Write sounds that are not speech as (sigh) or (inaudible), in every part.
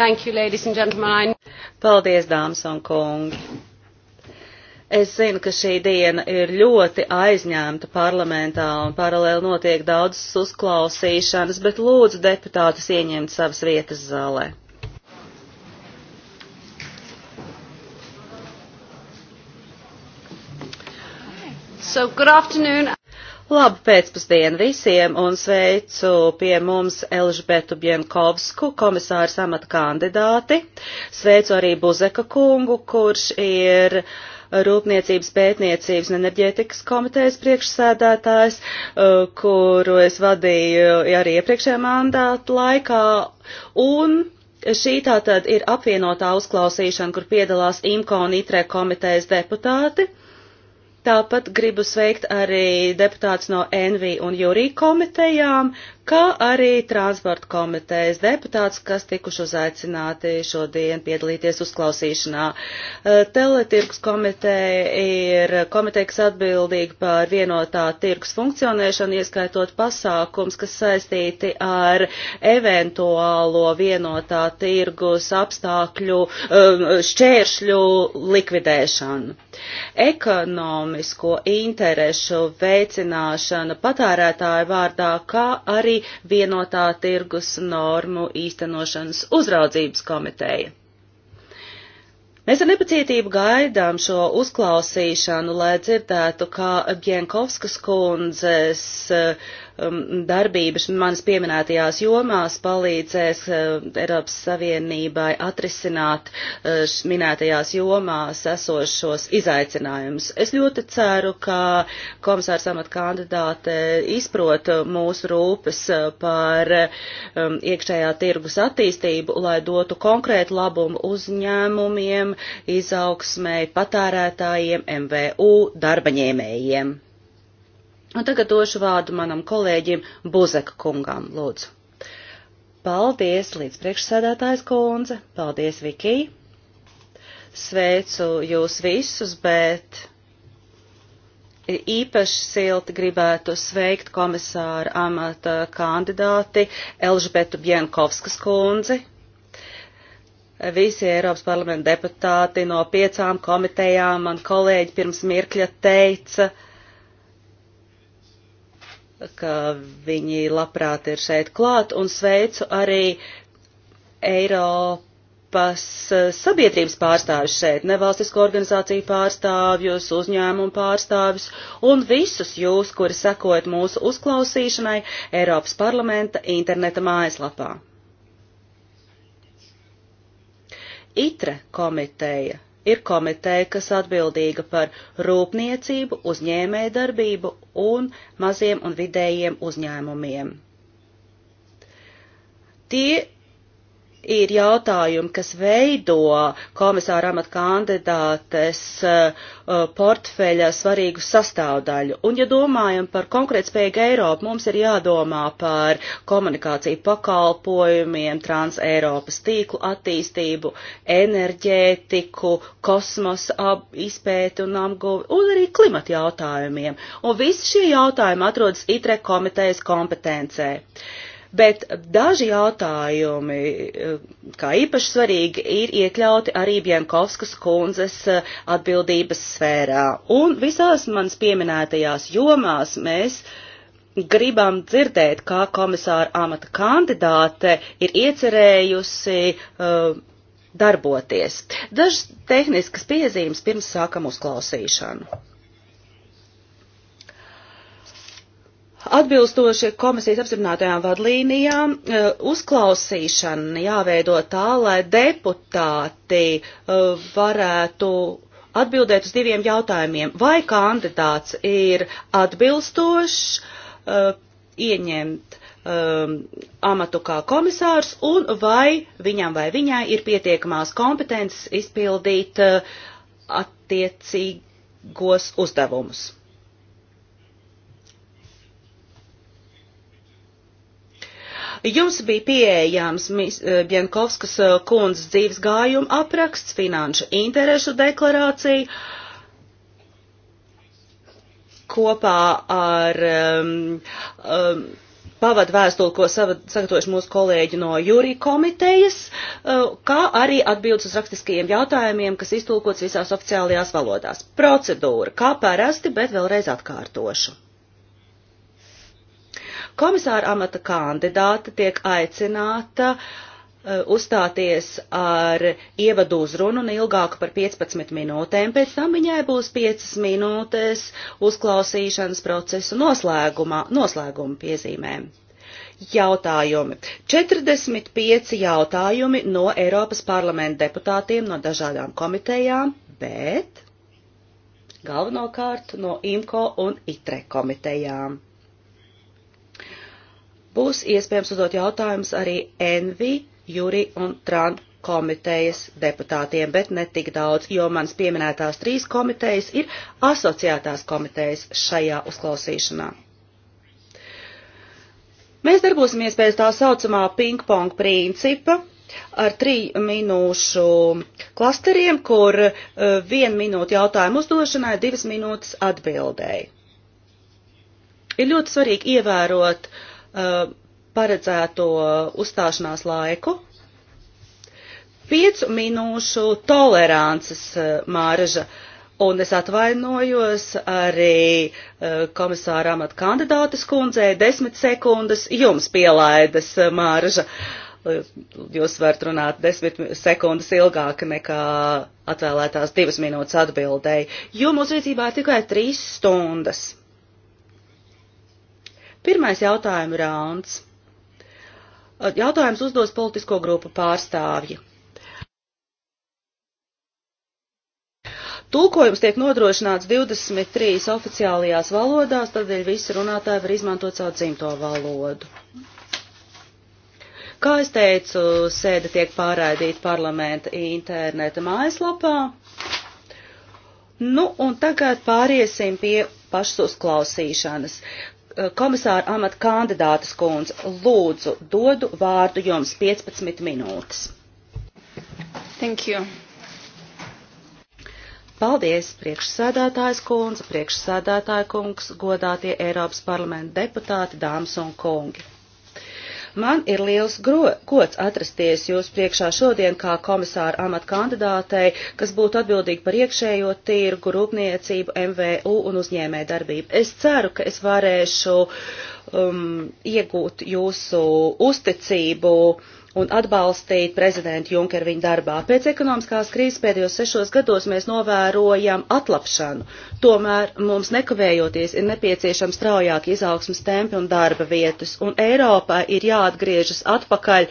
Thank you, ladies and gentlemen. Paldies, dāmas un kungi. Es zinu, ka šī diena ir ļoti aizņemta parlamentā un paralēli notiek daudzas uzklausīšanas, bet lūdzu deputātus ieņemt savas vietas zālē. So, good afternoon. Labu pēcpusdienu visiem un sveicu pie mums Elžbetu Bienkovsku, komisāru samata kandidāti. Sveicu arī Buzeka kungu, kurš ir Rūpniecības pētniecības un enerģētikas komitejas priekšsēdētājs, uh, kuru es vadīju arī iepriekšējā mandāta laikā. Un Šī tātad ir apvienotā uzklausīšana, kur piedalās IMCO un ITRE komitejas deputāti. Tāpat gribu sveikt arī deputāts no NV un Jurī komitejām, kā arī transporta komitejas deputāts, kas tikuši uzaicināti šodien piedalīties uzklausīšanā. E, Teletirks komiteja ir komiteja, kas atbildīga par vienotā tirgus funkcionēšanu, ieskaitot pasākums, kas saistīti ar eventuālo vienotā tirgus apstākļu e, šķēršļu likvidēšanu. Ekonomisko interešu veicināšana patērētāju vārdā, kā arī arī vienotā tirgus normu īstenošanas uzraudzības komiteja. Mēs ar nepacietību gaidām šo uzklausīšanu, lai dzirdētu, kā Bjankovskas kundzes uh, Um, darbības manas pieminētajās jomās palīdzēs uh, Eiropas Savienībai atrisināt uh, minētajās jomās esošos izaicinājumus. Es ļoti ceru, ka komisārs amat kandidāte izprot mūsu rūpes uh, par um, iekšējā tirgus attīstību, lai dotu konkrētu labumu uzņēmumiem, izaugsmēji, patērētājiem, MVU, darbaņēmējiem. Un tagad došu vārdu manam kolēģim Buzeka kungām, lūdzu. Paldies, līdz priekšsēdētājs kundze, paldies, Viki. Sveicu jūs visus, bet īpaši silti gribētu sveikt komisāra amata kandidāti Elžbetu Bjenkovskas kundzi, visi Eiropas parlamenta deputāti no piecām komitejām, man kolēģi pirms mirkļa teica, uh, ka viņi labprāt ir šeit klāt un sveicu arī Eiropas eh, sabiedrības pārstāvis šeit, nevalstisko organizāciju pārstāvjus, uzņēmumu pārstāvjus un visus jūs, kuri sekojat mūsu uzklausīšanai Eiropas parlamenta interneta mājaslapā. ITRE komiteja ir komiteja, kas atbildīga par rūpniecību, uzņēmēju darbību un maziem un vidējiem uzņēmumiem. Tie ir jautājumi, kas veido komisāra amata kandidātes uh, portfeļa svarīgu sastāvdaļu. Un, ja domājam par konkrētspējīgu Eiropu, mums ir jādomā par komunikāciju pakalpojumiem, trans-Eiropas tīklu attīstību, enerģētiku, kosmosa izpēti un apguvi, un arī klimata jautājumiem. Un visi šie jautājumi atrodas ITRE komitejas kompetencē. Uh, bet daži jautājumi, eh, kā īpaši svarīgi, ir iekļauti arī Bienkovskas kundzes eh, atbildības sfērā. Un visās manas pieminētajās jomās mēs gribam dzirdēt, kā komisāra amata kandidāte ir iecerējusi uh, darboties. Dažas tehniskas piezīmes pirms sākam uzklausīšanu. Atbilstoši komisijas apstiprinātajām vadlīnijām, e, uzklausīšana jāveido tā, lai deputāti e, varētu atbildēt uz diviem jautājumiem. Vai kandidāts ir atbilstošs e, ieņemt um, amatu kā komisārs un vai viņam vai viņai ir pietiekamās kompetences izpildīt attiecīgos uzdevumus. Jums bija pieejams eh, Bienkovskas eh, kundzes dzīves gājuma apraksts, finanšu interešu deklarācija kopā ar um, ehm, um, ehm, pavadu vēstuli, ko sagatavojuši mūsu kolēģi no jūrī komitejas, eh, kā arī atbildes uz rakstiskajiem jautājumiem, kas iztulkots visās oficiālajās valodās. Procedūra, kā parasti, bet vēlreiz atkārtošu. Komisāra amata kandidāte tiek aicināta e, uzstāties ar ievadu uzrunu neilgāku par 15 minūtēm, pēc tam viņai būs 5 minūtes uzklausīšanas procesu noslēgumā, noslēguma piezīmēm. Jautājumi. 45 jautājumi no Eiropas parlamenta deputātiem no dažādām komitejām, bet galvenokārt no IMCO un ITRE komitejām. Būs iespējams uzdot jautājumus arī Envi, Juri un Tran komitejas deputātiem, bet ne tik daudz, jo manas pieminētās trīs komitejas ir asociētās komitejas šajā uzklausīšanā. Mēs darbosimies pēc tā saucamā ping-pong principa ar triju minūšu klasteriem, kur uh, vienu minūtu jautājumu uzdošanai, divas minūtes atbildēji. Ir ļoti svarīgi ievērot uh, Uh, paredzēto uzstāšanās laiku. Piecu minūšu tolerances uh, māraža. Un es atvainojos arī uh, komisāra amata kandidātas kundzei desmit sekundes jums pielaidas māraža. Jūs varat runāt desmit sekundes ilgāk nekā atvēlētās divas minūtes atbildēji, jo mūsu rīcībā ir tikai trīs stundas. Pirmais jautājuma rauns. Jautājums uzdos politisko grupu pārstāvji. Tulkojums tiek nodrošināts 23 oficiālajās valodās, tādēļ visi runātāji var izmantot savu dzimto valodu. Kā es teicu, sēde tiek pārraidīta parlamenta interneta mājaslapā. Nu, un tagad pāriesim pie pašas uzklausīšanas. Eh, komisāra amata kandidātas kundze, lūdzu, dodu vārdu jums 15 minūtes. Thank you. Paldies, priekšsēdētājs kundze, priekšsēdētāja kungs, godātie Eiropas parlamenta deputāti, dāmas un kungi. Man ir liels gods atrasties jūs priekšā šodien kā komisāra amat kandidātei, kas būtu atbildīgi par iekšējo tirgu, rūpniecību, MVU un uzņēmē darbību. Es ceru, ka es varēšu um, iegūt jūsu uzticību. Uh, un atbalstīt prezidentu Junkeru viņa darbā. Pēc ekonomiskās krīzes pēdējos sešos gados mēs novērojam atlapšanu, tomēr mums nekavējoties ir nepieciešams straujāk izaugsmas tempi un darba vietas, un Eiropā ir jāatgriežas atpakaļ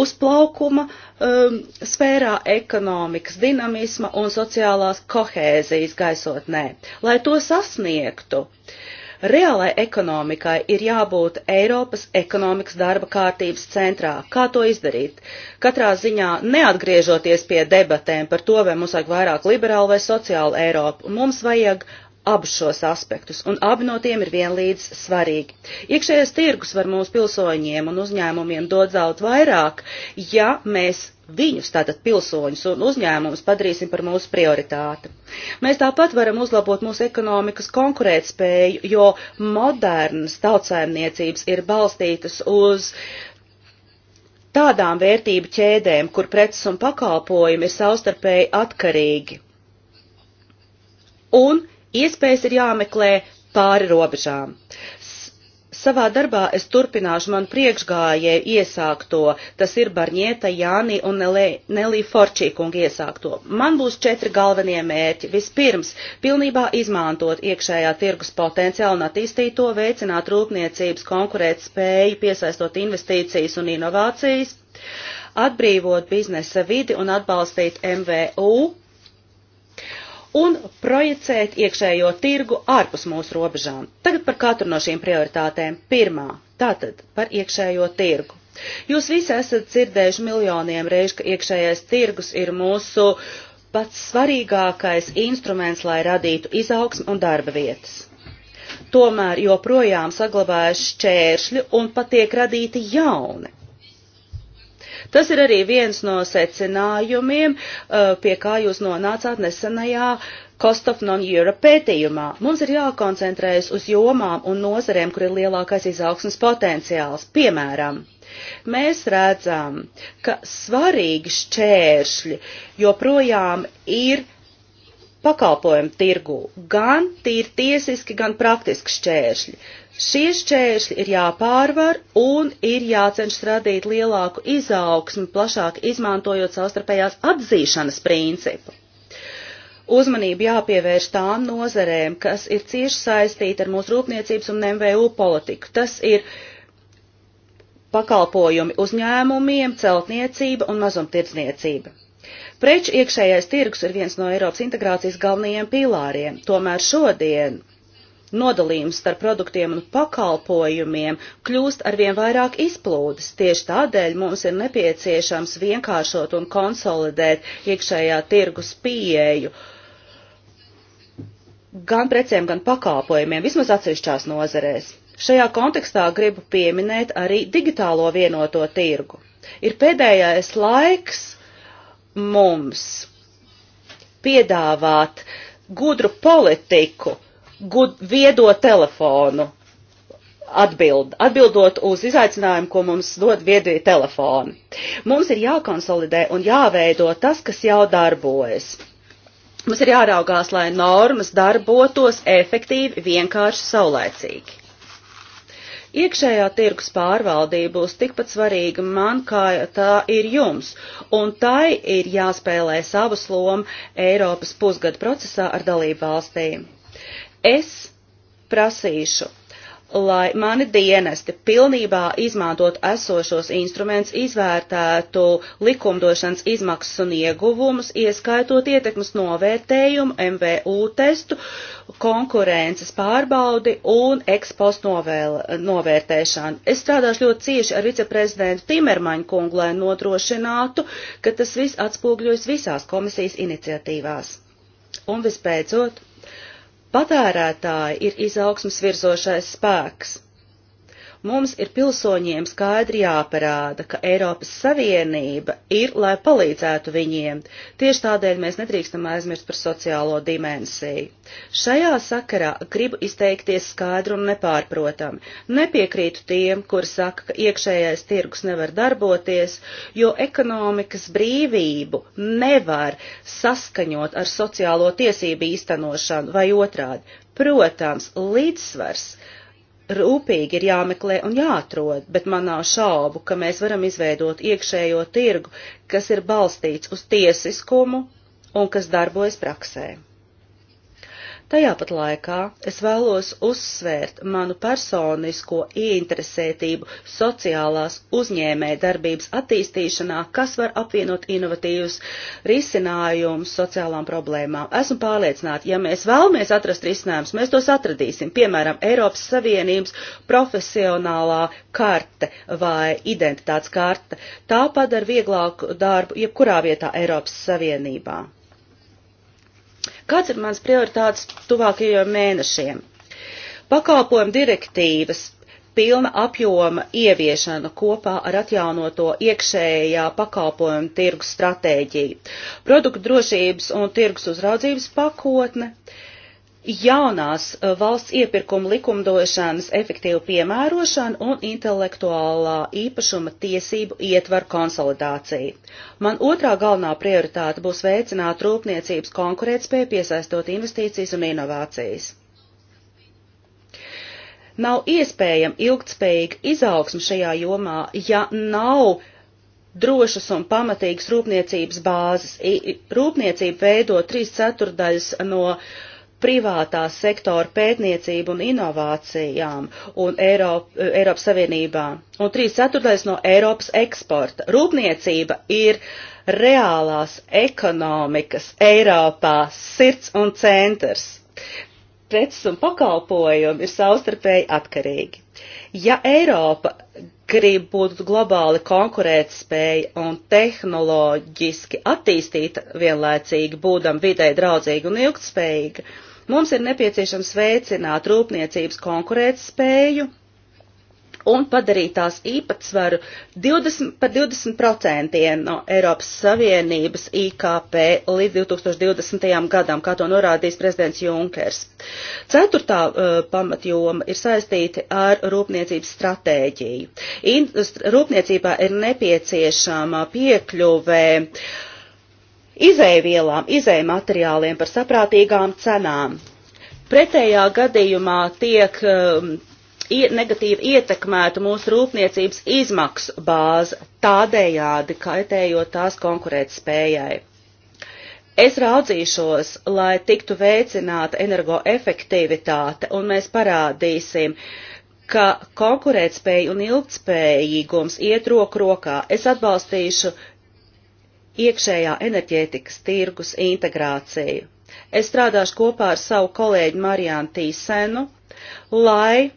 uz plaukuma um, sfērā ekonomikas dinamisma un sociālās kohēzijas gaisotnē. Lai to sasniegtu, uh, Reālai ekonomikai ir jābūt Eiropas ekonomikas darba kārtības centrā. Kā to izdarīt? Katrā ziņā neatgriežoties pie debatēm par to, vai mums vajag vairāk liberālu vai sociālu Eiropu, mums vajag abus šos aspektus, un abi no tiem ir vienlīdz svarīgi. Iekšējais tirgus var mūsu pilsoņiem un uzņēmumiem dot zaudēt vairāk, ja mēs viņus, tātad pilsoņus un uzņēmumus, padarīsim par mūsu prioritāti. Mēs tāpat varam uzlabot mūsu ekonomikas konkurētspēju, jo modernas tautsēmniecības ir balstītas uz tādām vērtību ķēdēm, kur preces un pakalpojumi ir savstarpēji atkarīgi. Un iespējas ir jāmeklē pāri robežām. Savā darbā es turpināšu man priekšgājēju iesākto, tas ir Barņieta, Jāni un Nelī Forčīkunga iesākto. Man būs četri galvenie mērķi. Vispirms, pilnībā izmantot iekšējā tirgus potenciālu un attīstīt to, veicināt rūpniecības konkurēt spēju, piesaistot investīcijas un inovācijas, atbrīvot biznesa vidi un atbalstīt MVU un projicēt iekšējo tirgu ārpus mūsu robežām. Tagad par katru no šīm prioritātēm. Pirmā - tātad par iekšējo tirgu. Jūs visi esat dzirdējuši miljoniem reižu, ka iekšējais tirgus ir mūsu pats svarīgākais instruments, lai radītu izaugsmu un darba vietas. Tomēr joprojām saglabājas šķēršļi un pat tiek radīti jauni. Tas ir arī viens no secinājumiem, uh, pie kā jūs nonācāt nesenajā Cost of Non-Europe pētījumā. Mums ir jākoncentrējas uz jomām un nozarēm, kur ir lielākais izaugsmas potenciāls. Piemēram, mēs redzam, ka svarīgi šķēršļi joprojām ir pakalpojumu tirgu, gan tīri tiesiski, gan praktiski šķēršļi. Šie šķēršļi ir jāpārvar un ir jācenšas radīt lielāku izaugsmi, plašāk izmantojot savstarpējās atzīšanas principu. Uzmanību jāpievērš tām nozerēm, kas ir cieši saistīti ar mūsu rūpniecības un MVU politiku. Tas ir pakalpojumi uzņēmumiem, celtniecība un mazumtirdzniecība. Preču iekšējais tirgus ir viens no Eiropas integrācijas galvenajiem pīlāriem, tomēr šodien nodalījums starp produktiem un pakalpojumiem kļūst arvien vairāk izplūdes. Tieši tādēļ mums ir nepieciešams vienkāršot un konsolidēt iekšējā tirgus pieeju gan precēm, gan pakalpojumiem, vismaz atsevišķās nozarēs. Šajā kontekstā gribu pieminēt arī digitālo vienoto tirgu. Ir pēdējais laiks mums piedāvāt gudru politiku, gud, viedo telefonu atbild, atbildot uz izaicinājumu, ko mums dod viedie telefoni. Mums ir jākonsolidē un jāveido tas, kas jau darbojas. Mums ir jāraugās, lai normas darbotos efektīvi, vienkārši saulēcīgi. Iekšējā tirgus pārvaldība būs tikpat svarīga man, kā tā ir jums, un tai ir jāspēlē savas loma Eiropas pusgada procesā ar dalību valstīm. Es prasīšu, lai mani dienesti pilnībā izmantot esošos instrumentus, izvērtētu likumdošanas izmaksas un ieguvumus, ieskaitot ietekmes novērtējumu, MVU testu, konkurences pārbaudi un ekspost novērtēšanu. Es strādāšu ļoti cieši ar viceprezidentu Timermaņu kungu, lai nodrošinātu, ka tas viss atspūgļojas visās komisijas iniciatīvās. Un vispēcot, Patērētāji ir izaugsmas virzošais spēks. Mums ir pilsoņiem skaidri jāparāda, ka Eiropas Savienība ir, lai palīdzētu viņiem. Tieši tādēļ mēs nedrīkstam aizmirst par sociālo dimensiju. Šajā sakarā gribu izteikties skaidru un nepārprotami. Nepiekrītu tiem, kur saka, ka iekšējais tirgus nevar darboties, jo ekonomikas brīvību nevar saskaņot ar sociālo tiesību īstenošanu vai otrādi. Protams, līdzsvars rūpīgi ir jāmeklē un jāatrod, bet man nav šaubu, ka mēs varam izveidot iekšējo tirgu, kas ir balstīts uz tiesiskumu un kas darbojas praksē. Tajā pat laikā es vēlos uzsvērt manu personisko ieinteresētību sociālās uzņēmē darbības attīstīšanā, kas var apvienot inovatīvus risinājumus sociālām problēmām. Esmu pārliecināta, ja mēs vēlamies atrast risinājumus, mēs tos atradīsim. Piemēram, Eiropas Savienības profesionālā karte vai identitātes karte. Tā padara vieglāku darbu jebkurā vietā Eiropas Savienībā. Kāds ir mans prioritātes tuvākajiem mēnešiem? Pakalpojumu direktīvas pilna apjoma ieviešana kopā ar atjaunoto iekšējā pakalpojumu tirgus stratēģiju, produktu drošības un tirgus uzraudzības pakotne, uh, jaunās uh, valsts iepirkuma likumdošanas efektīvu piemērošanu un intelektuālā īpašuma tiesību ietvaru konsolidāciju. Man otrā galvenā prioritāte būs veicināt rūpniecības konkurētspēju, piesaistot investīcijas un inovācijas. Nav iespējama ilgtspējīga izaugsme šajā jomā, ja nav drošas un pamatīgas rūpniecības bāzes. Rūpniecība veido 3 ceturdaļas no uh, privātā sektora pētniecību un inovācijām un Eiropa, Eiropas Savienībā. Un 3 ceturtais no Eiropas eksporta. Rūpniecība ir reālās ekonomikas Eiropā sirds un centrs. Preces un pakalpojumi ir savstarpēji atkarīgi. Ja Eiropa grib būt globāli konkurētspēja un tehnoloģiski attīstīta vienlaicīgi, būdam vidē draudzīga un ilgtspējīga, Mums ir nepieciešams veicināt rūpniecības konkurētspēju un padarīt tās īpatsvaru 20, par 20% no Eiropas Savienības IKP līdz 2020. gadam, kā to norādījis prezidents Junkers. Ceturtā uh, pamatjoma ir saistīta ar rūpniecības stratēģiju. Industri, rūpniecībā ir nepieciešama piekļuvē uh, izēvielām, izēmateriāliem par saprātīgām cenām. Pretējā gadījumā tiek um, negatīvi ietekmēta mūsu rūpniecības izmaksu bāze, tādējādi kaitējot tās konkurētspējai. Es raudzīšos, lai tiktu veicināta energoefektivitāte, un mēs parādīsim, ka konkurētspēja un ilgtspējīgums iet roku rokā. Es atbalstīšu iekšējā enerģētikas tirgus integrāciju. Es strādāšu kopā ar savu kolēģi Marijānu Tīsenu, lai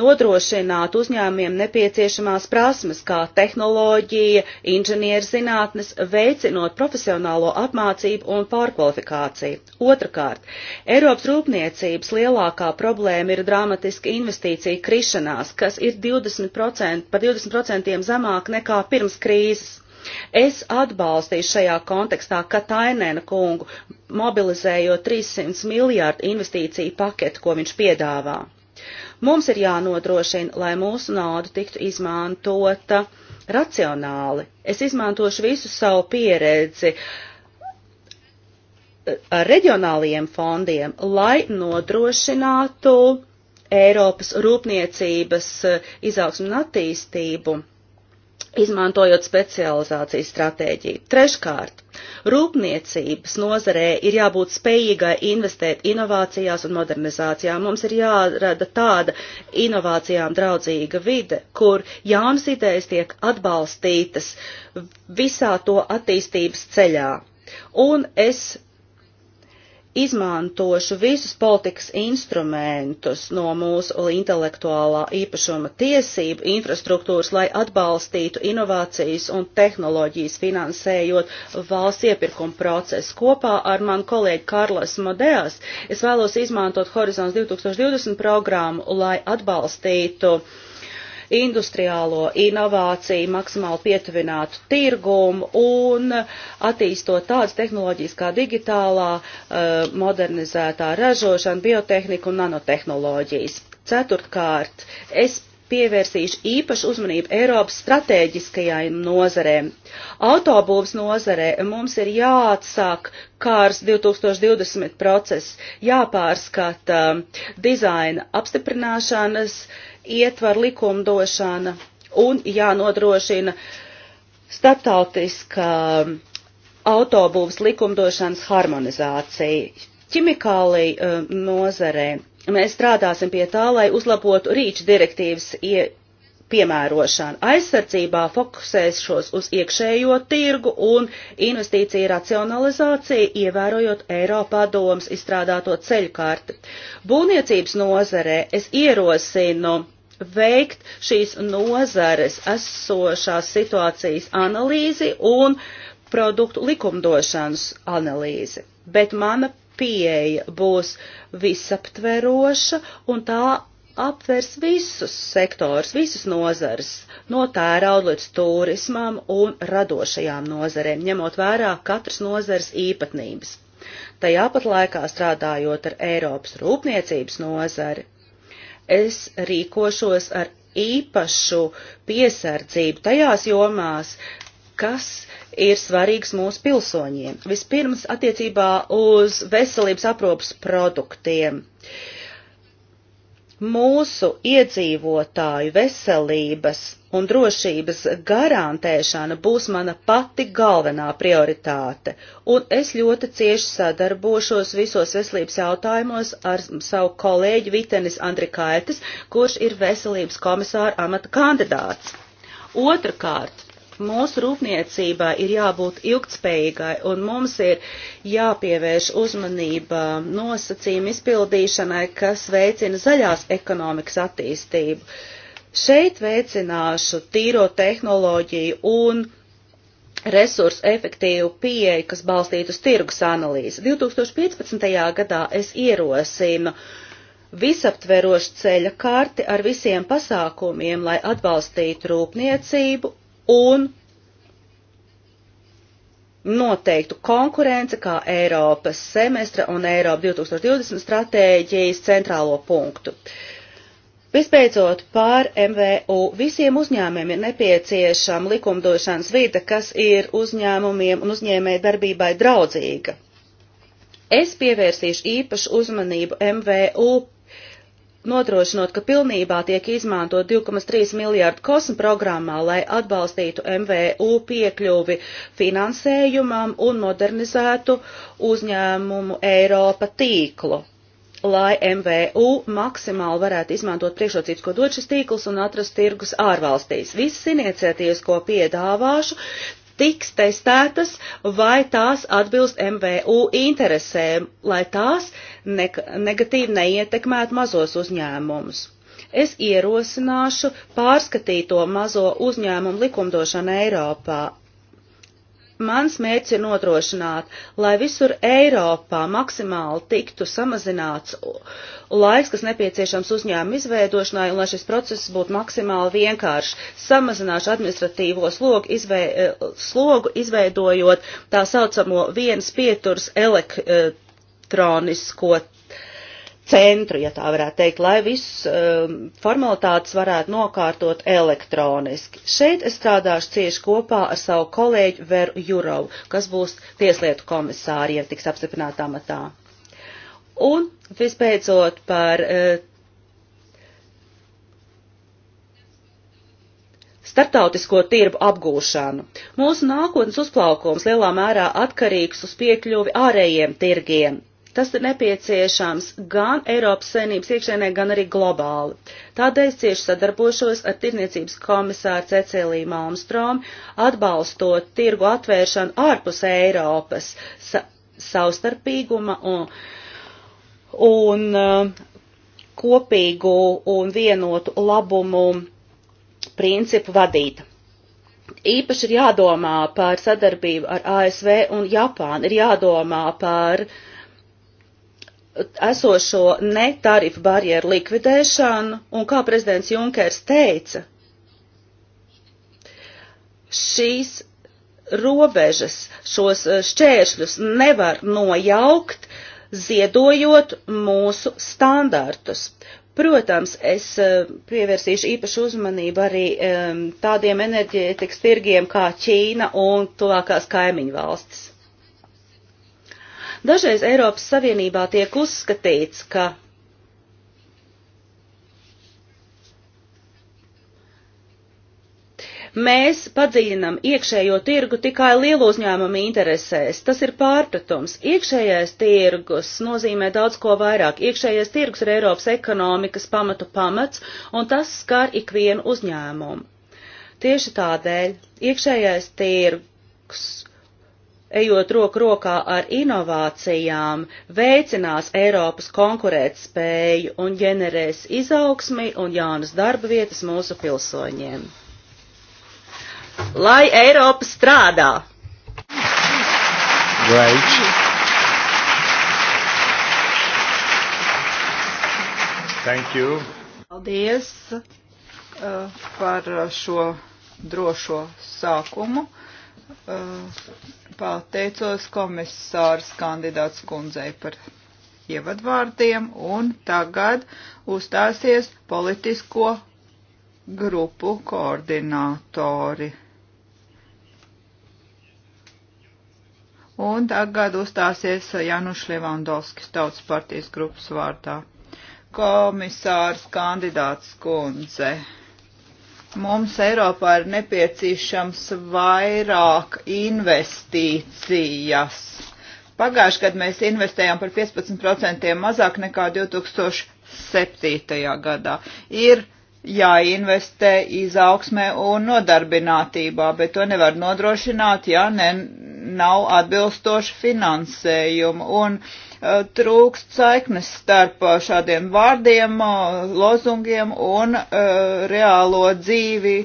nodrošinātu uzņēmiem nepieciešamās prasmes, kā tehnoloģija, inženierzinātnes, veicinot profesionālo apmācību un pārkvalifikāciju. Otrakārt, Eiropas rūpniecības lielākā problēma ir dramatiska investīcija krišanās, kas ir 20%, par 20% zemāk nekā pirms krīzes. Es atbalstīju šajā kontekstā Katainēna kungu, mobilizējot 300 miljārdu investīciju paketu, ko viņš piedāvā. Mums ir jānodrošina, lai mūsu nauda tiktu izmantota racionāli. Es izmantošu visu savu pieredzi eh, ar reģionālajiem fondiem, lai nodrošinātu Eiropas rūpniecības eh, izaugsmu un attīstību izmantojot specializācijas stratēģiju. Treškārt, rūpniecības nozarē ir jābūt spējīgai investēt inovācijās un modernizācijā. Mums ir jārada tāda inovācijām draudzīga vide, kur jaunas idejas tiek atbalstītas visā to attīstības ceļā. Un es izmantošu visus politikas instrumentus no mūsu intelektuālā īpašuma tiesību infrastruktūras, lai atbalstītu inovācijas un tehnoloģijas finansējot valsts iepirkuma procesu. Kopā ar manu kolēģi Karlas Modeas es vēlos izmantot Horizons 2020 programmu, lai atbalstītu uh, industriālo inovāciju, maksimāli pietuvinātu tirgumu un attīstot tādas tehnoloģijas kā digitālā, eh, modernizētā ražošana, biotehnika un nanotehnoloģijas. Ceturtkārt, es pievērsīšu īpašu uzmanību Eiropas stratēģiskajai nozarēm. Autobūvs nozarē mums ir jāatsāk kārs 2020 process, jāpārskata dizaina apstiprināšanas, ietver likumdošana un jānodrošina starptautiska autobūvas likumdošanas harmonizācija. Ķimikālija e, nozarē mēs strādāsim pie tā, lai uzlabotu rīču direktīvas piemērošanu. Aizsardzībā fokusēšos uz iekšējo tirgu un investīciju racionalizāciju, ievērojot Eiropā domas izstrādāto ceļkārti. Būvniecības nozarē es ierosinu veikt šīs nozares esošās situācijas analīzi un produktu likumdošanas analīzi. Bet mana pieeja būs visaptveroša un tā aptvers visus sektors, visas nozars, no tērauda līdz turismam un radošajām nozarēm, ņemot vērā katras nozars īpatnības. Tajā pat laikā strādājot ar Eiropas rūpniecības nozari, es rīkošos ar īpašu piesardzību tajās jomās, kas ir svarīgs mūsu pilsoņiem. Vispirms attiecībā uz veselības aprūpas produktiem. Uh, mūsu iedzīvotāju veselības un drošības garantēšana būs mana pati galvenā prioritāte, un es ļoti cieši sadarbošos visos veselības jautājumos ar savu kolēģi Vitenis Andrikaitis, kurš ir veselības komisāra amata kandidāts. Otrakārt, Mūsu rūpniecībā ir jābūt ilgtspējīgai, un mums ir jāpievērš uzmanība nosacījumu izpildīšanai, kas veicina zaļās ekonomikas attīstību. Šeit veicināšu tīro tehnoloģiju un resursu efektīvu pieeju, kas balstītu uz tirgus analīzi. 2015. gadā es ierosinu visaptverošu ceļa karti ar visiem pasākumiem, lai atbalstītu rūpniecību un noteiktu konkurence kā Eiropas semestra un Eiropa 2020 stratēģijas centrālo punktu. Vispēcot par MVU, visiem uzņēmumiem ir nepieciešama likumdošanas vide, kas ir uzņēmumiem un uzņēmēju darbībai draudzīga. Es pievērsīšu īpašu uzmanību MVU nodrošinot, ka pilnībā tiek izmantot 2,3 miljārdu kosmu programmā, lai atbalstītu MVU piekļuvi finansējumam un modernizētu uzņēmumu Eiropa tīklu lai MVU maksimāli varētu izmantot priekšrocības, ko dod šis tīkls un atrast tirgus ārvalstīs. Visas iniciatīvas, ko piedāvāšu, tiks testētas, vai tās atbilst MVU interesēm, lai tās ne negatīvi neietekmētu mazos uzņēmumus. Es ierosināšu pārskatīto mazo uzņēmumu likumdošanu Eiropā Mans mērķis ir nodrošināt, lai visur Eiropā maksimāli tiktu samazināts laiks, kas nepieciešams uzņēmumu izveidošanai, un lai šis process būtu maksimāli vienkāršs. Samazināšu administratīvo slogu, izvei, slogu izveidojot tā saucamo vienas pieturas elektronisko e, centru, ja tā varētu teikt, lai viss um, formalitātes varētu nokārtot elektroniski. Šeit es strādāšu cieši kopā ar savu kolēģi Veru Jurovu, kas būs tieslietu komisāri, ja tiks apstiprināta amatā. Un vispēcot par uh, starptautisko tirbu apgūšanu. Mūsu nākotnes uzplaukums lielā mērā atkarīgs uz piekļuvi ārējiem tirgiem Tas ir nepieciešams gan Eiropas saimnības iekšēnē, gan arī globāli. Tādēļ cieši sadarbošos ar tirniecības komisāru Ceciliju Malmstrom, atbalstot tirgu atvēršanu ārpus Eiropas sa savstarpīguma un, un uh, kopīgu un vienotu labumu principu vadīta. Īpaši ir jādomā par sadarbību ar ASV un Japānu, ir jādomā par uh, esošo netarifu barjeru likvidēšanu, un kā prezidents Junkers teica, šīs robežas, šos eh, šķēršļus nevar nojaukt, ziedojot mūsu standartus. Protams, es eh, pievērsīšu īpašu uzmanību arī eh, tādiem enerģētikas tirgiem kā Ķīna un tuvākās kaimiņu valstis. Dažreiz Eiropas Savienībā tiek uzskatīts, ka mēs padziļinam iekšējo tirgu tikai lieluzņēmumu interesēs. Tas ir pārpratums. Iekšējais tirgus nozīmē daudz ko vairāk. Iekšējais tirgus ir Eiropas ekonomikas pamatu pamats, un tas skar ikvienu uzņēmumu. Tieši tādēļ iekšējais tirgus ejot roku rokā ar inovācijām, veicinās Eiropas konkurētspēju un ģenerēs izaugsmi un jaunas darba vietas mūsu pilsoņiem. Lai Eiropa strādā! Great. Thank you. Paldies uh, par šo drošo sākumu. Uh, Pateicos komisārs kandidāts kundzei par ievadvārdiem un tagad uzstāsies politisko grupu koordinātori. Un tagad uzstāsies Januš Levandovskis tautas partijas grupas vārdā. Komisārs kandidāts kundze mums Eiropā ir nepieciešams vairāk investīcijas. Pagājuši, kad mēs investējām par 15% mazāk nekā 2007. gadā, ir jāinvestē izaugsmē un nodarbinātībā, bet to nevar nodrošināt, ja ne, nav atbilstoši finansējumu. Un, uh, Eh, trūkst saiknes starp eh, šādiem vārdiem, eh, lozungiem un reālo dzīvi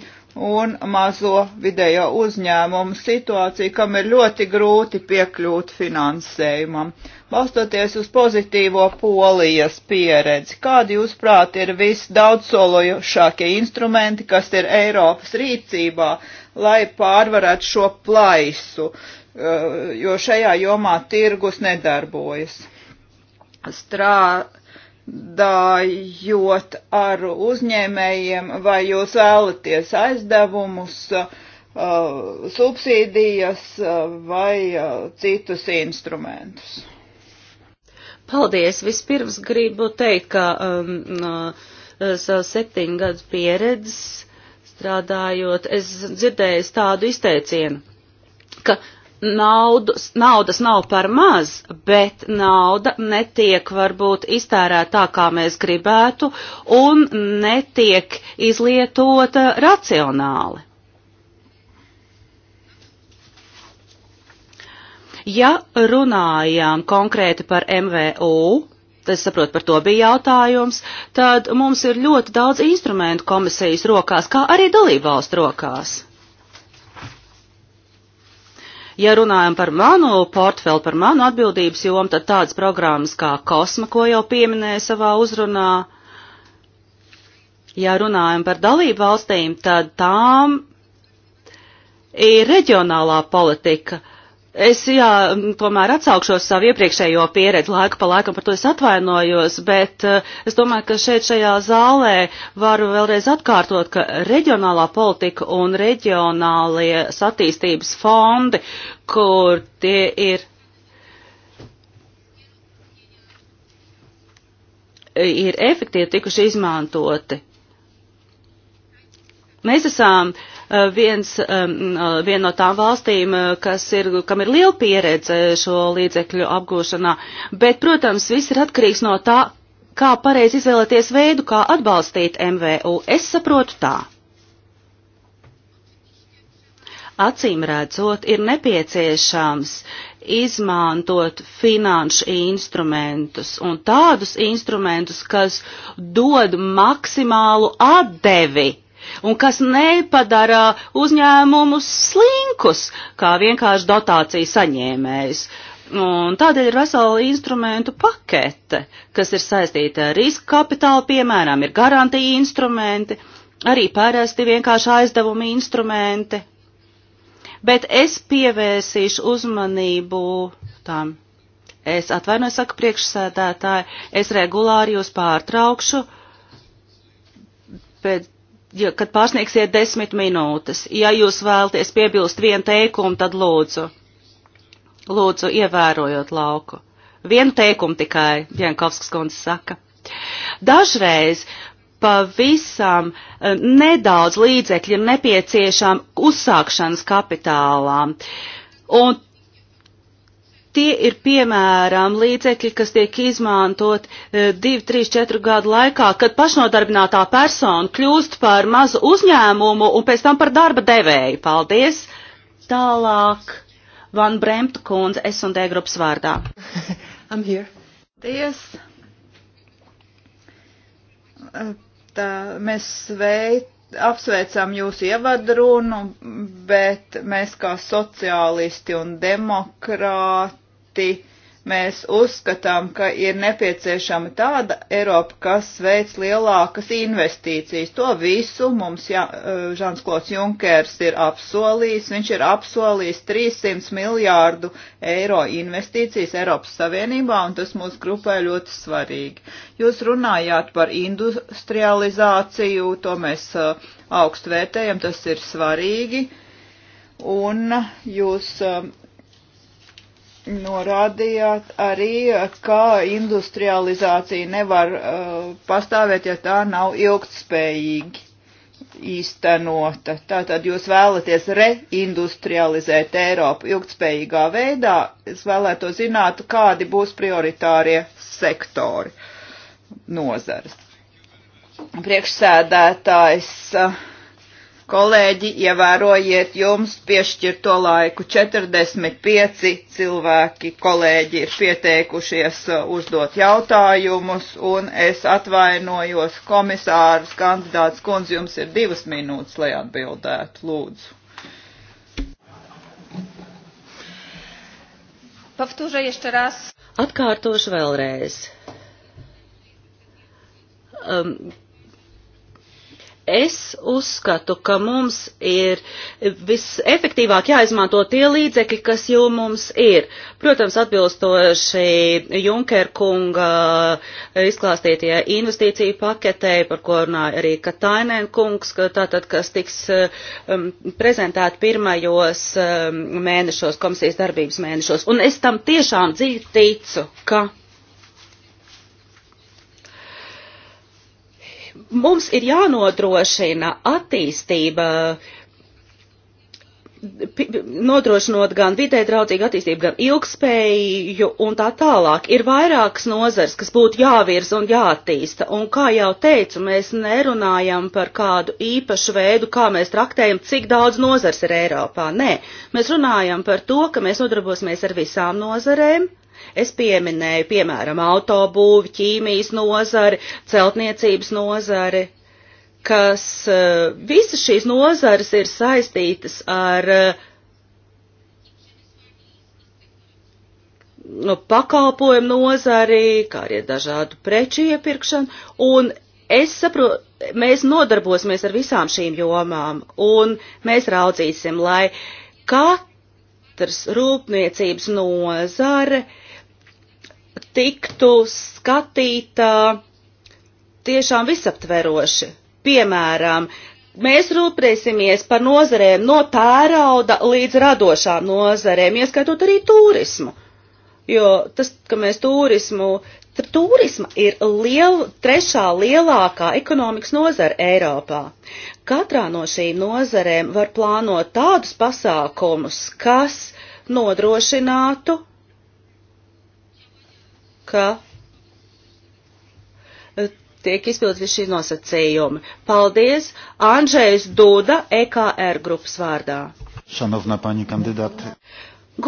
un mazo vidējo uzņēmumu situāciju, kam ir ļoti grūti piekļūt finansējumam. Balstoties uz pozitīvo polijas pieredzi, kādi jūs prāt ir visdaudzsološākie instrumenti, kas ir Eiropas rīcībā, lai pārvarētu šo plaisu Eh, jo šajā jomā tirgus nedarbojas. Strā, strādājot ar uzņēmējiem, vai jūs vēlaties aizdevumus, eh, subsīdijas eh, vai citus instrumentus? Paldies! Vispirms gribu teikt, ka um, no savas septiņu gadu pieredzes strādājot, es dzirdēju tādu izteicienu, ka naudas, naudas nav par maz, bet nauda netiek varbūt iztērēta tā, kā mēs gribētu, un netiek izlietota racionāli. Ja runājām konkrēti par MVU, es saprotu, par to bija jautājums, tad mums ir ļoti daudz instrumentu komisijas rokās, kā arī dalībvalstu rokās. Ja runājam par manu portfeli, par manu atbildības jomu, tad tādas programmas kā Kosma, ko jau pieminēja savā uzrunā, ja runājam par dalību valstīm, tad tām ir reģionālā politika. Uh, Es, jā, tomēr atsaukšos savu iepriekšējo pieredzi laiku pa laikam, par to es atvainojos, bet eh, es domāju, ka šeit šajā zālē varu vēlreiz atkārtot, ka reģionālā politika un reģionālie satīstības fondi, kur tie ir. ir efektīvi tikuši izmantoti. Mēs esam uh, Eh, viens, eh, viena no tām valstīm, eh, kas ir, kam ir liela pieredze šo līdzekļu apgūšanā, bet, protams, viss ir atkarīgs no tā, kā pareizi izvēlēties veidu, kā atbalstīt MVU. Es saprotu tā. Acīm redzot, ir nepieciešams izmantot finanšu instrumentus un tādus instrumentus, kas dod maksimālu atdevi un kas nepadara uzņēmumus slinkus, kā vienkārši dotācija saņēmējs. Un tādēļ ir vesela instrumentu pakete, kas ir saistīta ar riska kapitālu, piemēram, ir garantija instrumenti, arī pārēsti vienkārši aizdevumi instrumenti. Bet es pievērsīšu uzmanību tam. Es atvainojos, saka priekšsēdētāji, es regulāri jūs pārtraukšu, bet ja, kad pārsniegsiet desmit minūtes. Ja jūs vēlties piebilst vienu teikumu, tad lūdzu, lūdzu, ievērojot lauku. Vienu teikumu tikai, Jankovskas kundze saka. Dažreiz pavisam eh, nedaudz līdzekļu ir nepieciešām uzsākšanas kapitālām. Un Tie ir piemēram līdzekļi, kas tiek izmantot 2, 3, 4 gadu laikā, kad pašnodarbinātā persona kļūst par mazu uzņēmumu un pēc tam par darba devēju. Paldies! Tālāk Van Bremta kundze S&D grupas vārdā. (laughs) I'm here. Paldies! E, tā, mēs sveic, apsveicam jūsu ievadrunu, bet mēs kā sociālisti un demokrāti Proti, mēs uzskatām, ka ir nepieciešama tāda Eiropa, kas veic lielākas investīcijas. To visu mums jā, eh, Žans Klots Junkers ir apsolījis. Viņš ir apsolījis 300 miljārdu eiro investīcijas Eiropas Savienībā, un tas mūsu grupai ļoti svarīgi. Jūs runājāt par industrializāciju, to mēs eh, augstu vērtējam, tas ir svarīgi. Un eh, jūs norādījāt arī, ka industrializācija nevar uh, pastāvēt, ja tā nav ilgtspējīgi īstenota. Tātad jūs vēlaties reindustrializēt Eiropu ilgtspējīgā veidā. Es vēlēto zināt, kādi būs prioritārie sektori nozares. Priekšsēdētājs. Uh, Kolēģi, ievērojiet jums piešķirto laiku. 45 cilvēki, kolēģi, ir pieteikušies uh, uzdot jautājumus, un es atvainojos komisārs kandidāts kundze, jums ir divas minūtes, lai atbildētu. Lūdzu. Powtórzę jeszcze raz. Atkārtošu vēlreiz. Um, Es uzskatu, ka mums ir visefektīvāk jāizmanto tie līdzekļi, kas jau mums ir. Protams, atbilstoši Junker kunga izklāstītajai investīciju paketei, par ko runāja arī Katainen kungs, ka tātad, kas tiks um, prezentēt pirmajos um, mēnešos, komisijas darbības mēnešos. Un es tam tiešām dzīvi ticu, ka mums ir jānodrošina attīstība, nodrošinot gan vidē draudzīgu attīstību, gan ilgspēju un tā tālāk. Ir vairākas nozars, kas būtu jāvirza un jāattīsta. Un kā jau teicu, mēs nerunājam par kādu īpašu veidu, kā mēs traktējam, cik daudz nozars ir Eiropā. Nē, mēs runājam par to, ka mēs nodarbosimies ar visām nozarēm, Es pieminēju, piemēram, autobūvi, ķīmijas nozari, celtniecības nozari, kas eh, visas šīs nozares ir saistītas ar eh, nu, pakalpojumu nozari, kā arī dažādu preču iepirkšanu, un es saprotu, mēs nodarbosimies ar visām šīm jomām, un mēs raudzīsim, lai katrs rūpniecības nozare uh, tiktu skatīta tiešām visaptveroši. Piemēram, mēs rūpēsimies par nozarēm no tērauda līdz radošām nozarēm, ieskaitot arī turismu. Jo tas, ka mēs turismu, turisma ir liel, trešā lielākā ekonomikas nozara Eiropā. Katrā no šīm nozarēm var plānot tādus pasākumus, kas nodrošinātu ka eh, tiek izpildīti visi šie nosacījumi. Paldies, Andrzejs Duda, EKR grupas vārdā. Šanovna paņi kandidāti.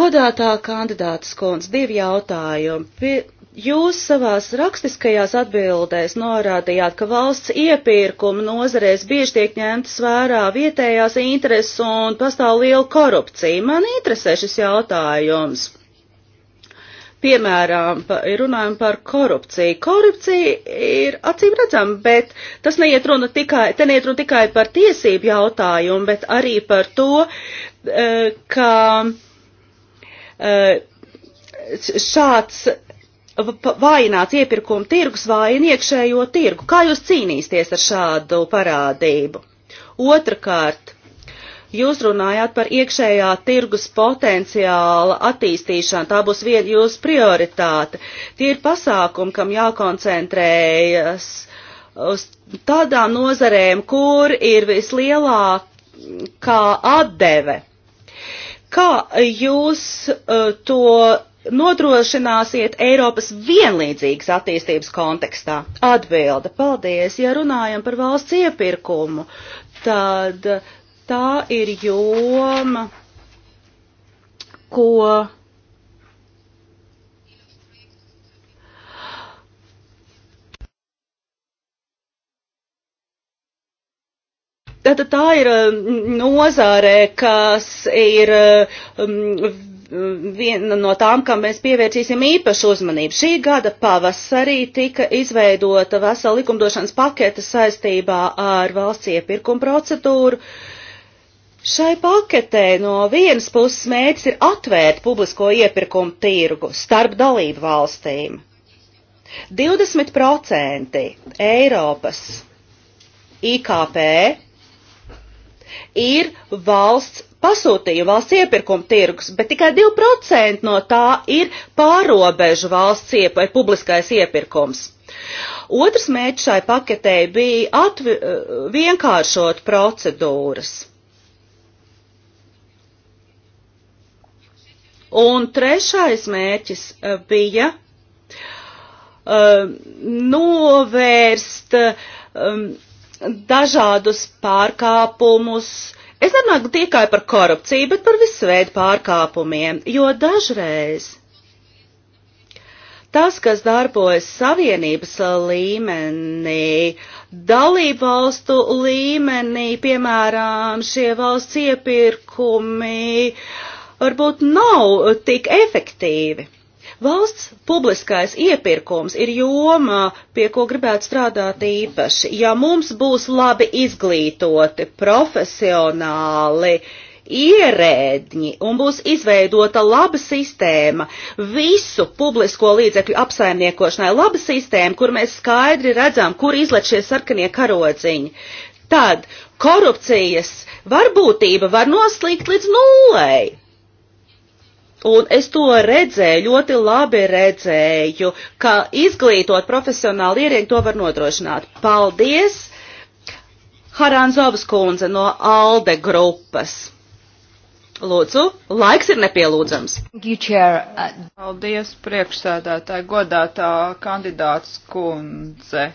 Godātā kandidātas kundze, divi jautājumi. Pie... Jūs savās rakstiskajās atbildēs norādījāt, ka valsts iepirkuma nozarēs bieži tiek ņemtas vērā vietējās intereses un pastāv liela korupcija. Man interesē šis jautājums. Piemēram, runājam par korupciju. Korupcija ir acīm redzama, bet tas neiet runa tikai, te neiet runa tikai par tiesību jautājumu, bet arī par to, eh, ka eh, šāds vājināts iepirkuma tirgus vājina iekšējo tirgu. Kā jūs cīnīsieties ar šādu parādību? Otrakārt, Jūs runājāt par iekšējā tirgus potenciāla attīstīšanu, tā būs viena jūsu prioritāte. Tie ir pasākumi, kam jākoncentrējas uz tādām nozarēm, kur ir vislielākā atdeve. Kā jūs uh, to nodrošināsiet Eiropas vienlīdzīgas attīstības kontekstā? Atbilde, paldies, ja runājam par valsts iepirkumu, tad uh, Tā ir joma, ko Tātad tā ir mm, nozārē, kas ir mm, viena no tām, kam mēs pievērsīsim īpašu uzmanību. Šī gada pavasarī tika izveidota vesela likumdošanas pakete saistībā ar valsts iepirkuma procedūru. Uh, Šai paketē no vienas puses mērķis ir atvērt publisko iepirkumu tirgu starp dalību valstīm. 20% Eiropas IKP ir valsts pasūtījuma, valsts iepirkuma tirgus, bet tikai 2% no tā ir pārobežu valsts iep vai publiskais iepirkums. Otrs mērķis šai paketē bija atvi, vienkāršot procedūras Un trešais mērķis eh, bija uh, novērst um, dažādus pārkāpumus. Es nerunāju tikai par korupciju, bet par visu veidu pārkāpumiem, jo dažreiz tas, kas darbojas savienības līmenī, dalību valstu līmenī, piemēram, šie valsts iepirkumi, uh, varbūt nav uh, tik efektīvi. Valsts publiskais iepirkums ir joma, pie ko gribētu strādāt īpaši. Ja mums būs labi izglītoti, profesionāli, ierēdņi un būs izveidota laba sistēma visu publisko līdzekļu apsaimniekošanai, laba sistēma, kur mēs skaidri redzam, kur izlet šie sarkanie karodziņi, tad korupcijas varbūtība var noslīgt līdz nulēji. Un es to redzēju, ļoti labi redzēju, ka izglītot profesionāli ierēģi to var nodrošināt. Paldies! Haranzovas kundze no ALDE grupas. Lūdzu, laiks ir nepielūdzams. Paldies, priekšsēdētāji, godātā kandidāts kundze.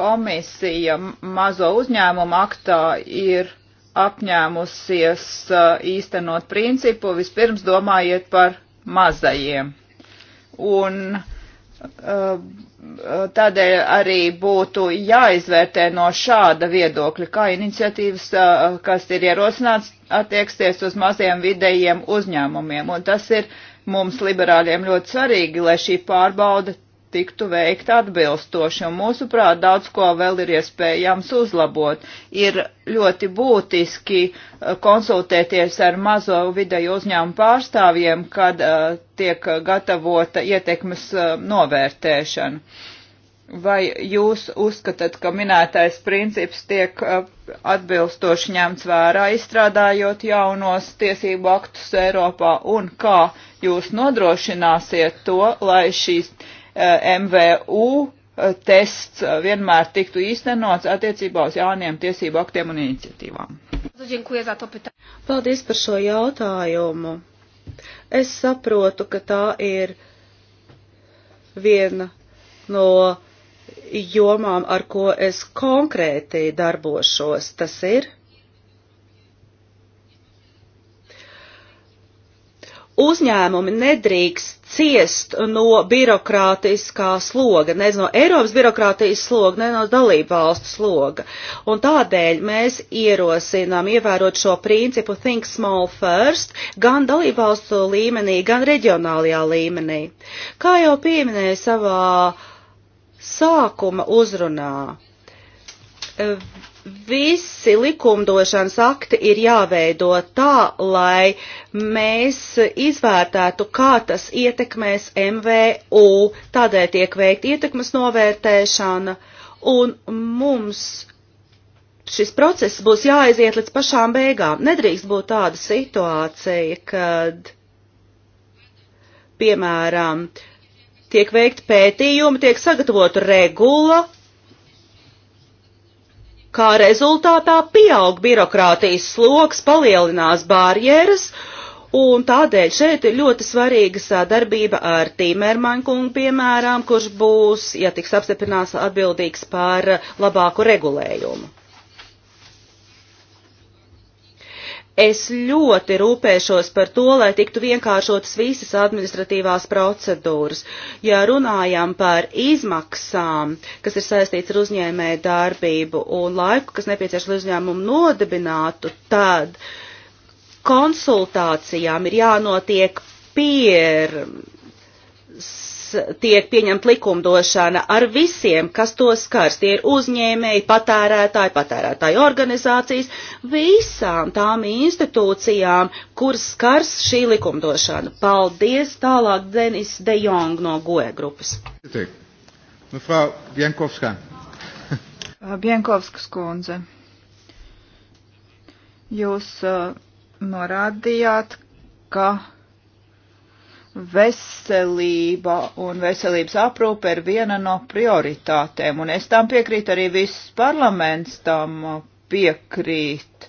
Komisija mazo uzņēmumu aktā ir apņēmusies uh, īstenot principu, vispirms domājiet par mazajiem. Un uh, tādēļ arī būtu jāizvērtē no šāda viedokļa, kā iniciatīvas, uh, kas ir ierosināts, attieksties uz maziem vidējiem uzņēmumiem. Un tas ir mums liberāļiem ļoti svarīgi, lai šī pārbauda tiktu veikta atbilstoši, un mūsuprāt daudz ko vēl ir iespējams uzlabot. Ir ļoti būtiski uh, konsultēties ar mazo vidēju uzņēmumu pārstāvjiem, kad uh, tiek gatavota ietekmes uh, novērtēšana. Vai jūs uzskatāt, ka minētais princips tiek uh, atbilstoši ņemts vērā, izstrādājot jaunos tiesību aktus Eiropā, un kā jūs nodrošināsiet to, lai šīs uh, Eh, MVU eh, tests eh, vienmēr tiktu īstenots attiecībā uz jauniem tiesību aktiem un iniciatīvām. Paldies par šo jautājumu. Es saprotu, ka tā ir viena no jomām, ar ko es konkrēti darbošos. Tas ir uzņēmumi nedrīkst ciest no birokrātiskā sloga, ne no Eiropas birokrātijas sloga, ne no dalību valstu sloga. Un tādēļ mēs ierosinām ievērot šo principu think small first gan dalību valstu līmenī, gan reģionālajā līmenī. Kā jau pieminēja savā sākuma uzrunā, eh, visi likumdošanas akti ir jāveido tā, lai mēs izvērtētu, kā tas ietekmēs MVU. Tādēļ tiek veikt ietekmes novērtēšana, un mums šis process būs jāaiziet līdz pašām beigām. Nedrīkst būt tāda situācija, kad, piemēram, tiek veikt pētījumi, tiek sagatavota regula, Kā rezultātā pieaug birokrātijas sloks, palielinās barjeras, un tādēļ šeit ir ļoti svarīga sadarbība ar Tīmermaņkungu, piemēram, kurš būs, ja tiks apstiprināts, atbildīgs par labāku regulējumu. Es ļoti rūpēšos par to, lai tiktu vienkāršotas visas administratīvās procedūras. Ja runājam par izmaksām, kas ir saistīts ar uzņēmēju darbību un laiku, kas nepieciešams uzņēmumu nodibinātu, tad konsultācijām ir jānotiek pier tiek pieņemta likumdošana ar visiem, kas to skars. Tie ir uzņēmēji, patērētāji, patērētāju organizācijas, visām tām institūcijām, kur skars šī likumdošana. Paldies tālāk Denis De Jong no GOE grupas. Mefrau nu, Bienkovska. Bienkovskas kundze. Jūs uh, norādījāt, ka veselība un veselības aprūpe ir viena no prioritātēm, un es tam piekrītu arī viss parlaments tam piekrīt,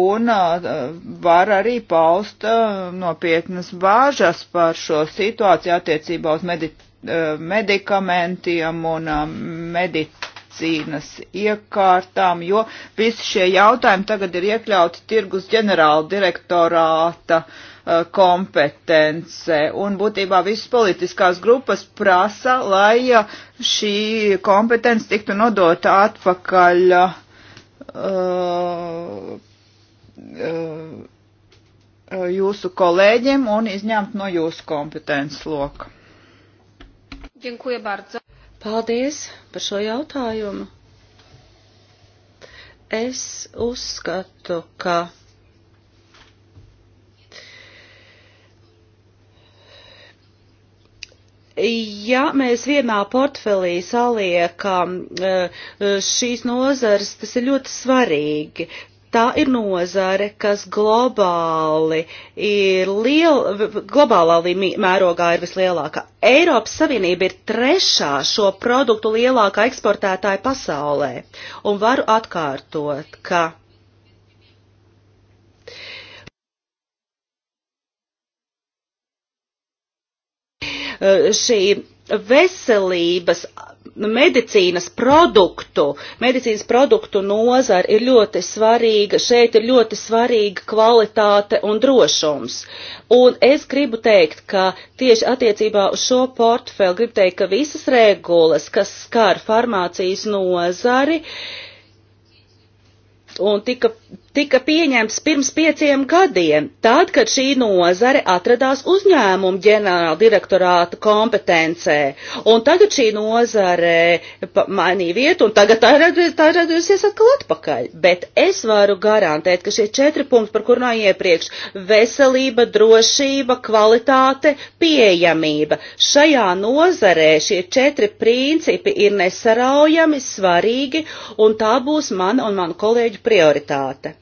un uh, var arī paust uh, nopietnas bāžas par šo situāciju attiecībā uz medi uh, medikamentiem un medicīnas iekārtām, jo visi šie jautājumi tagad ir iekļauti tirgus ģenerāla direktorāta uh, Uh, kompetence. Un būtībā visas politiskās grupas prasa, lai uh, šī kompetence tiktu nodota atpakaļ uh, uh, jūsu kolēģiem un izņemt no jūsu kompetences loka. Paldies par šo jautājumu. Es uzskatu, ka ja mēs vienā portfelī saliekam e, e, šīs nozares, tas ir ļoti svarīgi. Tā ir nozare, kas globāli ir liela, globālā mērogā ir vislielākā. Eiropas Savienība ir trešā šo produktu lielākā eksportētāja pasaulē. Un varu atkārtot, ka Eh, šī veselības medicīnas produktu, medicīnas produktu nozara ir ļoti svarīga, šeit ir ļoti svarīga kvalitāte un drošums. Un es gribu teikt, ka tieši attiecībā uz šo portfeli gribu teikt, ka visas regulas, kas skar farmācijas nozari, un tika tika pieņemts pirms pieciem gadiem, tad, kad šī nozare atradās uzņēmumu ģenerāla direktorāta kompetencē. Un tagad šī nozare mainīja vietu, un tagad tā ir radusies atkal atpakaļ. Bet es varu garantēt, ka šie četri punkti, par kuriem runāju iepriekš - veselība, drošība, kvalitāte, pieejamība. Šajā nozarē šie četri principi ir nesaraujami svarīgi, un tā būs mana un manu kolēģu prioritāte.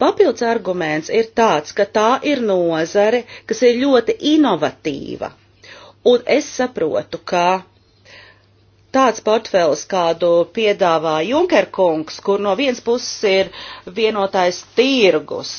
Papildus arguments ir tāds, ka tā ir nozare, kas ir ļoti inovatīva. Un es saprotu, ka tāds portfels, kādu piedāvā Junkerkungs, kur no vienas puses ir vienotais tirgus,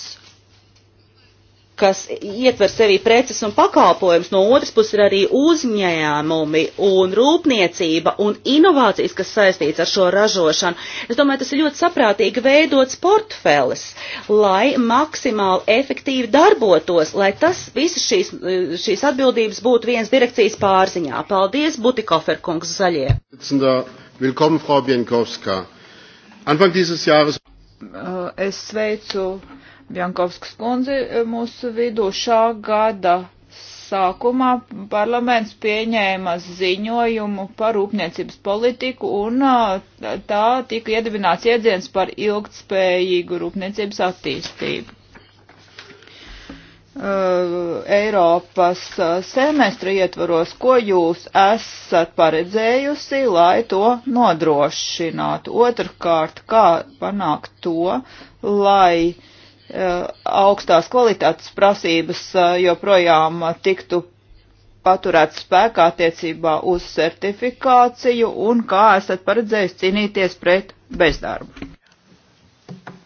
kas ietver sevī preces un pakalpojums, no otras puses ir arī uzņēmumi un rūpniecība un inovācijas, kas saistīts ar šo ražošanu. Es domāju, tas ir ļoti saprātīgi veidots portfeles, lai maksimāli efektīvi darbotos, lai tas visas šīs, šīs atbildības būtu viens direkcijas pārziņā. Paldies, Butikoferkungs, zaļie. Willkommen, Frau Bienkovska. Anfang dieses Jahres. Es sveicu Bjankovskas kundzi eh, mūsu vidū šā gada sākumā parlaments pieņēma ziņojumu par rūpniecības politiku un eh, tā tika iedibināts iedziens par ilgtspējīgu rūpniecības attīstību. Uh, Eiropas semestra ietvaros, ko jūs esat paredzējusi, lai to nodrošinātu? Otrkārt, kā panākt to, lai uh, Eh, augstās kvalitātes prasības eh, joprojām tiktu paturēt spēkā attiecībā uz certifikāciju un kā esat paredzējis cīnīties pret bezdarbu?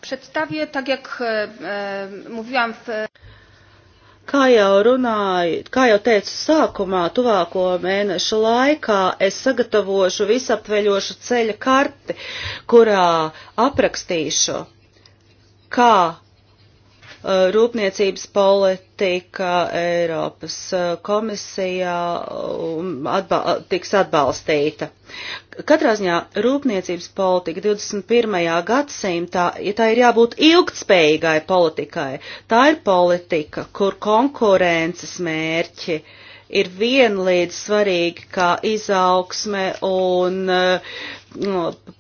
Przedstawię, tak jak e, e, mówiłam w... Kā jau runāju, kā jau teicu sākumā, tuvāko mēnešu laikā es sagatavošu visaptveļošu ceļa karti, kurā aprakstīšu, kā Eh, rūpniecības politika Eiropas eh, komisijā um, atbal tiks atbalstīta. Katrā ziņā rūpniecības politika 21. gadsimtā, ja tā ir jābūt ilgtspējīgai politikai, tā ir politika, kur konkurences mērķi ir vienlīdz svarīgi kā izaugsme un no, eh,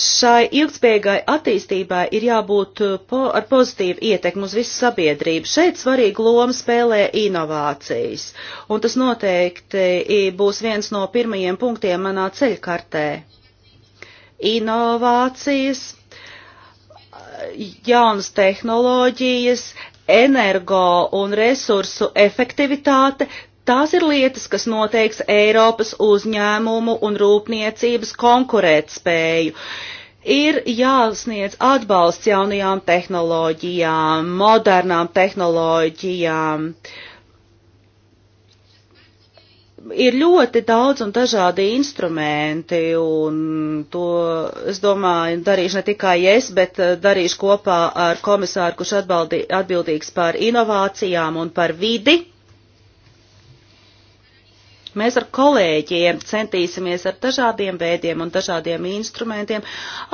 šai ilgspējīgai attīstībai ir jābūt uh, po ar pozitīvu ietekmu uz visu sabiedrību. Šeit svarīgu lomu spēlē inovācijas, un tas noteikti būs viens no pirmajiem punktiem manā ceļkartē. Inovācijas, jaunas tehnoloģijas, energo un resursu efektivitāte, Tās ir lietas, kas noteiks Eiropas uzņēmumu un rūpniecības konkurētspēju. Ir jāsniedz atbalsts jaunajām tehnoloģijām, modernām tehnoloģijām. Ir ļoti daudz un dažādi instrumenti, un to, es domāju, darīšu ne tikai es, bet eh, darīšu kopā ar komisāru, kurš atbaldi, atbildīgs par inovācijām un par vidi Mēs ar kolēģiem centīsimies ar dažādiem veidiem un dažādiem instrumentiem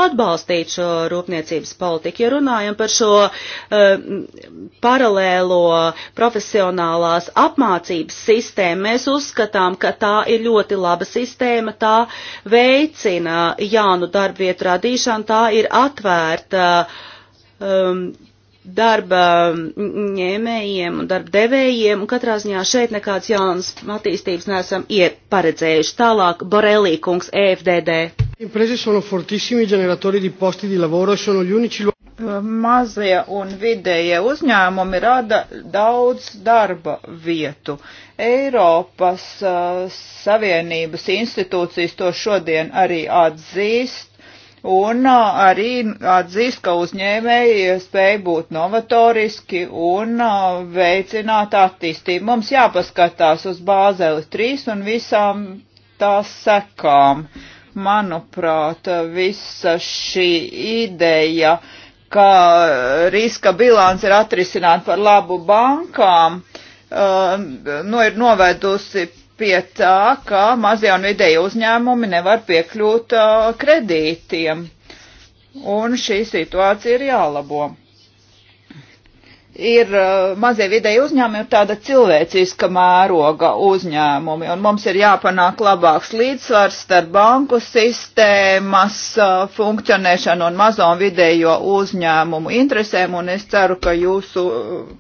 atbalstīt šo rūpniecības politiku. Ja runājam par šo uh, paralēlo profesionālās apmācības sistēmu, mēs uzskatām, ka tā ir ļoti laba sistēma, tā veicina jaunu darbvietu radīšanu, tā ir atvērta. Um, darba ņēmējiem un darba devējiem, un katrā ziņā šeit nekādas jaunas attīstības neesam ieparedzējuši. Tālāk Borelī kungs EFDD. E Mazie un vidējie uzņēmumi rada daudz darba vietu. Eiropas uh, Savienības institūcijas to šodien arī atzīst un arī atzīst, ka uzņēmēji spēj būt novatoriski un veicināt attīstību. Mums jāpaskatās uz Bāzeli 3 un visām tās sekām. Manuprāt, visa šī ideja, ka riska bilants ir atrisināta par labu bankām, Uh, nu, ir novedusi pie tā, ka mazie un vidēji uzņēmumi nevar piekļūt uh, kredītiem. Un šī situācija ir jālabo. Ir uh, mazie vidēji uzņēmumi ir tāda cilvēciska mēroga uzņēmumi, un mums ir jāpanāk labāks līdzsvars starp banku sistēmas uh, funkcionēšanu un mazo un vidējo uzņēmumu interesēm, un es ceru, ka jūsu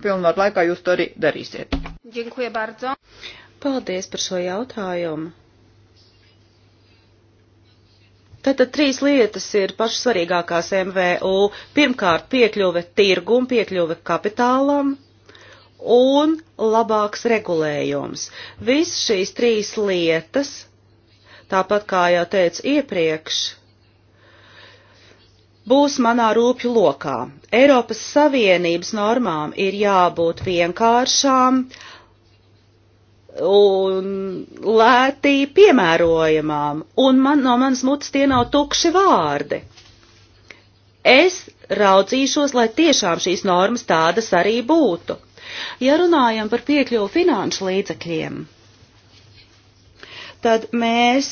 pilnvaru laikā jūs to arī darīsiet. Dziękuję bardzo. Paldies par šo jautājumu. Tātad trīs lietas ir pašsvarīgākās MVU. Pirmkārt, piekļuve tirgum, piekļuve kapitālam un labāks regulējums. Viss šīs trīs lietas, tāpat kā jau teicu iepriekš, būs manā rūpju lokā. Eiropas Savienības normām ir jābūt vienkāršām, uh, un lētī piemērojamām, un man, no manas mutes tie nav tukši vārdi. Es raudzīšos, lai tiešām šīs normas tādas arī būtu. Ja runājam par piekļuvu finanšu līdzekļiem, tad mēs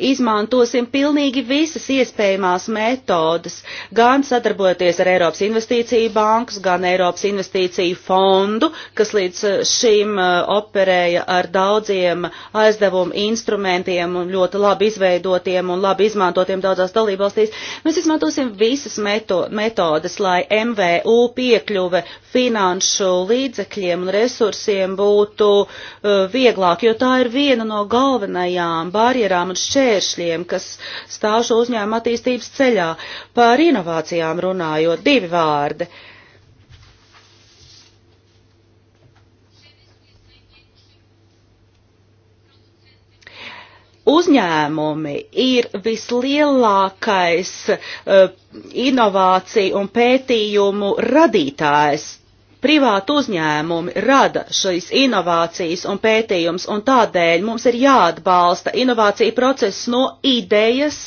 izmantosim pilnīgi visas iespējamās metodas, gan sadarbojoties ar Eiropas investīciju bankas, gan Eiropas investīciju fondu, kas līdz eh, šim eh, operēja ar daudziem aizdevumu instrumentiem un ļoti labi izveidotiem un labi izmantotiem daudzās dalībvalstīs. Mēs izmantosim visas meto metodas, lai MVU piekļuve finanšu līdzekļiem un resursiem būtu uh, vieglāk, jo tā ir viena no galvenajām barjerām un šķēršļiem šķēršļiem, kas stāv šo uzņēmumu attīstības ceļā. Par inovācijām runājot, divi vārdi. uzņēmumi ir vislielākais uh, inovāciju un pētījumu radītājs privātu uzņēmumi rada šīs inovācijas un pētījums, un tādēļ mums ir jāatbalsta inovācija process no idejas,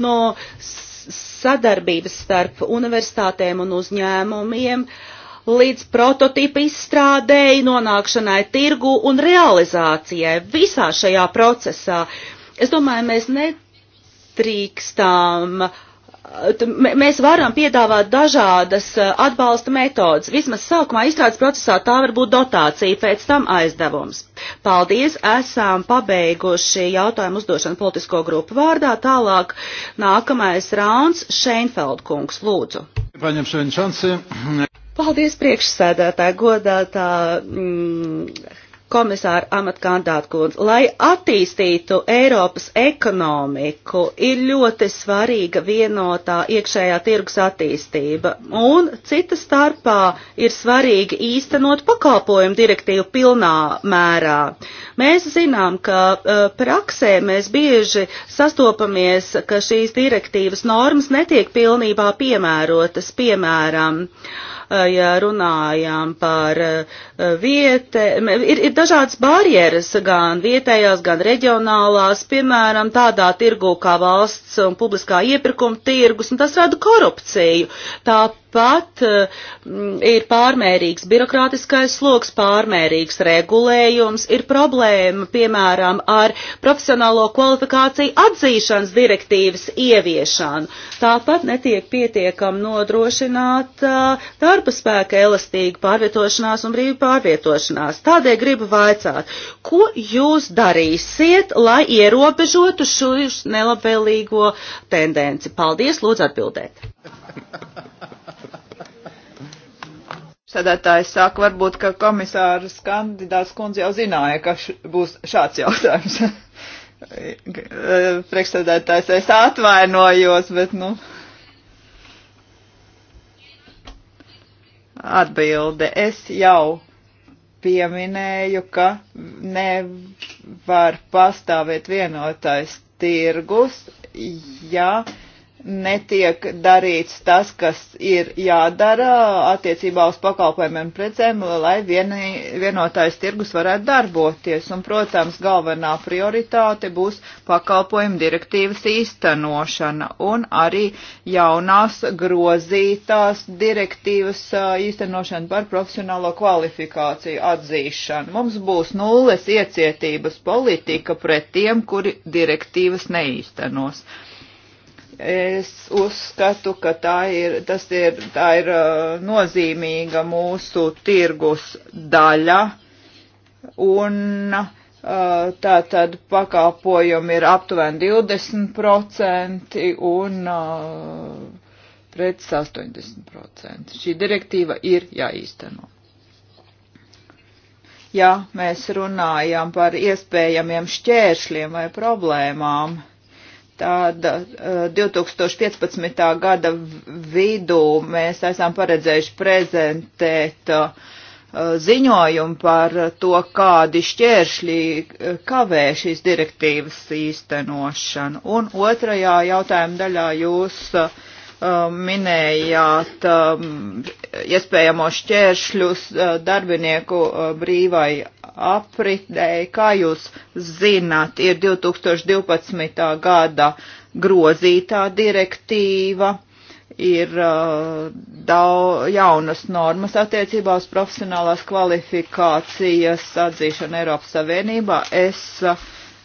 no sadarbības starp universitātēm un uzņēmumiem, līdz prototipu izstrādēji, nonākšanai tirgu un realizācijai visā šajā procesā. Es domāju, mēs nedrīkstām uh, Mēs varam piedāvāt dažādas atbalsta metodas. Vismaz sākumā izstrādes procesā tā var būt dotācija, pēc tam aizdevums. Paldies, esam pabeiguši jautājumu uzdošanu politisko grupu vārdā. Tālāk nākamais rauns Šeinfeld kungs, lūdzu. Paņem šeit šansi. Paldies priekšsēdētāji, godātā mm, komisāra amatkandāta kundze, lai attīstītu Eiropas ekonomiku, ir ļoti svarīga vienotā iekšējā tirgus attīstība, un cita starpā ir svarīgi īstenot pakalpojumu direktīvu pilnā mērā. Mēs zinām, ka uh, praksē mēs bieži sastopamies, ka šīs direktīvas normas netiek pilnībā piemērotas, piemēram, uh, Eh, ja runājām par eh, vietē, ir, ir dažādas barjeras gan vietējās, gan reģionālās, piemēram, tādā tirgu kā valsts un publiskā iepirkuma tirgus, un tas rada korupciju. Tā pat eh, ir pārmērīgs birokrātiskais sloks, pārmērīgs regulējums, ir problēma, piemēram, ar profesionālo kvalifikāciju atzīšanas direktīvas ieviešanu. Tāpat netiek pietiekam nodrošināt eh, darba spēka elastīgu pārvietošanās un brīvu pārvietošanās. Tādēļ gribu vaicāt, ko jūs darīsiet, lai ierobežotu šo nelabvēlīgo tendenci? Paldies, lūdzu atbildēt. Ha ha ha. Sēdētājs saka, varbūt, ka komisārs kandidāts kundze jau zināja, ka š, būs šāds jautājums. (laughs) Priekšsēdētājs, es atvainojos, bet, nu. Atbilde. Es jau pieminēju, ka nevar pastāvēt vienotais tirgus, ja netiek darīts tas, kas ir jādara attiecībā uz pakalpojumiem un precēm, lai vieni, vienotājs tirgus varētu darboties. Un, protams, galvenā prioritāte būs pakalpojumu direktīvas īstenošana un arī jaunās grozītās direktīvas īstenošana par profesionālo kvalifikāciju atzīšanu. Mums būs nulles iecietības politika pret tiem, kuri direktīvas neīstenos. Es uzskatu, ka tā ir, tas ir, tā ir uh, nozīmīga mūsu tirgus daļa un uh, tā tad pakāpojumi ir aptuveni 20% un uh, preces 80%. Šī direktīva ir jāīsteno. Ja mēs runājam par iespējamiem šķēršļiem vai problēmām, Tāda 2015. Eh, gada vidū mēs esam paredzējuši prezentēt eh, ziņojumu par to, kādi šķēršļi eh, kavē šīs direktīvas īstenošanu. Un otrajā jautājuma daļā jūs uh, Um, minējāt um, iespējamo šķēršļus uh, darbinieku uh, brīvai apritēji. Kā jūs zināt, ir 2012. gada grozītā direktīva, ir uh, daudz jaunas normas attiecībā uz profesionālās kvalifikācijas atzīšanu Eiropas Savienībā. Es uh,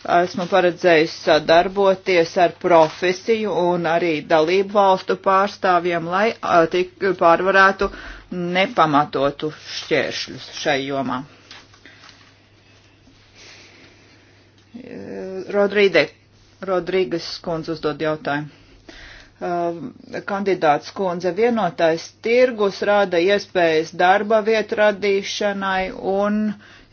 esmu paredzējis sadarboties ar profesiju un arī dalību valstu pārstāvjiem, lai tik pārvarētu nepamatotu šķēršļus šai jomā. Rodrīde, Rodrīgas skundze uzdod jautājumu kandidāts kundze vienotais tirgus rada iespējas darba vietu radīšanai un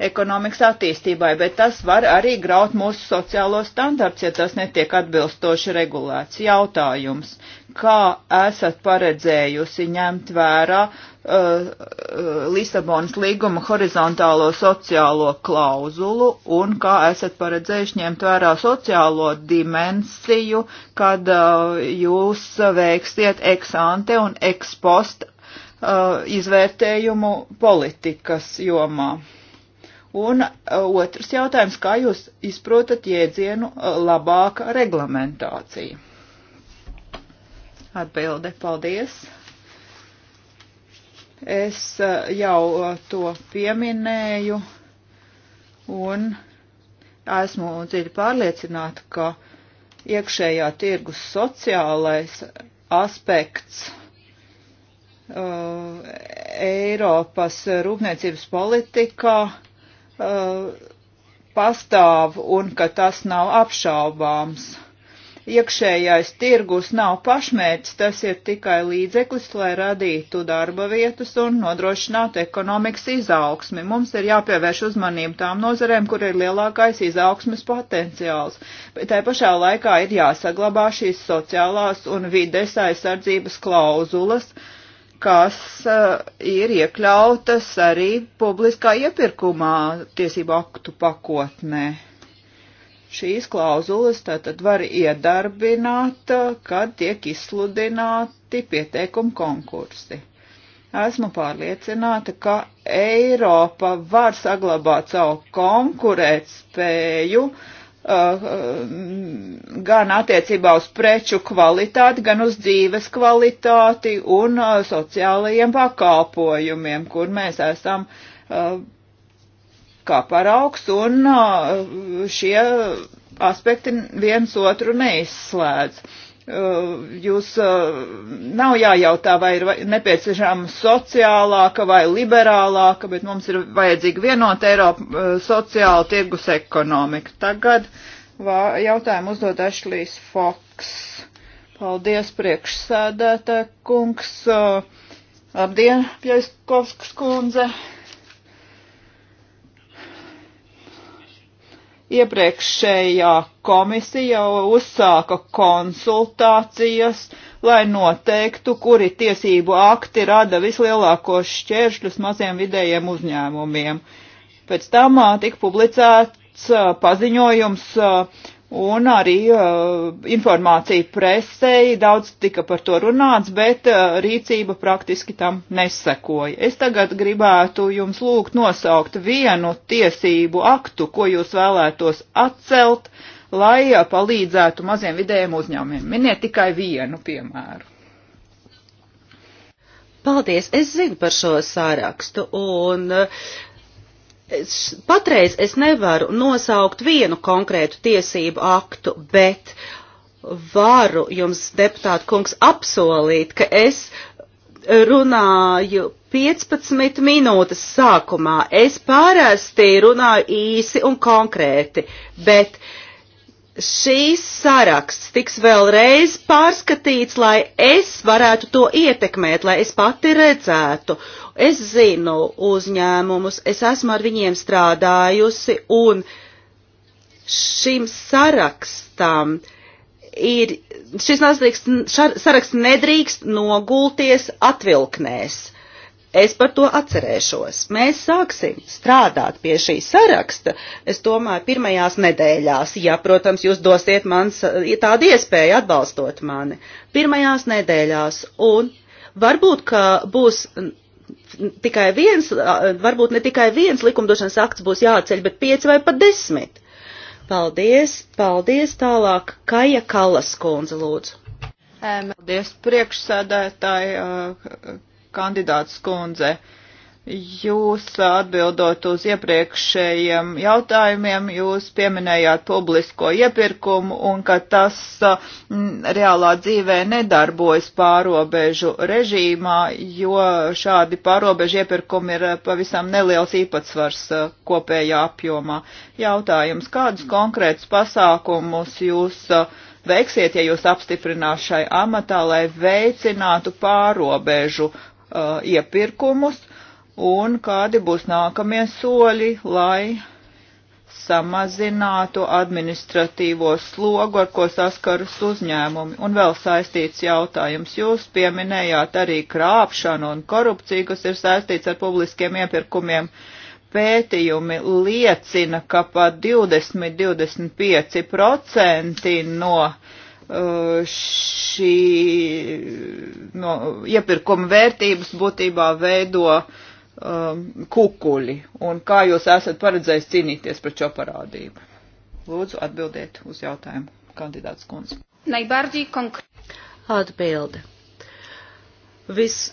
ekonomikas attīstībai, bet tas var arī graut mūsu sociālo standarts, ja tas netiek atbilstoši regulēts. Jautājums, kā esat paredzējusi ņemt vērā uh, uh Lisabonas līguma horizontālo sociālo klauzulu un kā esat paredzējuši ņemt vērā sociālo dimensiju, kad uh, jūs veiksiet eksante un ekspost uh, izvērtējumu politikas jomā? Un e, otrs jautājums, kā jūs izprotat jēdzienu e, labāka reglamentācija? Atbilde, paldies. Es e, jau to pieminēju un esmu dziļi pārliecināta, ka iekšējā tirgus sociālais aspekts uh, Eiropas rūpniecības politikā uh, uh, pastāv un ka tas nav apšaubāms. Iekšējais tirgus nav pašmērķis, tas ir tikai līdzeklis, lai radītu darba vietas un nodrošinātu ekonomikas izaugsmi. Mums ir jāpievērš uzmanību tām nozarēm, kur ir lielākais izaugsmes potenciāls, bet tai pašā laikā ir jāsaglabā šīs sociālās un vides aizsardzības klauzulas, uh, kas eh, ir iekļautas arī publiskā iepirkumā tiesību aktu pakotnē. Šīs klauzulas tātad var iedarbināt, eh, kad tiek izsludināti pieteikumu konkursi. Esmu pārliecināta, ka Eiropa var saglabāt savu konkurētspēju, spēju, Uh, um, gan attiecībā uz preču kvalitāti, gan uz dzīves kvalitāti un uh, sociālajiem pakalpojumiem, kur mēs esam uh, kā paraugs, un šie aspekti viens otru neizslēdz. Eh, jūs eh, nav jājautā, vai ir nepieciešama sociālāka vai liberālāka, bet mums ir vajadzīga vienota Eiropa eh, sociāla tirgus ekonomika. Tagad jautājumu uzdod Ašlīs Foks. Paldies, priekšsēdētā kungs. Labdien, Pļaiskovskas kundze. Iepriekšējā komisija uzsāka konsultācijas, lai noteiktu, kuri tiesību akti rada vislielākos šķēršļus maziem vidējiem uzņēmumiem. Pēc tam tika publicēts paziņojums uh, un arī uh, informācija presēji daudz tika par to runāts, bet uh, rīcība praktiski tam nesekoja. Es tagad gribētu jums lūgt nosaukt vienu tiesību aktu, ko jūs vēlētos atcelt, lai uh, palīdzētu maziem vidējiem uzņēmumiem. Miniet tikai vienu piemēru. Paldies, es zinu par šo sārakstu un uh, patreiz es nevaru nosaukt vienu konkrētu tiesību aktu, bet varu jums, deputāta kungs, apsolīt, ka es runāju 15 minūtes sākumā. Es pārēstī runāju īsi un konkrēti, bet šīs saraksts tiks vēlreiz pārskatīts, lai es varētu to ietekmēt, lai es pati redzētu. Uh, Es zinu uzņēmumus, es esmu ar viņiem strādājusi un šim sarakstam ir, šis saraksts, saraksts nedrīkst nogulties atvilknēs. Es par to atcerēšos. Mēs sāksim strādāt pie šī saraksta, es domāju, pirmajās nedēļās, ja, protams, jūs dosiet man tādu iespēju atbalstot mani. Pirmajās nedēļās, un varbūt, ka būs tikai viens, varbūt ne tikai viens likumdošanas akts būs jāceļ, bet pieci vai pat desmit. Paldies, paldies tālāk Kaja Kalas kundze lūdzu. Paldies priekšsēdētāji kandidāts kundze. Uh, Jūs atbildot uz iepriekšējiem jautājumiem, jūs pieminējāt publisko iepirkumu un ka tas m, mm, reālā dzīvē nedarbojas pārobežu režīmā, jo šādi pārobežu iepirkumi ir eh, pavisam neliels īpatsvars eh, kopējā apjomā. Jautājums, kādus konkrētus pasākumus jūs eh, veiksiet, ja jūs apstiprinās šai amatā, lai veicinātu pārobežu uh, iepirkumus? un kādi būs nākamie soļi, lai samazinātu administratīvo slogu, ar ko saskaras uzņēmumi. Un vēl saistīts jautājums. Jūs pieminējāt arī krāpšanu un korupciju, kas ir saistīts ar publiskiem iepirkumiem. Pētījumi liecina, ka pat 20-25% no uh, šī no iepirkuma vērtības būtībā veido uh, um, kukuļi un kā jūs esat paredzējis cīnīties pret šo parādību? Lūdzu atbildiet uz jautājumu kandidāts kundze. Najbardziej konkrēti. Atbilde. Vis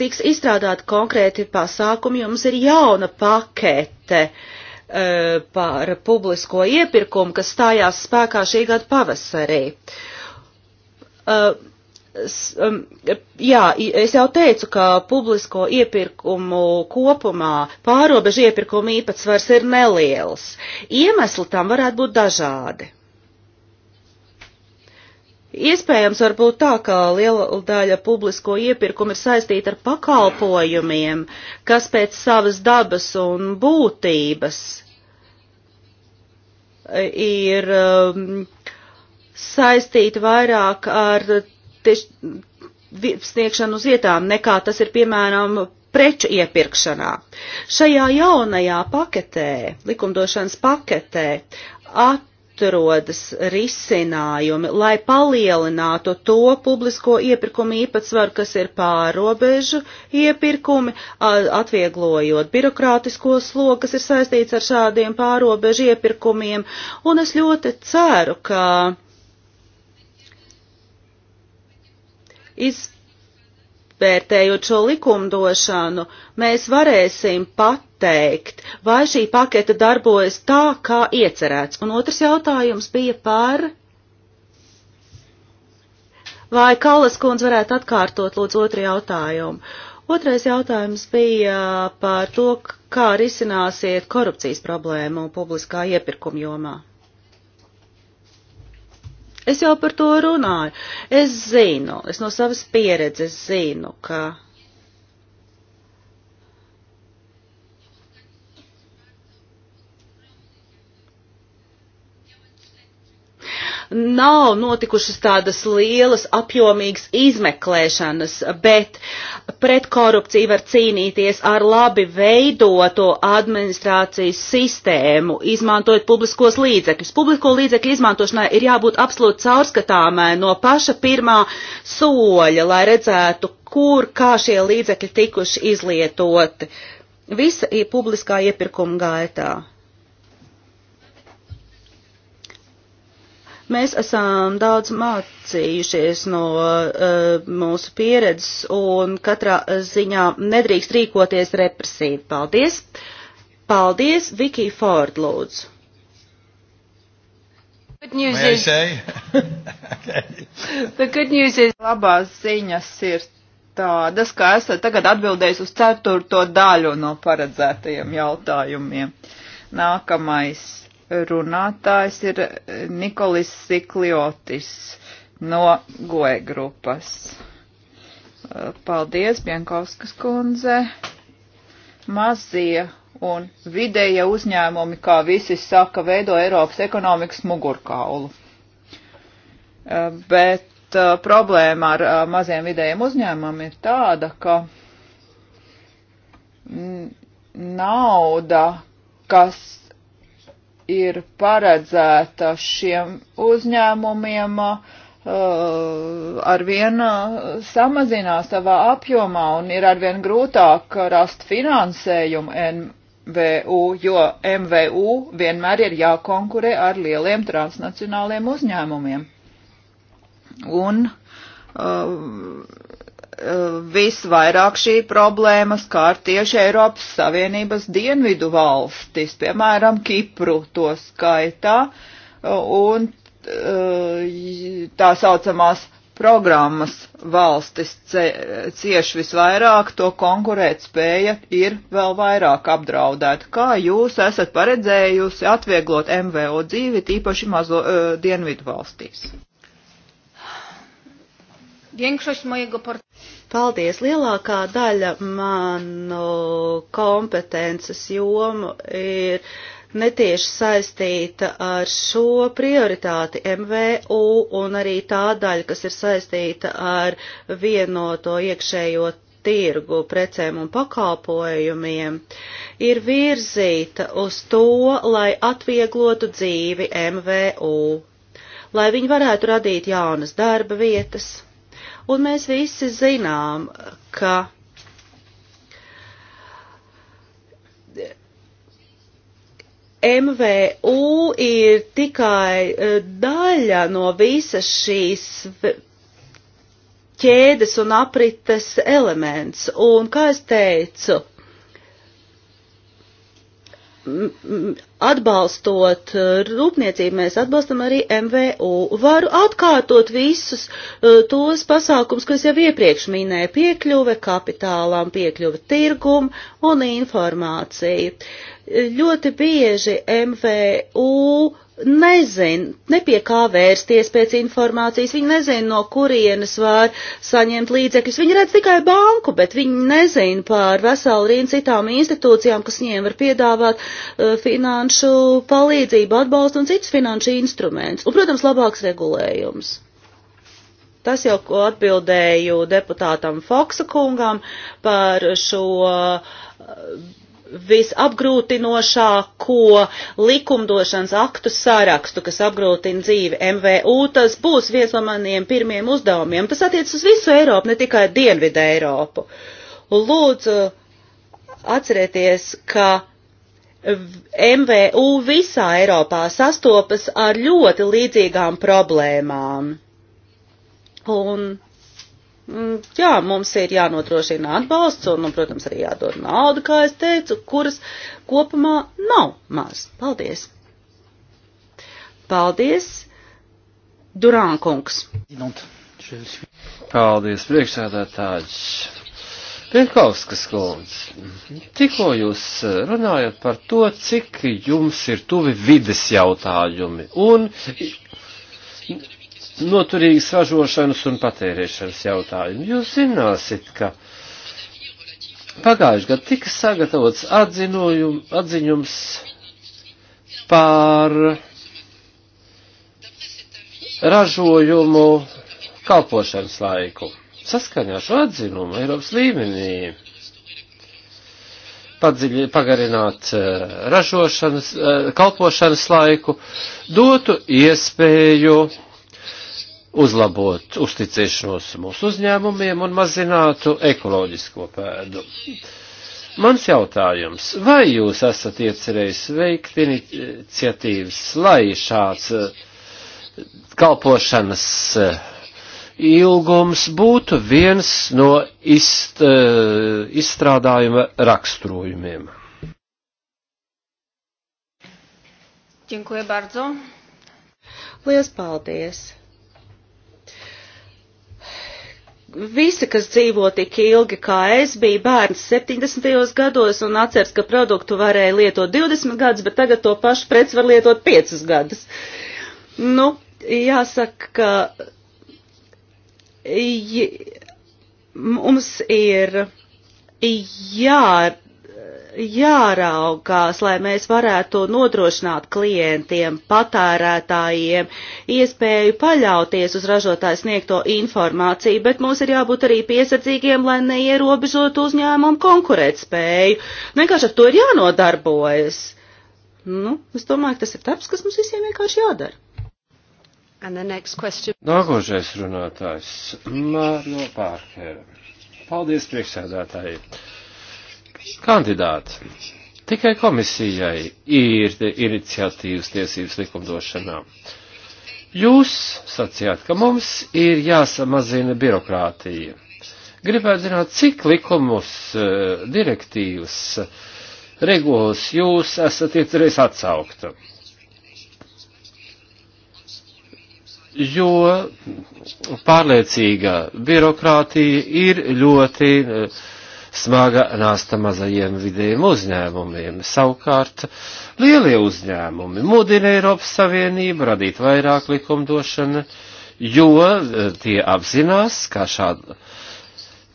tiks izstrādāti konkrēti pasākumi, jums ir jauna pakete uh, par publisko iepirkumu, kas stājās spēkā šī gada pavasarī. Uh, Um, jā, es jau teicu, ka publisko iepirkumu kopumā pārobežu iepirkumu īpatsvars ir neliels. Iemesli tam varētu būt dažādi. Iespējams, varbūt tā, ka liela daļa publisko iepirkumu ir saistīta ar pakalpojumiem, kas pēc savas dabas un būtības ir um, saistīti vairāk ar tieši sniegšanu uz vietām, nekā tas ir piemēram preču iepirkšanā. Šajā jaunajā paketē, likumdošanas paketē, at atrodas risinājumi, lai palielinātu to publisko iepirkumu īpatsvaru, kas ir pārobežu iepirkumi, atvieglojot birokrātisko slogu, kas ir saistīts ar šādiem pārobežu iepirkumiem. Un es ļoti ceru, ka izvērtējot šo likumdošanu, mēs varēsim pateikt, vai šī paketa darbojas tā, kā iecerēts. Un otrs jautājums bija par. Vai Kalas kundze varētu atkārtot lūdzu otru jautājumu? Otrais jautājums bija par to, kā risināsiet korupcijas problēmu publiskā iepirkuma jomā. Es jau par to runāju. Es zinu, es no savas pieredzes zinu, ka nav notikušas tādas lielas apjomīgas izmeklēšanas, bet pret korupciju var cīnīties ar labi veidoto administrācijas sistēmu, izmantojot publiskos līdzekļus. Publisko līdzekļu izmantošanai ir jābūt absolūti caurskatāmai no paša pirmā soļa, lai redzētu, kur, kā šie līdzekļi tikuši izlietoti. Visa ir publiskā iepirkuma gaitā. Mēs esam daudz mācījušies no uh, mūsu pieredzes un katrā ziņā nedrīkst rīkoties represīvi. Paldies! Paldies, Viki Ford, lūdzu! Is... (laughs) okay. The good news is labās ziņas ir tādas, ka esat tagad atbildējis uz ceturto daļu no paredzētajiem jautājumiem. Nākamais runātājs ir Nikolis Sikliotis no GOE grupas. Paldies, Bienkovskas kundze. Mazie un vidēja uzņēmumi, kā visi saka, veido Eiropas ekonomikas mugurkaulu. Bet uh, problēma ar uh, maziem vidējiem uzņēmumiem ir tāda, ka nauda, kas ir paredzēta šiem uzņēmumiem uh, arvien uh, samazinās savā apjomā un ir arvien grūtāk rast finansējumu MVU, jo MVU vienmēr ir jākonkurē ar lieliem transnacionāliem uzņēmumiem. Un uh, Eh, visvairāk šī problēma skār tieši Eiropas Savienības dienvidu valstis, piemēram, Kipru to skaitā, eh, un eh, tā saucamās programmas valstis cieši visvairāk, to konkurēt spēja ir vēl vairāk apdraudēta. Kā jūs esat paredzējusi atvieglot MVO dzīvi, tīpaši mazo uh, dienvidu valstīs? Paldies! Lielākā daļa manu kompetences jomu ir netieši saistīta ar šo prioritāti MVU un arī tā daļa, kas ir saistīta ar vienoto iekšējo tirgu precēm un pakalpojumiem, ir virzīta uz to, lai atvieglotu dzīvi MVU, lai viņi varētu radīt jaunas darba vietas Un mēs visi zinām, ka MVU ir tikai e, daļa no visas šīs ķēdes un aprites elements. Un, kā es teicu, Atbalstot eh, rūpniecību, mēs atbalstam arī MVU. Varu atkārtot visus eh, tos pasākums, ko es jau iepriekš minēju - piekļuve kapitālām, piekļuve tirgumu un informāciju. Eh, ļoti bieži MVU nezin, ne pie kā vērsties pēc informācijas, viņi nezin, no kurienes var saņemt līdzekļus. Viņi redz tikai banku, bet viņi nezin par veselu rīnu citām institūcijām, kas viņiem var piedāvāt uh, finan, finanšu palīdzību, atbalstu un citus finanšu instrumentus. Un, protams, labāks regulējums. Tas jau, ko atbildēju deputātam Foksa kungam par šo eh, visapgrūtinošāko likumdošanas aktu sarakstu, kas apgrūtina dzīvi MVU, tas būs viens no maniem pirmiem uzdevumiem. Tas attiec uz visu Eiropu, ne tikai Dienvidu Eiropu. Lūdzu, atcerieties, ka MVU visā Eiropā sastopas ar ļoti līdzīgām problēmām. Un, mm, jā, mums ir jānodrošina atbalsts un, un, nu, protams, arī jādod nauda, kā es teicu, kuras kopumā nav maz. Paldies! Paldies, Durānkungs! Paldies, priekšsēdētājs! Pienkauskas kundze, tikko jūs eh, runājat par to, cik jums ir tuvi vides jautājumi un noturīgas ražošanas un patērēšanas jautājumi. Jūs zināsit, ka pagājuši gadu tika sagatavots atziņums par ražojumu kalpošanas laiku saskaņā šo atzinumu Eiropas līmenī padziļi, pagarināt eh, ražošanas, eh, kalpošanas laiku, dotu iespēju uzlabot uzticēšanos mūsu uzņēmumiem un mazinātu ekoloģisko pēdu. Mans jautājums, vai jūs esat iecerējis veikt iniciatīvas, lai šāds eh, kalpošanas ilgums būtu viens no izt, eh, izstrādājuma raksturojumiem. Dziękuję bardzo. Lielas paldies! visi, kas dzīvo tik ilgi kā es, bija bērns 70. gados un atceras, ka produktu varēja lietot 20 gadus, bet tagad to pašu preci var lietot 5 gadus. Nu, jāsaka, ka mums ir jā, jāraugās, lai mēs varētu nodrošināt klientiem, patērētājiem iespēju paļauties uz ražotāju sniegto informāciju, bet mums ir jābūt arī piesardzīgiem, lai neierobežotu uzņēmumu konkurētspēju. Vienkārši ar to ir jānodarbojas. Nu, es domāju, ka tas ir taps, kas mums visiem vienkārši jādara. Nākošais runātājs - Mārno Pārkēra. Paldies, priekšsēdētāji. Kandidāti. Tikai komisijai ir iniciatīvas tiesības likumdošanā. Jūs sacījāt, ka mums ir jāsamazina birokrātija. Gribētu zināt, cik likumus, eh, direktīvas, eh, regulas jūs esat iecerējis atsaukt. jo pārliecīga birokrātija ir ļoti eh, smaga nasta mazajiem vidējiem uzņēmumiem. Savukārt lielie uzņēmumi mudina Eiropas Savienību radīt vairāk likumdošana, jo eh, tie apzinās, ka šāda,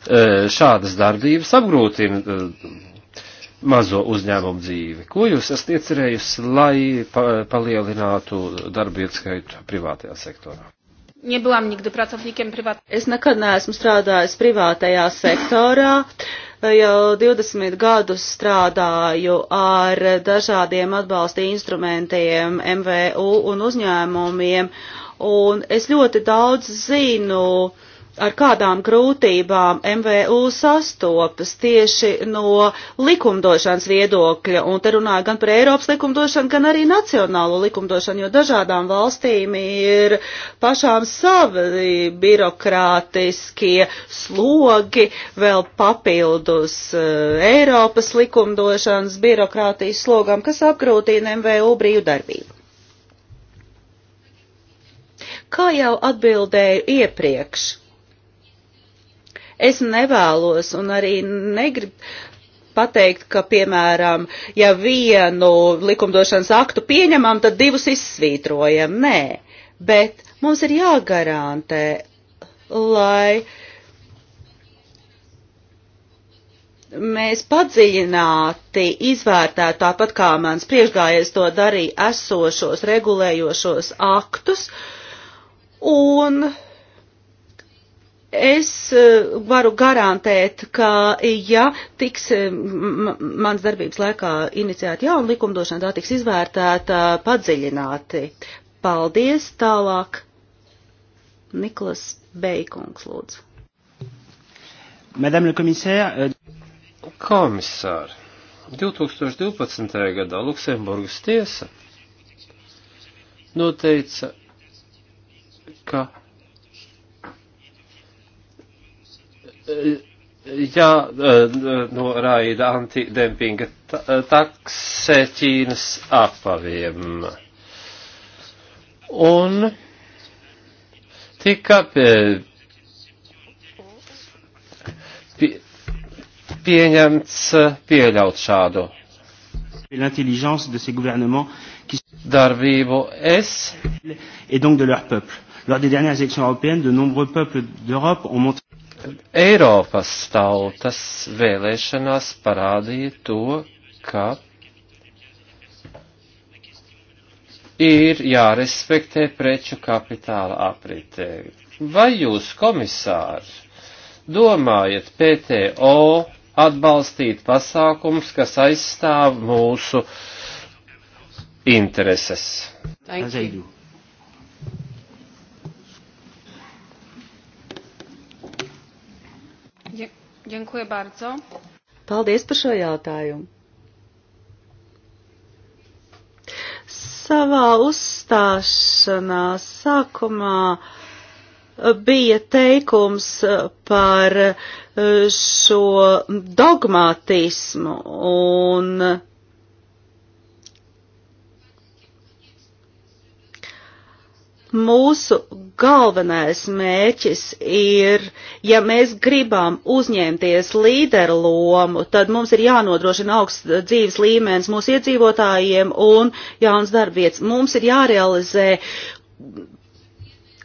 eh, šādas darbības apgrūtina mazo uzņēmumu dzīvi. Ko jūs esat iecerējusi, lai pa, palielinātu darba ieskaitu privātajā sektorā? Nebyłam nigdy pracownikiem prywatnym. Es nekad neesmu strādājis privātajā sektorā. Jau 20 gadus strādāju ar dažādiem atbalsta instrumentiem, MVU un uzņēmumiem. Un es ļoti daudz zinu uh, ar kādām grūtībām MVU sastopas tieši no likumdošanas viedokļa, un te runāju gan par Eiropas likumdošanu, gan arī nacionālo likumdošanu, jo dažādām valstīm ir pašām savi birokrātiskie slogi, vēl papildus eh, Eiropas likumdošanas birokrātijas slogam, kas apgrūtina MVU brīvdarbību. Kā jau atbildēju iepriekš, Es nevēlos un arī negribu pateikt, ka, piemēram, ja vienu likumdošanas aktu pieņemam, tad divus izsvītrojam. Nē, bet mums ir jāgarantē, lai mēs padziļināti izvērtētu tāpat kā mans priekšgājies to darīja esošos regulējošos aktus un Es eh, varu garantēt, ka ja tiks eh, mans darbības laikā iniciēta jauna likumdošana, tā tiks izvērtēta padziļināti. Paldies, tālāk Niklas Beikungs lūdzu. Madame le euh, komisār. Komisār, 2012. gadā Luksemburgas tiesa noteica, ka Eh, Jā, eh, noraida antidempinga eh, takse Ķīnas apaviem. Un tika pie, pie, pieņemts pieļaut šādu darbību es. Et donc de leur peuple. Lors des dernières élections européennes, de nombreux peuples d'Europe ont montré Eiropas tautas vēlēšanās parādīja to, ka ir jārespektē preču kapitāla apritē. Vai jūs, komisāri, domājat PTO atbalstīt pasākums, kas aizstāv mūsu intereses? Thank you. Dziękuję bardzo. Paldies par šo jautājumu. Savā uzstāšanās sākumā bija teikums par šo dogmatismu un mūsu galvenais mērķis ir, ja mēs gribam uzņemties līderu lomu, tad mums ir jānodrošina augsts dzīves līmenis mūsu iedzīvotājiem un jauns darbvietas. Mums ir jārealizē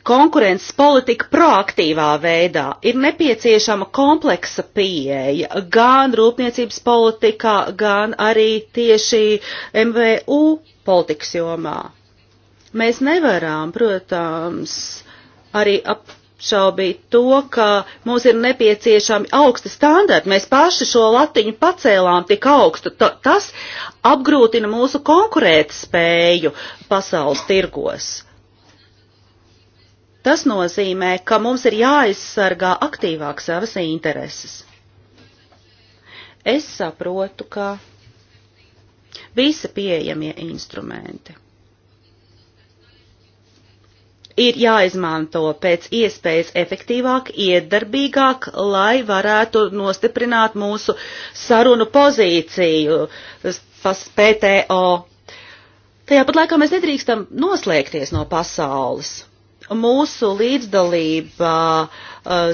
konkurences politika proaktīvā veidā. Ir nepieciešama kompleksa pieeja gan rūpniecības politikā, gan arī tieši MVU politikas jomā. Mēs nevaram, protams, arī apšaubīt to, ka mums ir nepieciešami augsti standarti. Mēs paši šo latiņu pacēlām tik augstu. T tas apgrūtina mūsu konkurētspēju pasaules tirgos. Tas nozīmē, ka mums ir jāaizsargā aktīvāk savas intereses. Es saprotu, ka visi pieejamie instrumenti ir jāizmanto pēc iespējas efektīvāk, iedarbīgāk, lai varētu nostiprināt mūsu sarunu pozīciju PTO. Tajā pat laikā mēs nedrīkstam noslēgties no pasaules. Mūsu līdzdalība uh,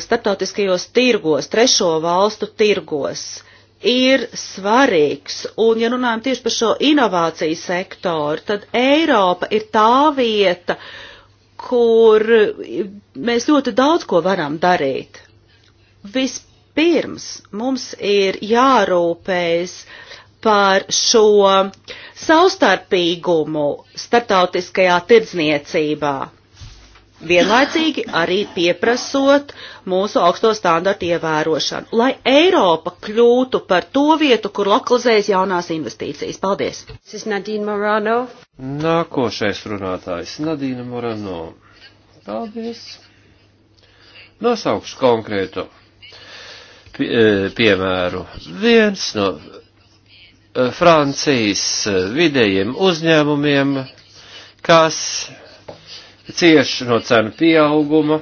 starptautiskajos tirgos, trešo valstu tirgos, ir svarīgs. Un, ja runājam tieši par šo inovāciju sektoru, tad Eiropa ir tā vieta, uh, kur mēs ļoti daudz ko varam darīt. Vispirms mums ir jārūpējas par šo savstarpīgumu starptautiskajā tirdzniecībā vienlaicīgi arī pieprasot mūsu augsto standartu ievērošanu, lai Eiropa kļūtu par to vietu, kur lokalizējas jaunās investīcijas. Paldies! Nākošais runātājs - Nadīna Morano. Paldies! Nosaukšu konkrētu pie, e, piemēru. Viens no e, Francijas e, vidējiem uzņēmumiem, kas cieš no cenu pieauguma.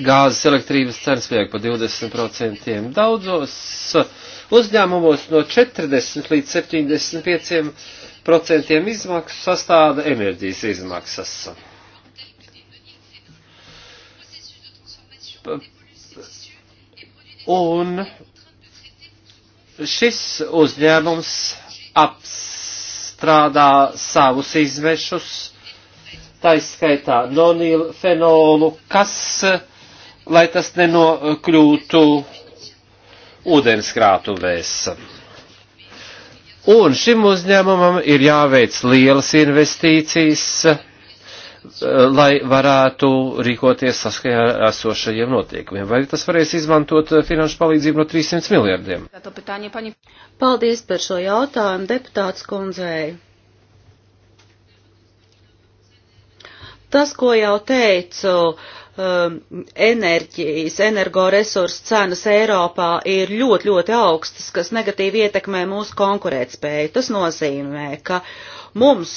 Gāzes elektrības cenas pieaug pa 20%. Daudzos uh, uzņēmumos no 40 līdz 75% izmaksu sastāda enerģijas izmaksas. Un šis uzņēmums apstrādā savus izmešus taiskaitā nonilu fenolu, kas, eh, lai tas nenokļūtu ūdenskrātuvēs. Un šim uzņēmumam ir jāveic lielas investīcijas, eh, lai varētu rīkoties saskaņā ar esošajiem notiekumiem. Vai tas varēs izmantot eh, finanšu palīdzību no 300 miljardiem? Paldies par šo jautājumu deputāts kundzei. Tas, ko jau teicu, um, enerģijas, energoresursu cenas Eiropā ir ļoti, ļoti augstas, kas negatīvi ietekmē mūsu konkurētspēju. Tas nozīmē, ka mums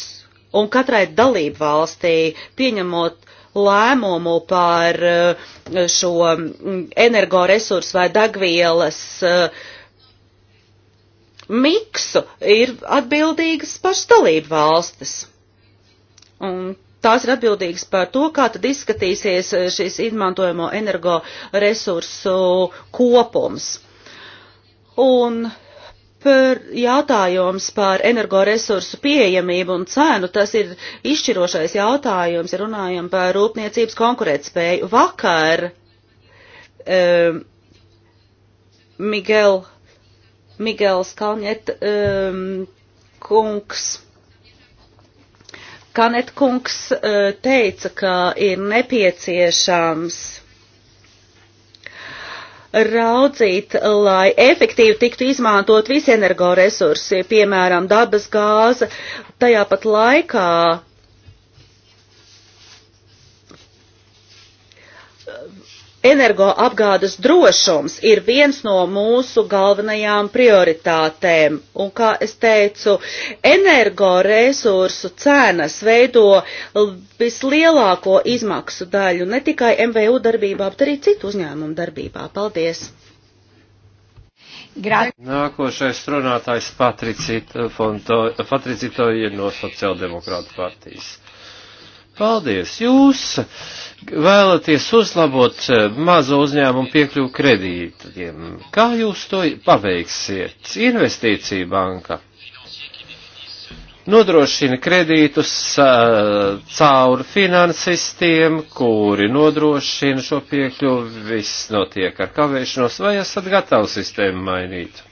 un katrai dalību valstī pieņemot lēmumu par uh, šo mm, energoresursu vai dagvielas uh, miksu ir atbildīgas pašdalību valstis. Un tās ir atbildīgas par to, kā tad izskatīsies eh, šis izmantojamo energoresursu kopums. Un par jautājums par energoresursu pieejamību un cenu, tas ir izšķirošais jautājums, ja runājam par rūpniecības konkurētspēju. Vakar um, Miguel, Miguels Kalņet um, eh, kungs Kanet kungs eh, teica, ka ir nepieciešams raudzīt, lai efektīvi tiktu izmantot visi energoresursi, piemēram, dabas gāze, tajā pat laikā Energoapgādes drošums ir viens no mūsu galvenajām prioritātēm, un, kā es teicu, energoresursu cenas veido vislielāko izmaksu daļu ne tikai MVU darbībā, bet arī citu uzņēmumu darbībā. Paldies! Grāt. Nākošais runātājs Patricito Fonto, Patricito ir no Sociāldemokrāta partijas. Paldies! Jūs vēlaties uzlabot eh, mazo uzņēmumu piekļuvu kredītiem. Kā jūs to paveiksiet? Investīcija banka nodrošina kredītus uh, caur finansistiem, kuri nodrošina šo piekļuvi. Viss notiek ar kavēšanos, vai esat gatavi sistēmu mainīt?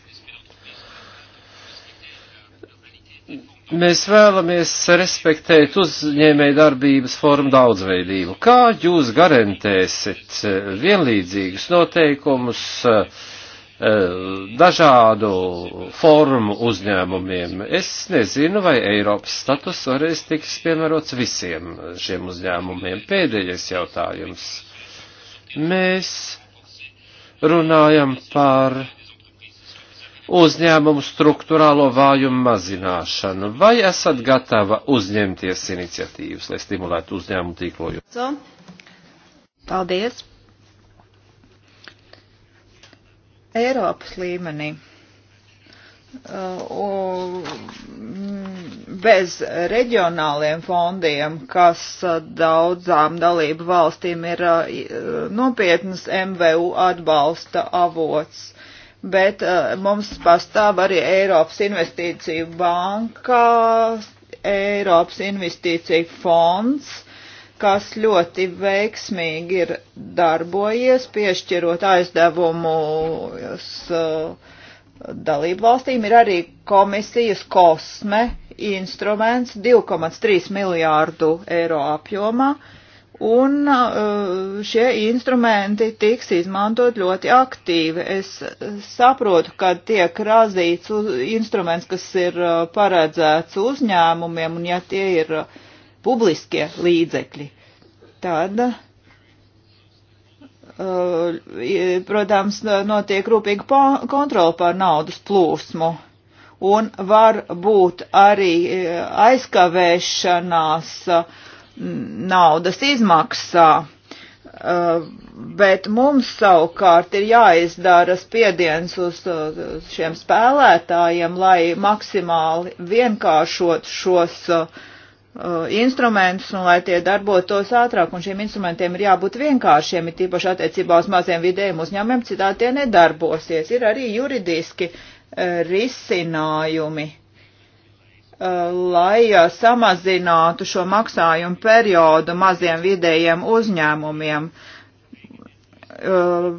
Mēs vēlamies respektēt uzņēmēju darbības formu daudzveidību. Kā jūs garantēsiet eh, vienlīdzīgus noteikumus eh, dažādu formu uzņēmumiem? Es nezinu, vai Eiropas status varēs tiks piemērots visiem šiem uzņēmumiem. Pēdējais jautājums. Mēs runājam par uzņēmumu struktūrālo vājumu mazināšanu? Vai esat gatava uzņemties iniciatīvas, lai stimulētu uzņēmumu tīklojumu? Paldies! Eiropas līmenī uh, bez reģionāliem fondiem, kas uh, daudzām dalību valstīm ir uh, nopietnas MVU atbalsta avots bet uh, mums pastāv arī Eiropas investīciju bankā, Eiropas investīciju fonds, kas ļoti veiksmīgi ir darbojies, piešķirot aizdevumus uh, dalību valstīm. Ir arī komisijas kosme instruments 2,3 miljārdu eiro apjomā. Uh, Un uh, šie instrumenti tiks izmantot ļoti aktīvi. Es saprotu, ka tiek razīts instruments, kas ir uh, paredzēts uzņēmumiem, un ja tie ir uh, publiskie līdzekļi, tad, protams, notiek rūpīga kontrola pār naudas plūsmu un var būt arī aizkavēšanās uh, naudas izmaksā. Uh, bet mums savukārt ir jāizdara spiediens uz uh, šiem spēlētājiem, lai maksimāli vienkāršot šos uh, uh, instrumentus un lai tie darbotos ātrāk. Un šiem instrumentiem ir jābūt vienkāršiem, ir tīpaši attiecībā uz maziem vidējiem uzņēmumiem, citādi tie nedarbosies. Ir arī juridiski uh, risinājumi lai uh, samazinātu šo maksājumu periodu maziem vidējiem uzņēmumiem. Uh, uh,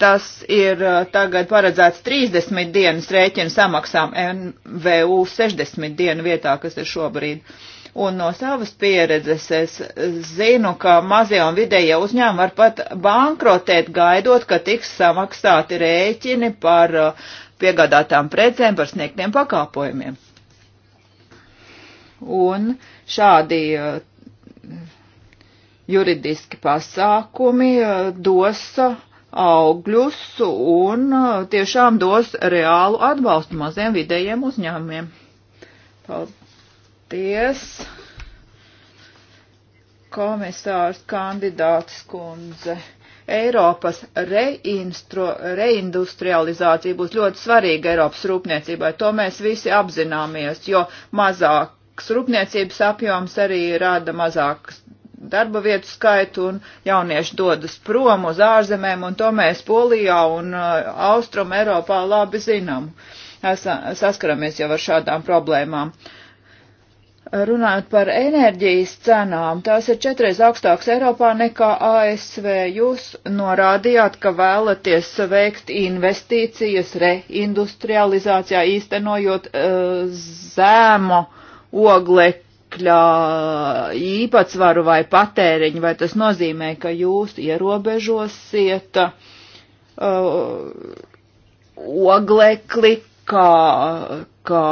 tas ir tagad paredzēts 30 dienas rēķina samaksām NVU 60 dienu vietā, kas ir šobrīd. Un no savas pieredzes es zinu, ka mazie un vidējie uzņēmumi var pat bankrotēt gaidot, ka tiks samaksāti rēķini par piegādātām precēm, par sniegtiem pakāpojumiem un šādi eh, juridiski pasākumi eh, dos augļus un eh, tiešām dos reālu atbalstu maziem vidējiem uzņēmumiem. Paldies! Komisārs kandidāts kundze. Eiropas reinstro, reindustrializācija būs ļoti svarīga Eiropas rūpniecībai. To mēs visi apzināmies, jo mazāk mazāks rūpniecības apjoms arī rada mazāks darba vietu skaitu un jaunieši dodas prom uz ārzemēm, un to mēs Polijā un uh, Austrum Eiropā labi zinām. Esam, saskaramies jau ar šādām problēmām. Runājot par enerģijas cenām, tās ir četreiz augstākas Eiropā nekā ASV. Jūs norādījāt, ka vēlaties veikt investīcijas reindustrializācijā, īstenojot uh, zēmu uh, oglekļa īpatsvaru vai patēriņu, vai tas nozīmē, ka jūs ierobežosiet uh, oglekli kā, kā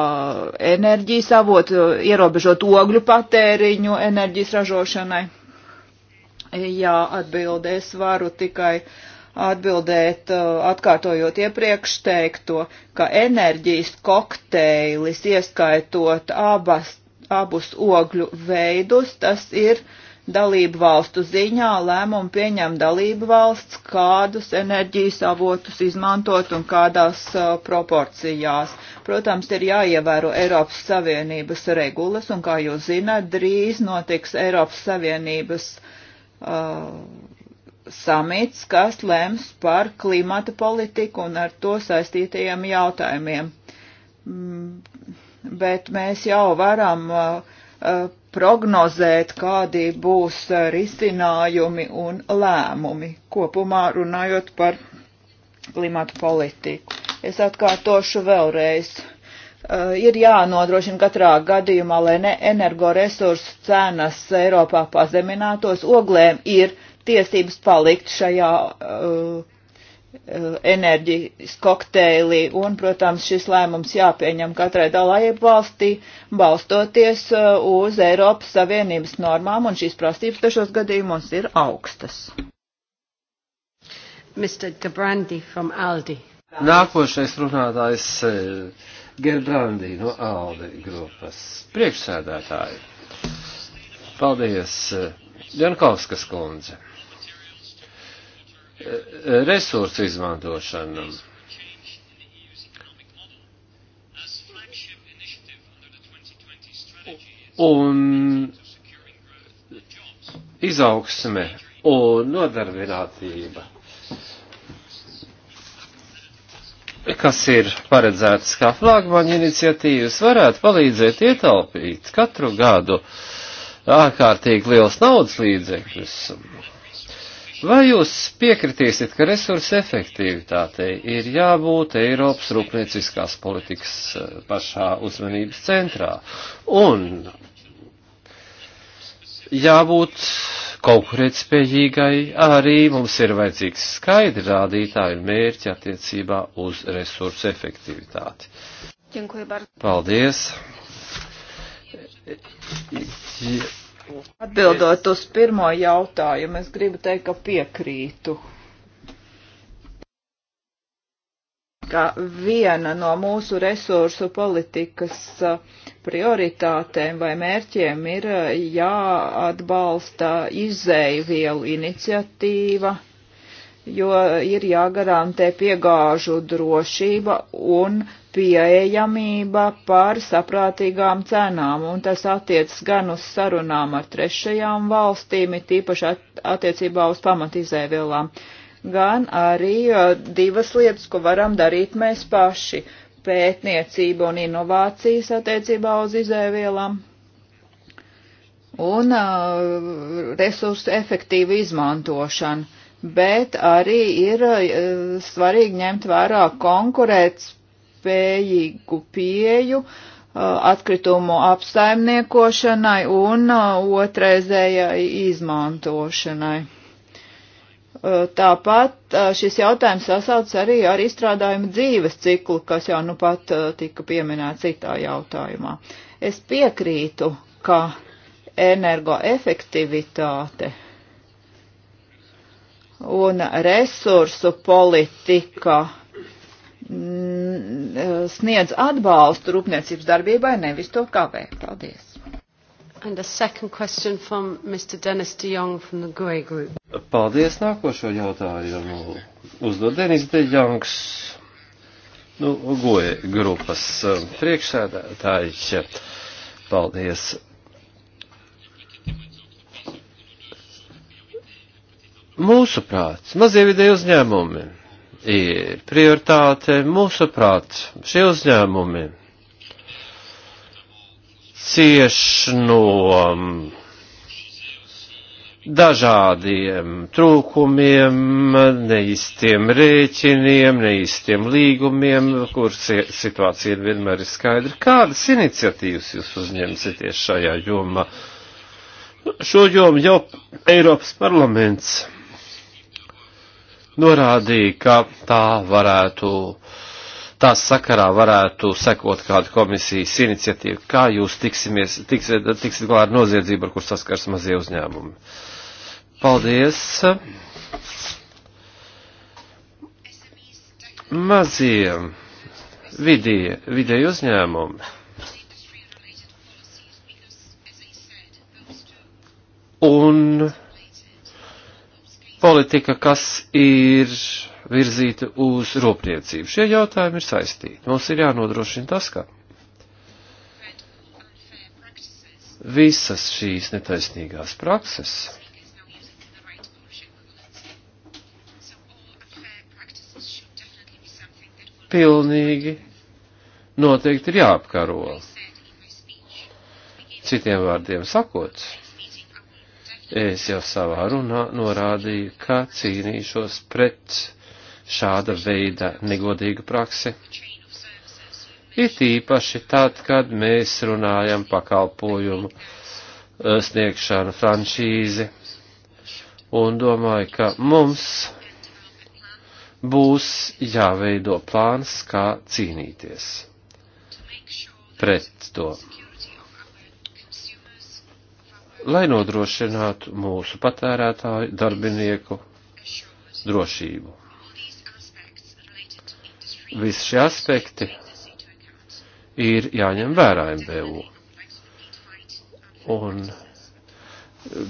enerģijas avotu, ierobežot ogļu patēriņu enerģijas ražošanai? Jā, atbildēs varu tikai uh, atbildēt, uh, atkārtojot iepriekš teikto, ka enerģijas kokteilis, ieskaitot abas, abus ogļu veidus, tas ir dalību valstu ziņā lēmumu pieņem dalību valsts, kādus enerģijas avotus izmantot un kādās uh, proporcijās. Protams, ir jāievēro Eiropas Savienības regulas, un, kā jūs zināt, drīz notiks Eiropas Savienības uh, samits, kas lems par klimata politiku un ar to saistītajiem jautājumiem. Mm, bet mēs jau varam uh, uh, prognozēt, kādi būs uh, risinājumi un lēmumi kopumā runājot par klimatu politiku. Es atkārtošu vēlreiz. Uh, ir jānodrošina katrā gadījumā, lai ne energoresursu cenas Eiropā pazeminātos. Oglēm ir tiesības palikt šajā uh, uh enerģijas kokteilī. Un, protams, šis lēmums jāpieņem katrai dalību valstī, balstoties uh, uz Eiropas Savienības normām, un šīs prasības dažos gadījumos ir augstas. Mr. Gabrandi from Aldi. Nākošais runātājs eh, Gerbrandī no Aldi grupas. Priekšsēdētāji. Paldies, eh, Jankovskas kundze resursu izmantošanu. Un izaugsme un nodarbinātība, kas ir paredzētas kā flagmaņa iniciatīvas, varētu palīdzēt ietaupīt katru gadu ārkārtīgi liels naudas līdzekļus Vai jūs piekritīsiet, ka resursa efektivitātei ir jābūt Eiropas rūpnieciskās politikas eh, pašā uzmanības centrā? Un jābūt konkurētspējīgai arī mums ir vajadzīgs skaidri rādītāji un mērķi attiecībā uz resursu efektivitāti. Paldies! Ja. Atbildot uz pirmo jautājumu, es gribu teikt, ka piekrītu. Ka viena no mūsu resursu politikas prioritātēm vai mērķiem ir jāatbalsta izēju vielu iniciatīva jo ir jāgarantē piegāžu drošība un pieejamība par saprātīgām cenām, un tas attiecas gan uz sarunām ar trešajām valstīm, it īpaši attiecībā uz pamatizēvielām, gan arī uh, divas lietas, ko varam darīt mēs paši - pētniecība un inovācijas attiecībā uz izēvielām un uh, resursu efektīvu izmantošanu bet arī ir e, svarīgi ņemt vērā konkurēt spējīgu pieju e, atkritumu apsaimniekošanai un e, otrreizējai izmantošanai. Tāpat šis jautājums sasauc arī ar izstrādājumu dzīves ciklu, kas jau nu pat tika pieminēts citā jautājumā. Es piekrītu, ka energoefektivitāte un resursu politika mm, eh, sniedz atbalstu rūpniecības darbībai, nevis to kavē. Paldies! And a second question from Mr. Dennis de Jong from the GUE Group. Paldies, nākošo jautājumu uzdod Denis de Jongs, nu, GUE grupas eh, priekšsēdētājs. Paldies Mūsuprāt, mazie vidēji uzņēmumi ir prioritāte. Mūsuprāt, šie uzņēmumi cieš no mm, dažādiem trūkumiem, neīstiem rēķiniem, neīstiem līgumiem, kur situācija vienmēr ir skaidra. Kādas iniciatīvas jūs uzņemsieties šajā jomā? Šo jomu jau Eiropas parlaments norādīja, ka tā varētu, tās sakarā varētu sekot kādu komisijas iniciatīvu, kā jūs tiksimies, tiks, tiksiet galā ar noziedzību, ar kur saskars mazie uzņēmumi. Paldies! Mazie vidie, vidēji uzņēmumi. Un politika, kas ir virzīta uz rūpniecību. Šie jautājumi ir saistīti. Mums ir jānodrošina tas, ka visas šīs netaisnīgās prakses pilnīgi noteikti ir jāapkaro. Citiem vārdiem sakot, Es jau savā runā norādīju, ka cīnīšos pret šāda veida negodīgu praksi. It īpaši tad, kad mēs runājam pakalpojumu eh, sniegšanu franšīzi un domāju, ka mums būs jāveido plāns, kā cīnīties pret to lai nodrošinātu mūsu patērētāju darbinieku drošību. Visi šie aspekti ir jāņem vērā MBU. Un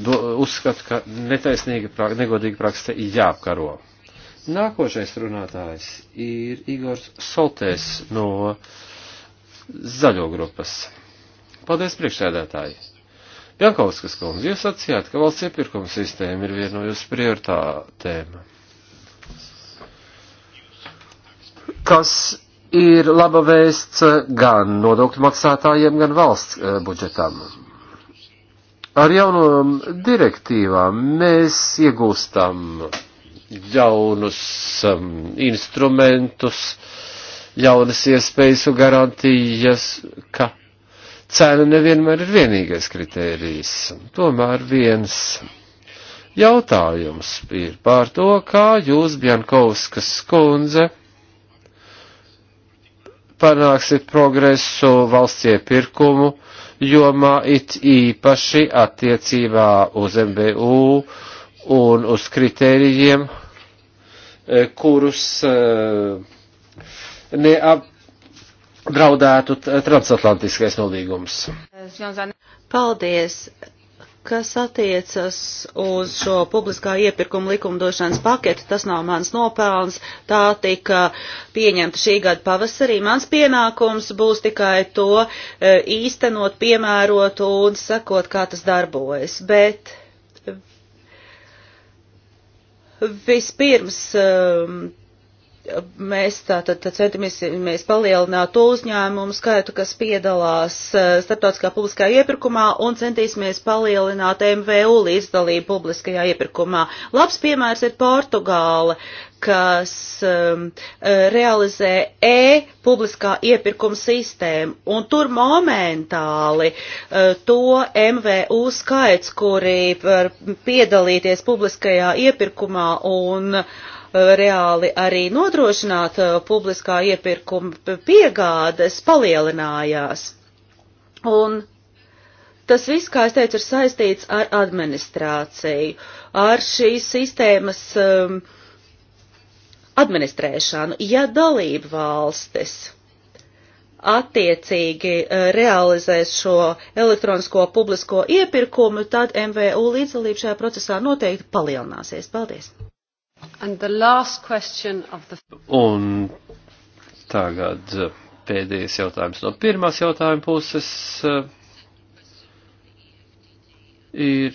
do, uzskatu, ka netaisnīga, negodīga prakse jāapkaro. Nākošais runātājs ir Igors Soltēs no Zaļo grupas. Paldies priekšsēdētāji! Jankovskas kundze, jūs atsījāt, ka valsts iepirkuma sistēma ir viena no jūsu prioritātēm. Kas ir laba vēsts gan nodokļu maksātājiem, gan valsts eh, budžetam? Ar jaunām direktīvām mēs iegūstam jaunus um, instrumentus, jaunas iespējas un garantijas, ka cena nevienmēr ir vienīgais kritērijs. Tomēr viens jautājums ir par to, kā jūs, Bjankovskas skundze, panāksiet progresu valsts iepirkumu jomā it īpaši attiecībā uz MBU un uz kritērijiem, eh, kurus eh, neap draudētu transatlantiskais nolīgums. Paldies! Kas attiecas uz šo publiskā iepirkuma likumdošanas paketi, tas nav mans nopelns. Tā tika pieņemta šī gada pavasarī. Mans pienākums būs tikai to e, īstenot, piemērot un sakot, kā tas darbojas. Bet vispirms. Um, Mēs tātad centamies palielināt to uzņēmumu skaitu, kas piedalās eh, starptautiskā publiskā iepirkumā un centīsimies palielināt MVU līdzdalību publiskajā iepirkumā. Labs piemērs ir Portugāla, kas um, eh, realizē e-publiskā iepirkuma sistēmu, un tur momentāli uh, to MVU skaits, kuri var piedalīties publiskajā iepirkumā un uh, reāli arī nodrošināt uh, publiskā iepirkuma piegādes palielinājās. Un tas viss, kā es teicu, ir saistīts ar administrāciju, ar šīs sistēmas um, administrēšanu. Ja dalība valstis attiecīgi uh, realizēs šo elektronisko publisko iepirkumu, tad MVU līdzdalība šajā procesā noteikti palielināsies. Paldies! The... Un tagad uh, pēdējais jautājums no pirmās jautājuma puses uh, ir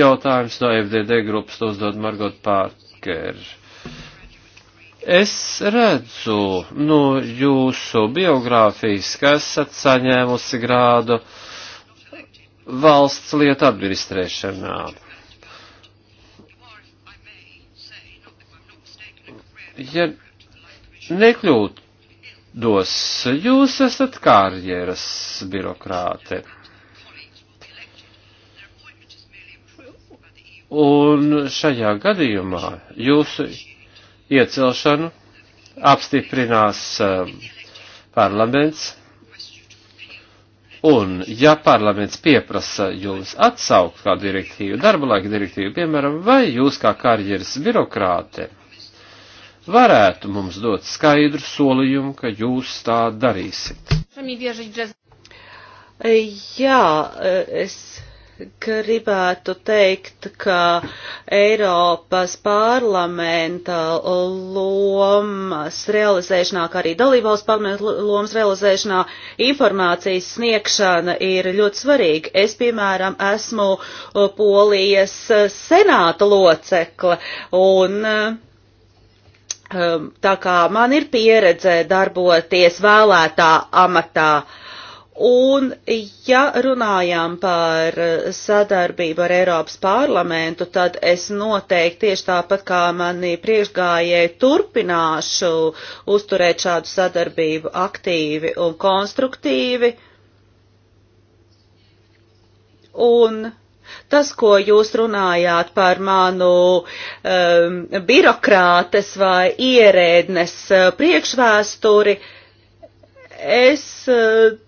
jautājums no FDD grupas, to uzdod Margot Parker. Es redzu no jūsu biogrāfijas, ka esat saņēmusi grādu valsts lietu administrēšanā. ja nekļūdos, jūs esat karjeras birokrāte. Un šajā gadījumā jūsu iecelšanu apstiprinās um, parlaments. Un, ja parlaments pieprasa jums atsaukt kā direktīvu, darba laika direktīvu, piemēram, vai jūs kā karjeras birokrāte varētu mums dot skaidru solījumu, ka jūs tā darīsiet. Jā, es gribētu teikt, ka Eiropas parlamenta lomas realizēšanā, kā arī dalībvalsts parlamenta lomas realizēšanā, informācijas sniegšana ir ļoti svarīga. Es, piemēram, esmu Polijas senāta locekla un Um, tā kā man ir pieredze darboties vēlētā amatā. Un, ja runājām par sadarbību ar Eiropas parlamentu, tad es noteikti tieši tāpat kā mani priekšgājēji turpināšu uzturēt šādu sadarbību aktīvi un konstruktīvi. Un Tas, ko jūs runājāt par manu um, birokrātes vai ierēdnes uh, priekšvēsturi, es uh,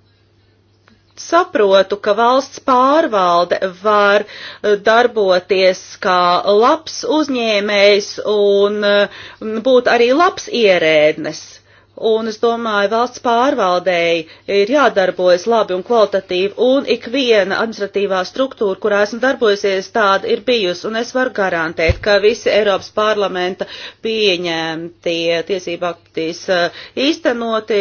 saprotu, ka valsts pārvalde var uh, darboties kā labs uzņēmējs un uh, būt arī labs ierēdnes. Un es domāju, valsts pārvaldēji ir jādarbojas labi un kvalitatīvi, un ikviena administratīvā struktūra, kurā esmu darbojusies, tāda ir bijusi. Un es varu garantēt, ka visi Eiropas parlamenta pieņemtie tiesību aktīs eh, īstenoti,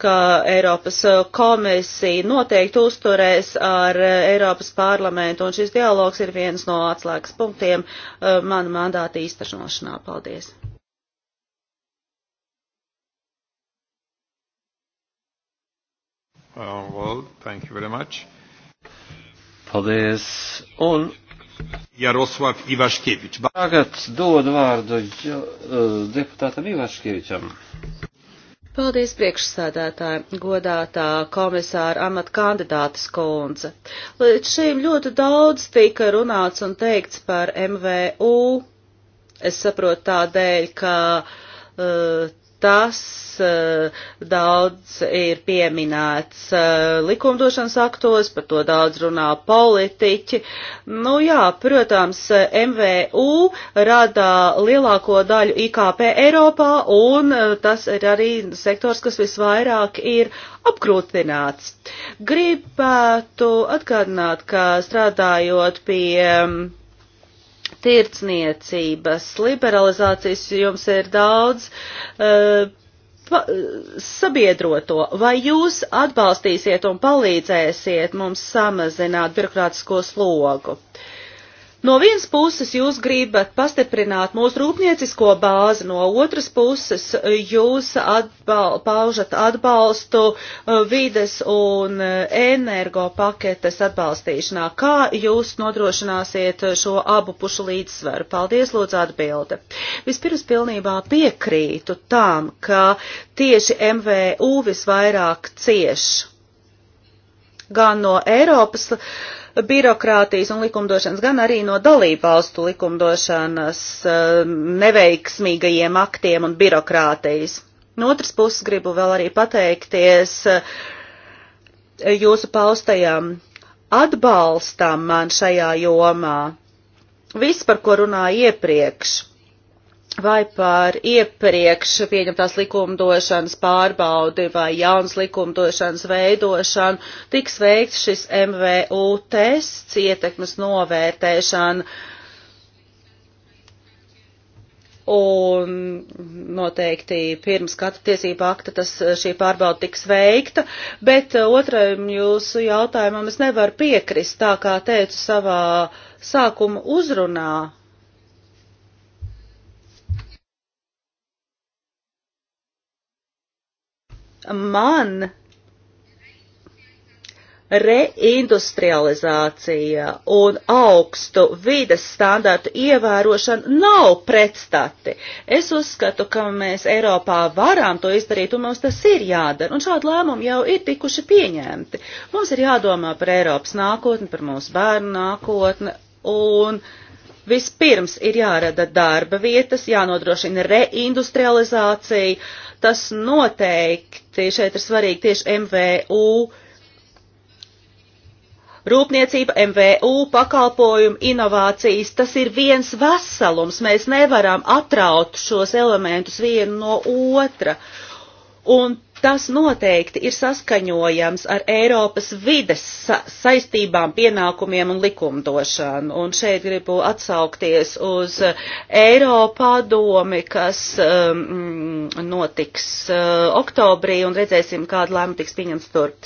ka Eiropas eh, komisija noteikti uzturēs ar eh, Eiropas parlamentu, un šis dialogs ir viens no atslēgas punktiem manu mandātu īstenošanā. Paldies! Um, well, thank you very much. Paldies. Un Jaroslav Ivaškevič. Tagad dodu vārdu jo, uh, deputātam Ivaškevičam. Paldies priekšsēdētāji, godātā komisāra amata kandidātas kundze. Līdz šīm ļoti daudz tika runāts un teikts par MVU. Es saprotu tādēļ, ka uh, Tas eh, daudz ir pieminēts eh, likumdošanas aktos, par to daudz runā politiķi. Nu jā, protams, eh, MVU rada lielāko daļu IKP Eiropā, un tas ir arī sektors, kas visvairāk ir apgrūtināts. Gribētu atgādināt, ka strādājot pie mm, tirdzniecības liberalizācijas jums ir daudz uh, pa, eh, sabiedroto, vai jūs atbalstīsiet un palīdzēsiet mums samazināt birokrātisko slogu? Uh, No vienas puses jūs gribat pastiprināt mūsu rūpniecisko bāzi, no otras puses jūs atbal, paužat atbalstu uh, vides un uh, energo paketes atbalstīšanā. Kā jūs nodrošināsiet šo abu pušu līdzsvaru? Paldies, lūdzu, atbilde. Vispirms pilnībā piekrītu tam, ka tieši MVU visvairāk cieš gan no Eiropas uh, birokrātijas un likumdošanas, gan arī no dalību valstu likumdošanas eh, neveiksmīgajiem aktiem un birokrātijas. No otras puses gribu vēl arī pateikties eh, jūsu paustajām atbalstam man šajā jomā. Viss, par ko runāju iepriekš, vai par iepriekš pieņemtās likumdošanas pārbaudi vai jaunas likumdošanas veidošanu tiks veikts šis MVU tests, ietekmes novērtēšana. Un noteikti pirms katra tiesība akta tas, šī pārbauda tiks veikta, bet otram jūsu jautājumam es nevaru piekrist, tā kā teicu savā sākuma uzrunā man reindustrializācija un augstu vides standārtu ievērošana nav pretstati. Es uzskatu, ka mēs Eiropā varam to izdarīt, un mums tas ir jādara, un šādi lēmumi jau ir tikuši pieņemti. Mums ir jādomā par Eiropas nākotni, par mūsu bērnu nākotni, un uh, Vispirms ir jārada darba vietas, jānodrošina reindustrializācija. Tas noteikti šeit ir svarīgi tieši MVU. Rūpniecība, MVU, pakalpojumi, inovācijas, tas ir viens veselums. Mēs nevaram atraut šos elementus vienu no otra. Un Tas noteikti ir saskaņojams ar Eiropas vides sa saistībām, pienākumiem un likumdošanu. Un šeit gribu atsaukties uz Eiropā domi, kas um, notiks uh, oktobrī un redzēsim, kāda lēma tiks pieņemts tur.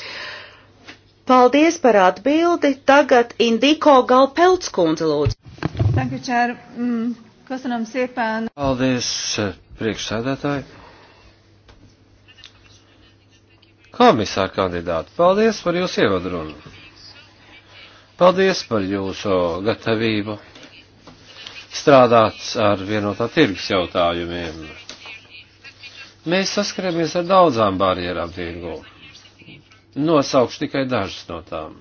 Paldies par atbildi. Tagad Indiko Galpeltskundze lūdzu. Thank you, Chair. Mm, Köszönöm szépen. Paldies, priekšsēdētāji. Komisāra kandidāti, paldies par jūsu ievadrunu. Paldies par jūsu gatavību strādāt ar vienotā tirgus jautājumiem. Mēs saskaramies ar daudzām barjerām tirgu. Nosaukšu tikai dažas no tām.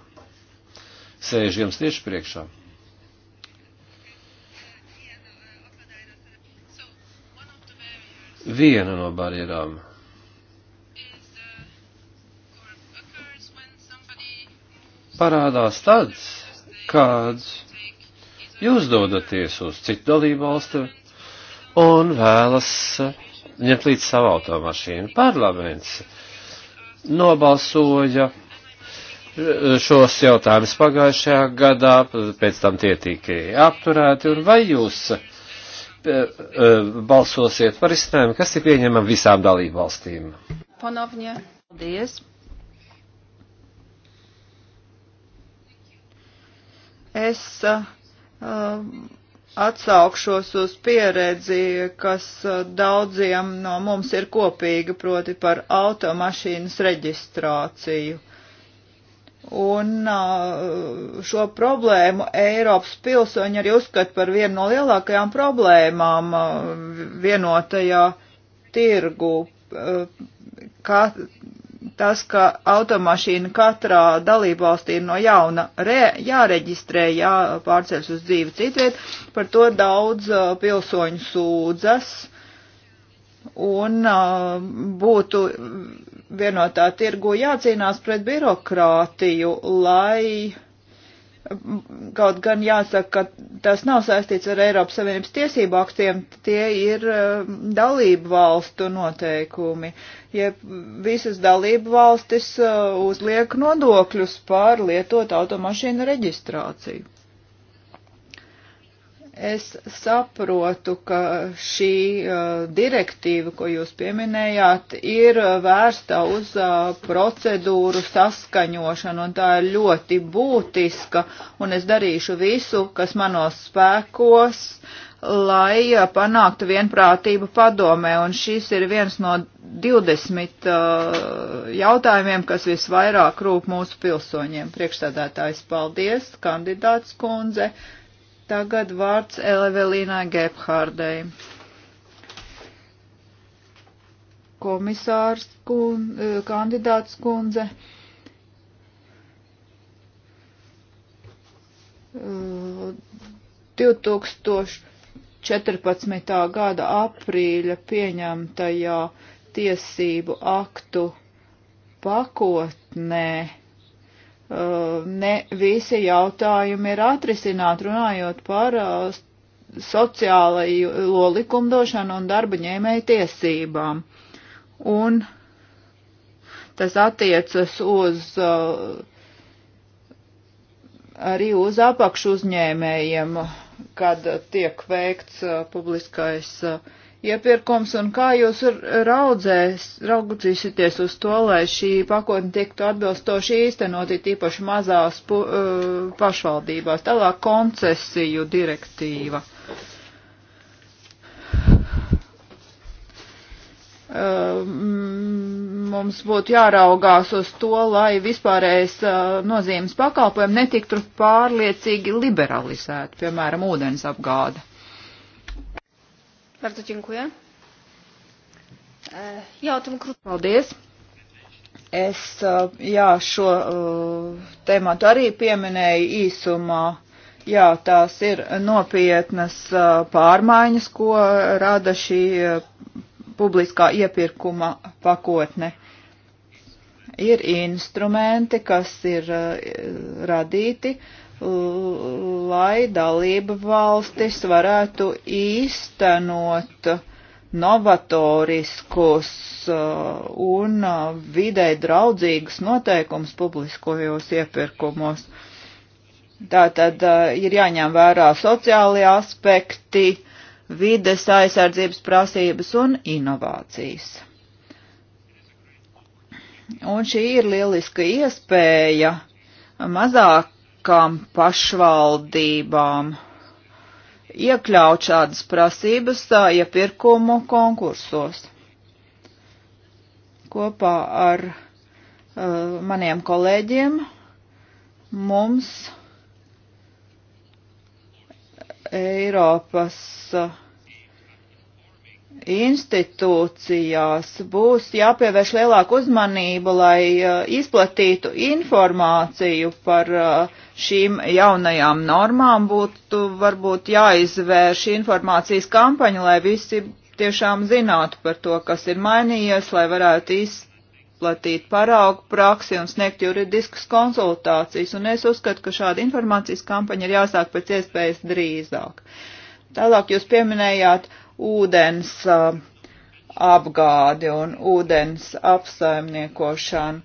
Sēž jums tieši priekšā. Viena no barjerām parādās tad, kad jūs dodaties uz citu dalību valsti un vēlas ņemt līdz savu automašīnu. Parlaments nobalsoja eh, šos jautājumus pagājušajā gadā, pēc tam tie tika apturēti, un vai jūs eh, eh, balsosiet par izstrēmu, kas ir pieņemama visām dalību valstīm? Ponovnie. Paldies. Es uh, uh, atsaukšos uz pieredzi, kas uh, daudziem no mums ir kopīga, proti par automašīnas reģistrāciju. Un uh, šo problēmu Eiropas pilsoņi arī uzskata par vienu no lielākajām problēmām vienotajā tirgu. Kā tas, ka automašīna katrā dalībvalstī ir no jauna re, jāreģistrē, jāpārceļ uz dzīvi citviet, par to daudz uh, pilsoņu sūdzas. Un uh, būtu vienotā tirgu jācīnās pret birokrātiju, lai Kaut gan jāsaka, ka tas nav saistīts ar Eiropas Savienības tiesību aktiem, tie ir um, dalību valstu noteikumi. Ja visas dalību valstis uh, uzliek nodokļus pār lietot automašīnu reģistrāciju. Es saprotu, ka šī uh, direktīva, ko jūs pieminējāt, ir uh, vērsta uz uh, procedūru saskaņošanu, un tā ir ļoti būtiska, un es darīšu visu, kas manos spēkos, lai uh, panāktu vienprātību padomē, un šis ir viens no 20 uh, jautājumiem, kas visvairāk rūp mūsu pilsoņiem. Priekšstādātājs, paldies, kandidāts kundze. Tagad vārds Elevelīnai Gebhārdei. Komisārs kundze, eh, kandidāts kundze. Uh, eh, 2014. gada aprīļa pieņemtajā tiesību aktu pakotnē Uh, ne visi jautājumi ir atrisināti runājot par uh, sociālo likumdošanu un darba ņēmēju tiesībām. Un tas attiecas uz uh, arī uz apakšu uzņēmējiem, kad tiek veikts publiskais uh, iepirkums un kā jūs raudzēs, raugudzīsieties uz to, lai šī pakotne tiktu atbilstoši īstenoti tīpaši mazās pu, uh, pašvaldībās. Tālāk koncesiju direktīva. Uh, mums būtu jāraugās uz to, lai vispārējais uh, nozīmes pakalpojumi netiktu pārliecīgi liberalizēti, piemēram, ūdens apgāde. Bardzo dziękuję. E, jā, tam krūt. Paldies. Es, e, jā, šo e, tēmatu arī pieminēju īsumā. Jā, tās ir nopietnas pārmaiņas, ko rada šī publiskā iepirkuma pakotne. Ir instrumenti, kas ir radīti, uh, lai dalība valstis varētu īstenot novatoriskus uh, un uh, vidē draudzīgus noteikumus publiskojos iepirkumos. Tātad uh, ir jāņem vērā sociālie aspekti, vides aizsardzības prasības un inovācijas. Un šī ir lieliska iespēja mazāk liekam pašvaldībām iekļaut šādas prasības iepirkumu ja konkursos. Kopā ar uh, maniem kolēģiem mums Eiropas uh, institūcijās būs jāpievērš lielāku uzmanību, lai uh, izplatītu informāciju par uh, šīm jaunajām normām, būtu varbūt jāizvērš informācijas kampaņa, lai visi tiešām zinātu par to, kas ir mainījies, lai varētu izplatīt paraugu praksi un sniegt juridiskas konsultācijas. Un es uzskatu, ka šāda informācijas kampaņa ir jāsāk pēc iespējas drīzāk. Tālāk jūs pieminējāt uh, ūdens uh, apgādi un ūdens apsaimniekošanu.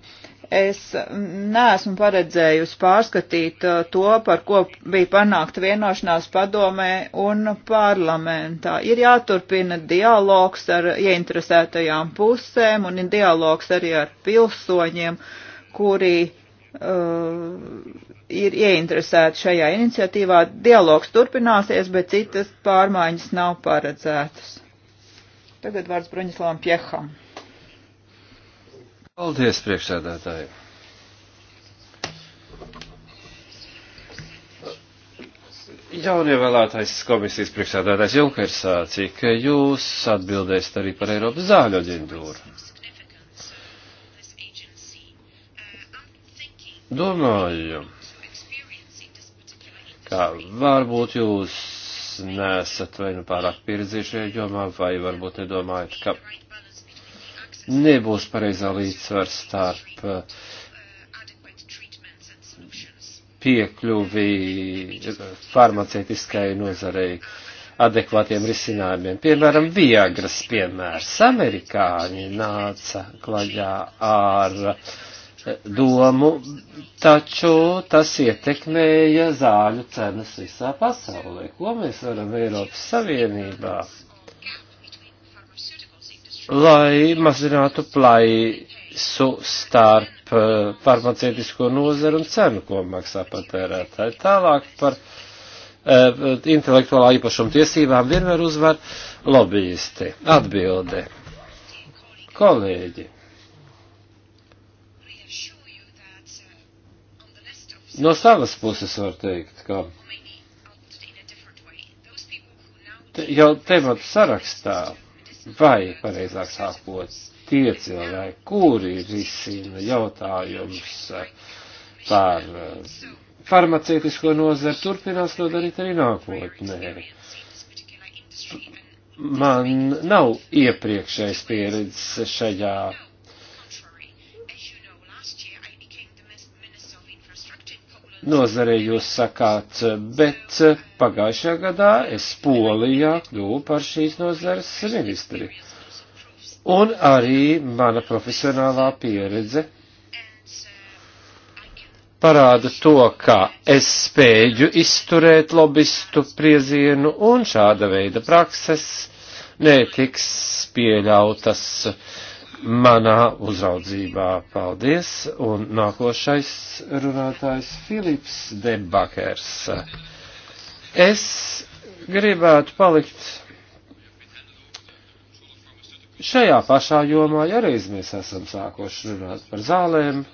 Es neesmu paredzējusi pārskatīt uh, to, par ko bija panākta vienošanās padomē un parlamentā. Ir jāturpina dialogs ar ieinteresētajām pusēm un ir dialogs arī ar pilsoņiem, kuri uh, ir ieinteresēti šajā iniciatīvā. Dialogs turpināsies, bet citas pārmaiņas nav paredzētas. Tagad vārds Bruņislavam Pieham. Paldies, priekšsēdētāji! Jaunievēlētais komisijas priekšsēdētājs Junkers sācīja, ka jūs atbildēsiet arī par Eiropas zāļu aģentūru. Domāju, ka varbūt jūs nesat vai nu pārāk pieredzējuši šajā jomā, vai varbūt nedomājat, ka nebūs pareizā līdzsvars starp uh, piekļuvi farmaceitiskai nozarei adekvātiem risinājumiem. Piemēram, Viagras piemērs. Amerikāņi nāca klaļā ar uh, domu, taču tas ietekmēja zāļu cenas visā pasaulē. Ko mēs varam Eiropas Savienībā, lai mazinātu plaisu starp eh, farmaceitisko nozaru un cenu, ko maksā patērētāji. Tālāk par uh, intelektuālā īpašuma tiesībām vienmēr uzvar lobbyisti. Atbilde. Kolēģi No savas puses var teikt, ka te, jau tematu sarakstā, vai pareizāk sākot, tie cilvēki, kuri risina jautājumus par eh, farmaceitisko nozari, turpinās to darīt arī nākotnē. Man nav iepriekšējais pieredzes šajā nozarē jūs sakāt, bet pagājušajā gadā es Polijā kļuvu par šīs nozares ministri. Un arī mana profesionālā pieredze parāda to, ka es spēju izturēt lobistu priezienu un šāda veida prakses netiks pieļautas manā uzraudzībā. Paldies! Un nākošais runātājs Filips Debakers. Es gribētu palikt šajā pašā jomā, ja reiz mēs esam sākoši runāt par zālēm.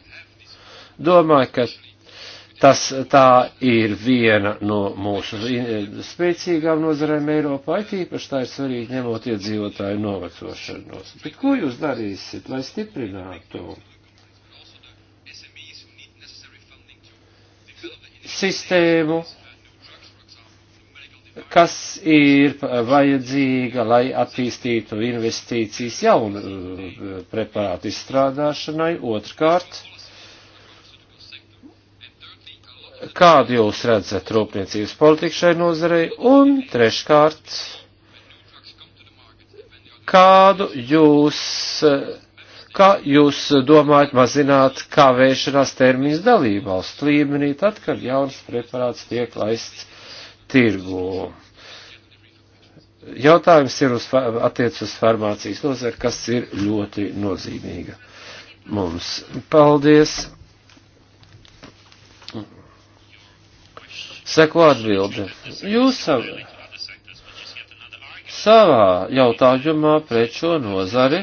Domāju, ka Tas tā ir viena no mūsu spēcīgām nozarēm Eiropā, it īpaši tā ir svarīgi ņemot iedzīvotāju novecošanos. Bet ko jūs darīsiet, lai stiprinātu sistēmu, kas ir vajadzīga, lai attīstītu investīcijas jaunu uh, preparātu izstrādāšanai, otrkārt, kādu jūs redzat rūpniecības politiku šai nozarei, un treškārt, kādu jūs, kā jūs domājat mazināt kavēšanās termiņas dalībvalstu līmenī, tad, kad jauns preparāts tiek laists tirgū. Jautājums ir uz, attiec uz farmācijas nozari, kas ir ļoti nozīmīga mums. Paldies! Seko atbildi. Jūs sav, savā jautājumā pret šo nozari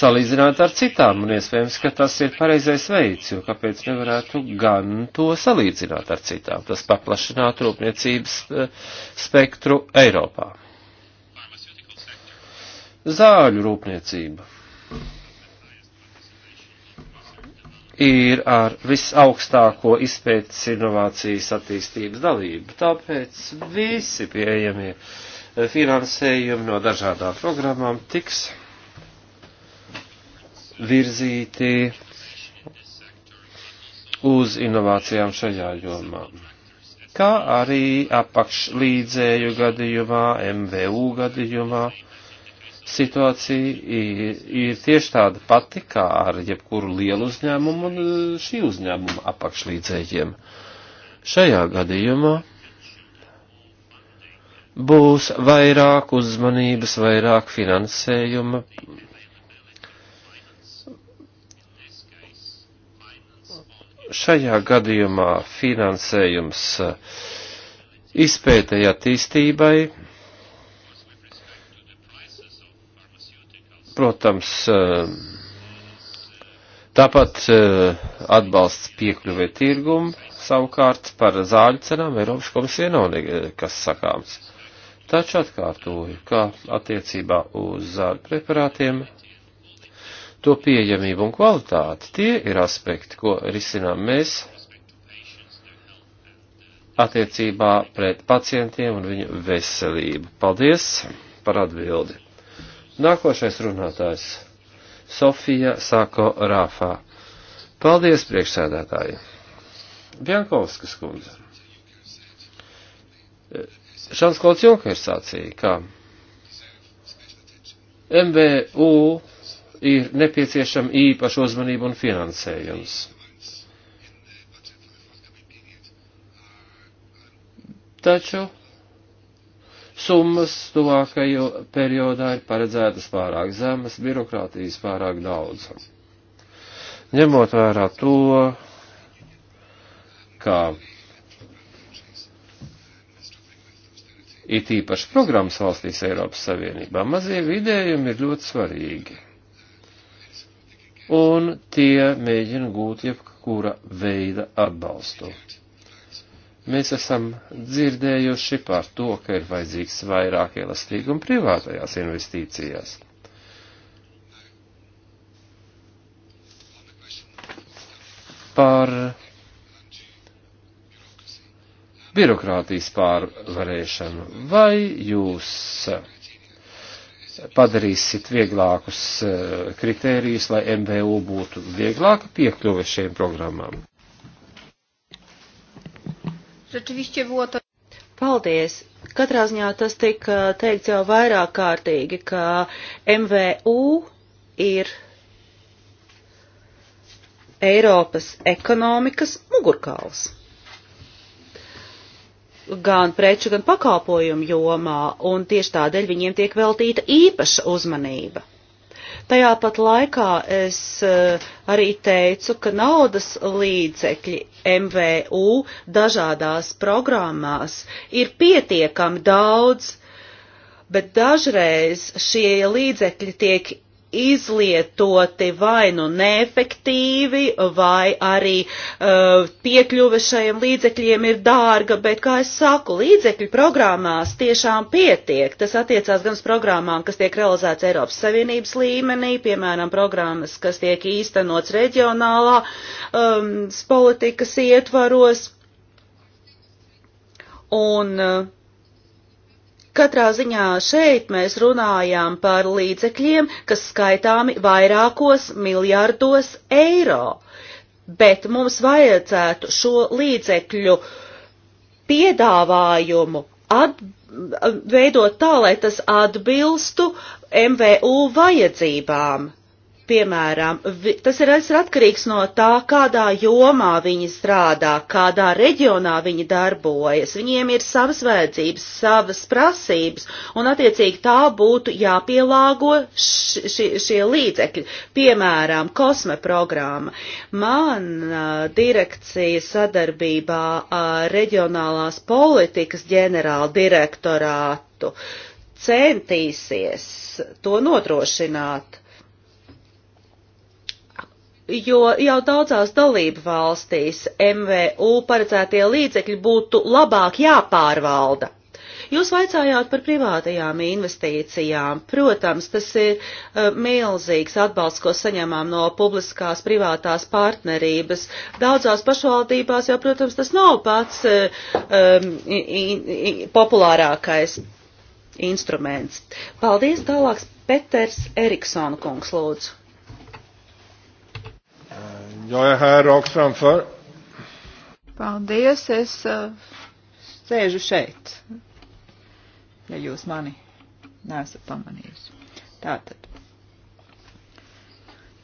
salīdzināt ar citām, un iespējams, ka tas ir pareizais veids, jo kāpēc nevarētu gan to salīdzināt ar citām? Tas paplašinātu rūpniecības eh, spektru Eiropā. Zāļu rūpniecība ir ar visaugstāko izpētes inovācijas attīstības dalību. Tāpēc visi pieejamie eh, finansējumi no dažādām programmām tiks virzīti uz inovācijām šajā jomā. Kā arī apakšlīdzēju gadījumā, MVU gadījumā situācija ir, ir tieši tāda pati kā ar jebkuru lielu uzņēmumu un e, šī uzņēmuma apakšlīdzējiem. Šajā gadījumā būs vairāk uzmanības, vairāk finansējuma. Šajā gadījumā finansējums e, izpētēji attīstībai Protams, eh, tāpat eh, atbalsts piekļuvē tirgumu, savukārt par zāļu cenām Eiropas komisija nav nekas sakāms. Taču atkārtoju, ka attiecībā uz zāļu preparātiem to pieejamību un kvalitāti, tie ir aspekti, ko risinām mēs attiecībā pret pacientiem un viņu veselību. Paldies par atbildi! Nākošais runātājs - Sofija Sako Rāfā. Paldies, priekšsēdētāji! Bjankovskas kundze. Šāds Klauds Junkers sacīja, ka MBU ir nepieciešama īpaša uzmanība un finansējums. Taču summas tuvākajo periodā ir paredzētas pārāk zemas, birokrātijas pārāk daudz. Ņemot vērā to, ka it īpaši programmas valstīs Eiropas Savienībā mazie vidējumi ir ļoti svarīgi. Un tie mēģina gūt jebkura veida atbalstu. Mēs esam dzirdējuši par to, ka ir vajadzīgs vairāk elastīguma privātajās investīcijās. Par birokrātijas pārvarēšanu. Vai jūs padarīsit vieglākus eh, kritērijus, lai MBU būtu vieglāka piekļuve šiem programmām? Rzeczywiście było to. Paldies! Katrā ziņā tas tika teikts jau vairāk kārtīgi, ka MVU ir Eiropas ekonomikas mugurkauls. Gan preču, gan pakalpojumu jomā, un tieši tādēļ viņiem tiek veltīta īpaša uzmanība. Tajā pat laikā es eh, arī teicu, ka naudas līdzekļi MVU dažādās programmās ir pietiekami daudz, bet dažreiz šie līdzekļi tiek izlietoti vai nu neefektīvi, vai arī uh, piekļuve šajiem līdzekļiem ir dārga, bet, kā es saku, līdzekļu programmās tiešām pietiek. Tas attiecās gan uz programmām, kas tiek realizēts Eiropas Savienības līmenī, piemēram, programmas, kas tiek īstenots reģionālā um, politikas ietvaros. Un uh, Katrā ziņā šeit mēs runājām par līdzekļiem, kas skaitāmi vairākos miljardos eiro, bet mums vajadzētu šo līdzekļu piedāvājumu at, veidot tā, lai tas atbilstu MVU vajadzībām. Piemēram, vi, tas ir atkarīgs no tā, kādā jomā viņi strādā, kādā reģionā viņi darbojas. Viņiem ir savas vajadzības, savas prasības, un attiecīgi tā būtu jāpielāgo š, š, šie līdzekļi. Piemēram, kosme programma. Man direkcija sadarbībā ar reģionālās politikas ģenerāla direktorātu centīsies to nodrošināt jo jau daudzās dalību valstīs MVU paredzētie līdzekļi būtu labāk jāpārvalda. Jūs vaicājāt par privātajām investīcijām. Protams, tas ir uh, milzīgs atbalsts, ko saņemam no publiskās privātās partnerības. Daudzās pašvaldībās jau, protams, tas nav pats uh, um, in, in, populārākais instruments. Paldies tālāk, Peters Eriksona kungs, lūdzu. Jag är här rakt framför. Paldies, es uh, sēžu šeit, ja jūs mani nesat pamanījusi. Tātad.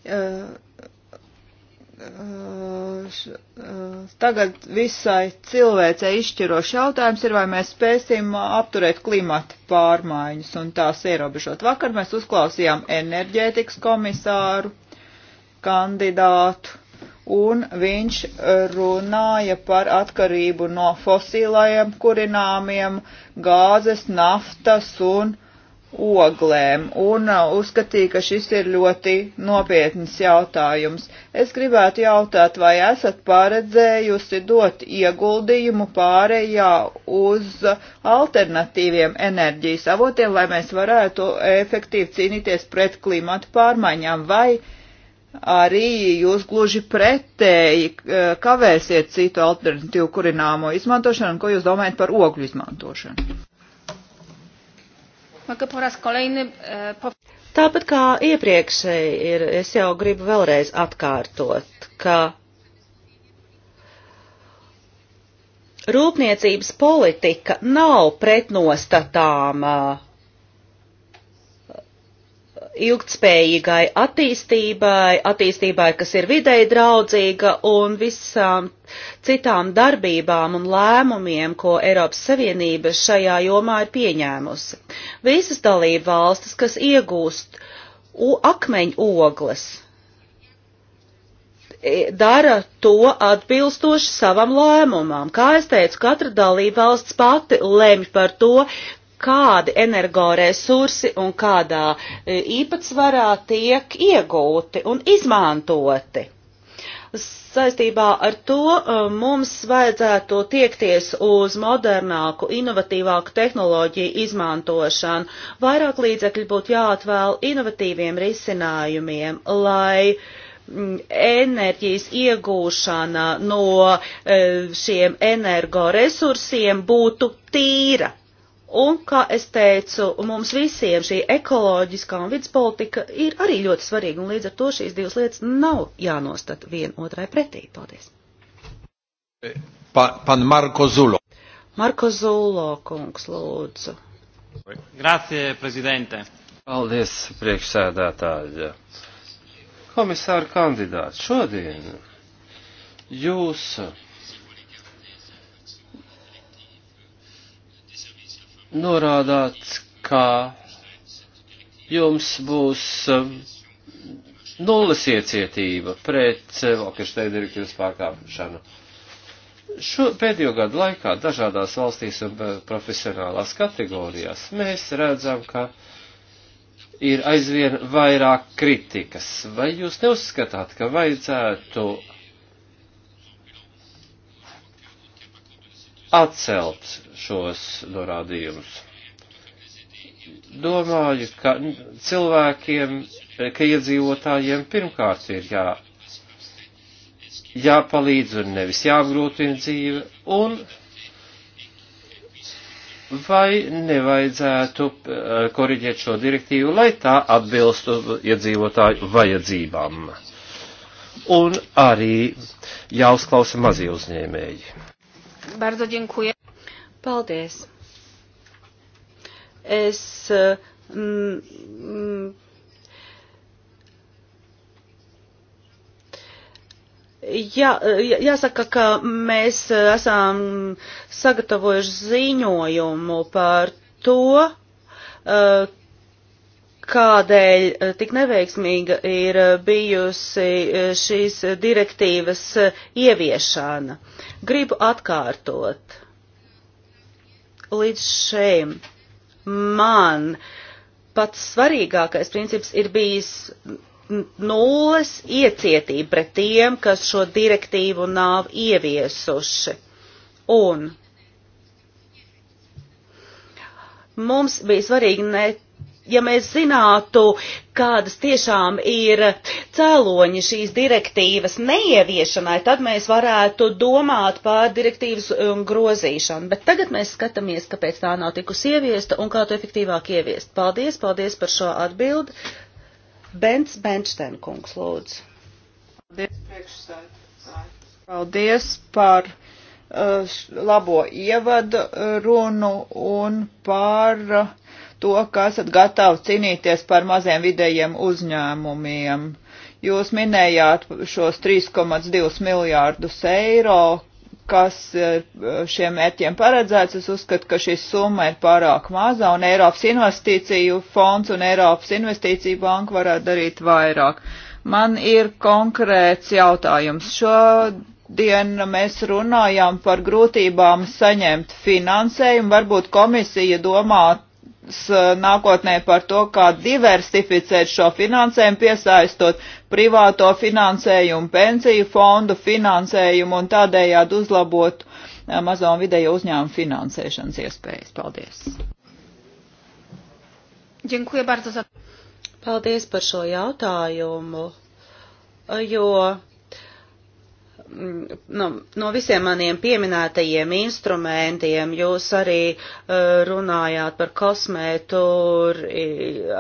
Uh, tagad visai cilvēcei izšķirošs jautājums ir, vai mēs spēsim apturēt klimata pārmaiņas un tās ierobežot. Vakar mēs uzklausījām enerģētikas komisāru kandidātu un viņš eh, runāja par atkarību no fosīlajiem kurināmiem, gāzes, naftas un oglēm, un eh, uzskatīja, ka šis ir ļoti nopietns jautājums. Es gribētu jautāt, vai esat paredzējusi dot ieguldījumu pārējā uz alternatīviem enerģijas avotiem, lai mēs varētu efektīvi cīnīties pret klimatu pārmaiņām, vai arī jūs gluži pretēji eh, kavēsiet citu alternatīvu kurināmo izmantošanu, ko jūs domājat par ogļu izmantošanu? Eh, Tāpat kā iepriekšēji ir, es jau gribu vēlreiz atkārtot, ka rūpniecības politika nav pretnostatāma uh, ilgtspējīgai attīstībai, attīstībai, kas ir videi draudzīga un visām citām darbībām un lēmumiem, ko Eiropas Savienība šajā jomā ir pieņēmusi. Visas dalība valstis, kas iegūst akmeņu ogles, e, dara to atbilstoši savam lēmumam. Kā es teicu, katra dalība valsts pati lemj par to, kādi energoresursi un kādā e, īpatsvarā tiek iegūti un izmantoti. Saistībā ar to e, mums vajadzētu tiekties uz modernāku, inovatīvāku tehnoloģiju izmantošanu. Vairāk līdzekļu būtu jāatvēl inovatīviem risinājumiem, lai enerģijas iegūšana no e, šiem energoresursiem būtu tīra Un, kā es teicu, mums visiem šī ekoloģiskā un vidas politika ir arī ļoti svarīga, un līdz ar to šīs divas lietas nav jānostat vien otrai pretī. Paldies. Eh, pa, pan Marko Zulo. Marko Zulo, kungs, lūdzu. Grazie, prezidente. Paldies, priekšsēdētāji. Komisāra kandidāts, šodien jūs norādāts, ka jums būs um, nulles iecietība pret Volkersteina uh, direktīvas pārkāpšanu. Šo pēdējo gadu laikā dažādās valstīs un uh, profesionālās kategorijās mēs redzam, ka ir aizvien vairāk kritikas. Vai jūs neuzskatāt, ka vajadzētu atcelt šos norādījumus. Domāju, ka cilvēkiem, ka iedzīvotājiem pirmkārt ir jā, jāpalīdz un nevis jāapgrūtina dzīve, un vai nevajadzētu eh, koriģēt šo direktīvu, lai tā atbilstu iedzīvotāju vajadzībām. Un arī jāuzklausa mazie uzņēmēji. Bardzo dziękuję. Paldies. Es eh, mm, mm, Jā, jāsaka, ka mēs eh, esam sagatavojuši ziņojumu par to, eh, kādēļ eh, tik neveiksmīga ir eh, bijusi eh, šīs direktīvas ieviešana. Gribu atkārtot. Līdz šim man pats svarīgākais princips ir bijis nulles iecietība pret tiem, kas šo direktīvu nav ieviesuši. Un mums bija svarīgi ne ja mēs zinātu, kādas tiešām ir cēloņi šīs direktīvas neieviešanai, tad mēs varētu domāt par direktīvas um, grozīšanu. Bet tagad mēs skatāmies, kāpēc tā nav tikusi ieviesta un kā to efektīvāk ieviest. Paldies, paldies par šo atbildi. Bents Benštenkungs, lūdzu. Paldies, priekšsēdētāji. Paldies par uh, labo ievadu uh, runu un par uh, to, ka esat gatavi cīnīties par maziem vidējiem uzņēmumiem. Jūs minējāt šos 3,2 miljārdus eiro, kas eh, šiem mērķiem paredzēts. Es uzskatu, ka šī summa ir pārāk maza, un Eiropas investīciju fonds un Eiropas investīciju banka varētu darīt vairāk. Man ir konkrēts jautājums. Šodien mēs runājām par grūtībām saņemt finansējumu. Varbūt komisija domā Eh, nākotnē par to, kā diversificēt šo finansējumu, piesaistot privāto finansējumu, pensiju fondu finansējumu un tādējādi uzlabot eh, mazo un vidējo uzņēmumu finansēšanas iespējas. Paldies! Paldies par šo jautājumu, jo Mm, no, no visiem maniem pieminētajiem instrumentiem jūs arī uh, runājāt par kosmē, tur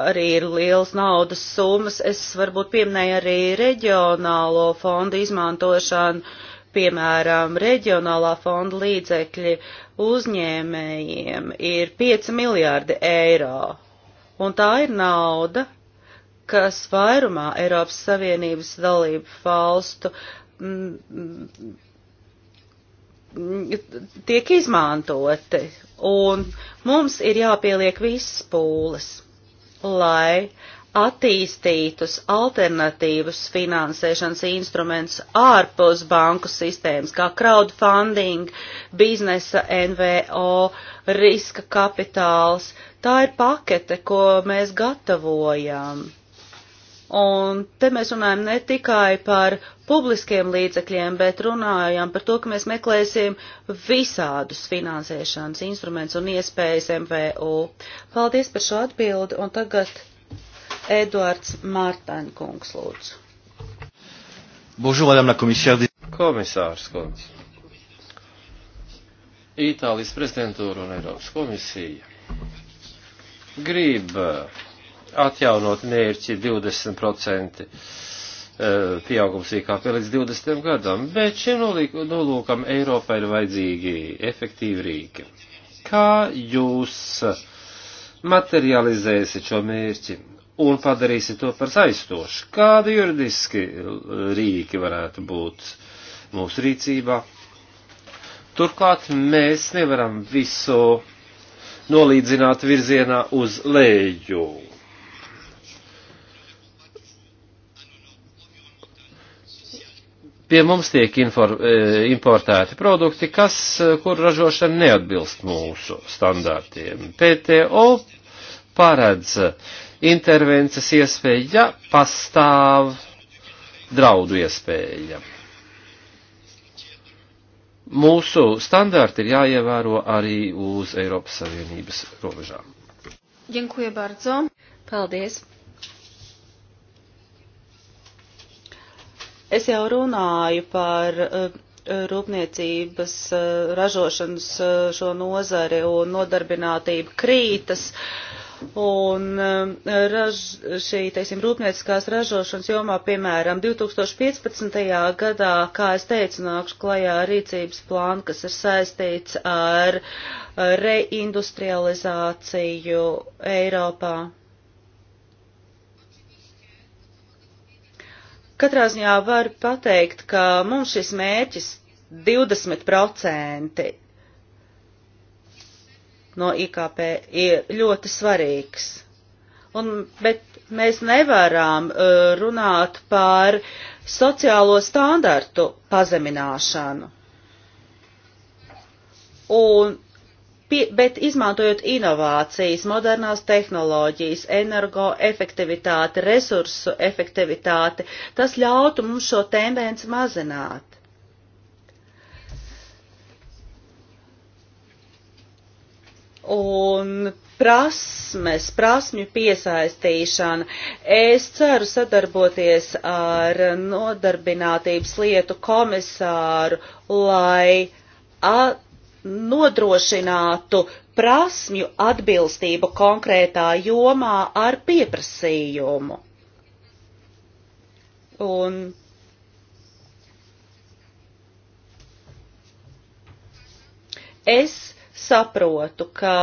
arī ir liels naudas summas. Es varbūt pieminēju arī reģionālo fondu izmantošanu, piemēram, reģionālā fonda līdzekļi uzņēmējiem ir 5 miljārdi eiro. Un tā ir nauda, kas vairumā Eiropas Savienības dalību valstu uh, Mm, tiek izmantoti, un mums ir jāpieliek visas pūles, lai attīstītus alternatīvus finansēšanas instrumentus ārpus banku sistēmas, kā crowdfunding, biznesa NVO, riska kapitāls. Tā ir pakete, ko mēs gatavojam. Un te mēs runājam ne tikai par publiskiem līdzekļiem, bet runājam par to, ka mēs meklēsim visādus finansēšanas instrumentus un iespējas MVU. Paldies par šo atbildi, un tagad Eduards Mārtaņkungs lūdzu. Bonjour, madame la commissaire. Komisārs Kundze. Itālijas prezidentūra un Eiropas komisija grib atjaunot mērķi 20% eh, pieaugums IKP līdz 20 gadam, bet šim nolūkam Eiropai ir vajadzīgi efektīvi rīki. Kā jūs materializēsiet šo mērķi un padarīsiet to par saistošu? Kādi juridiski eh, rīki varētu būt mūsu rīcībā? Turklāt mēs nevaram visu nolīdzināt virzienā uz leju pie mums tiek infor, e, importēti produkti, kas, e, kur ražošana neatbilst mūsu standārtiem. PTO paredz intervences iespēja, ja pastāv draudu iespēja. Mūsu standārti ir jāievēro arī uz Eiropas Savienības robežām. Dziękuję bardzo. Paldies. Es jau runāju par eh, rūpniecības eh, ražošanas eh, šo nozari un nodarbinātību krītas. Un raž, šī, teiksim, rūpnieciskās ražošanas jomā, piemēram, 2015. gadā, kā es teicu, nākšu klajā rīcības plānu, kas ir saistīts ar reindustrializāciju Eiropā. Katrā ziņā var pateikt, ka mums šis mērķis 20% no IKP ir ļoti svarīgs. Un, bet mēs nevaram uh, runāt par sociālo standartu pazemināšanu. Un bet izmantojot inovācijas, modernās tehnoloģijas, energoefektivitāti, resursu efektivitāti, tas ļautu mums šo tendenci mazināt. Un prasmes, prasmju piesaistīšana. Es ceru sadarboties ar nodarbinātības lietu komisāru, lai nodrošinātu prasmju atbilstību konkrētā jomā ar pieprasījumu. Un es saprotu, ka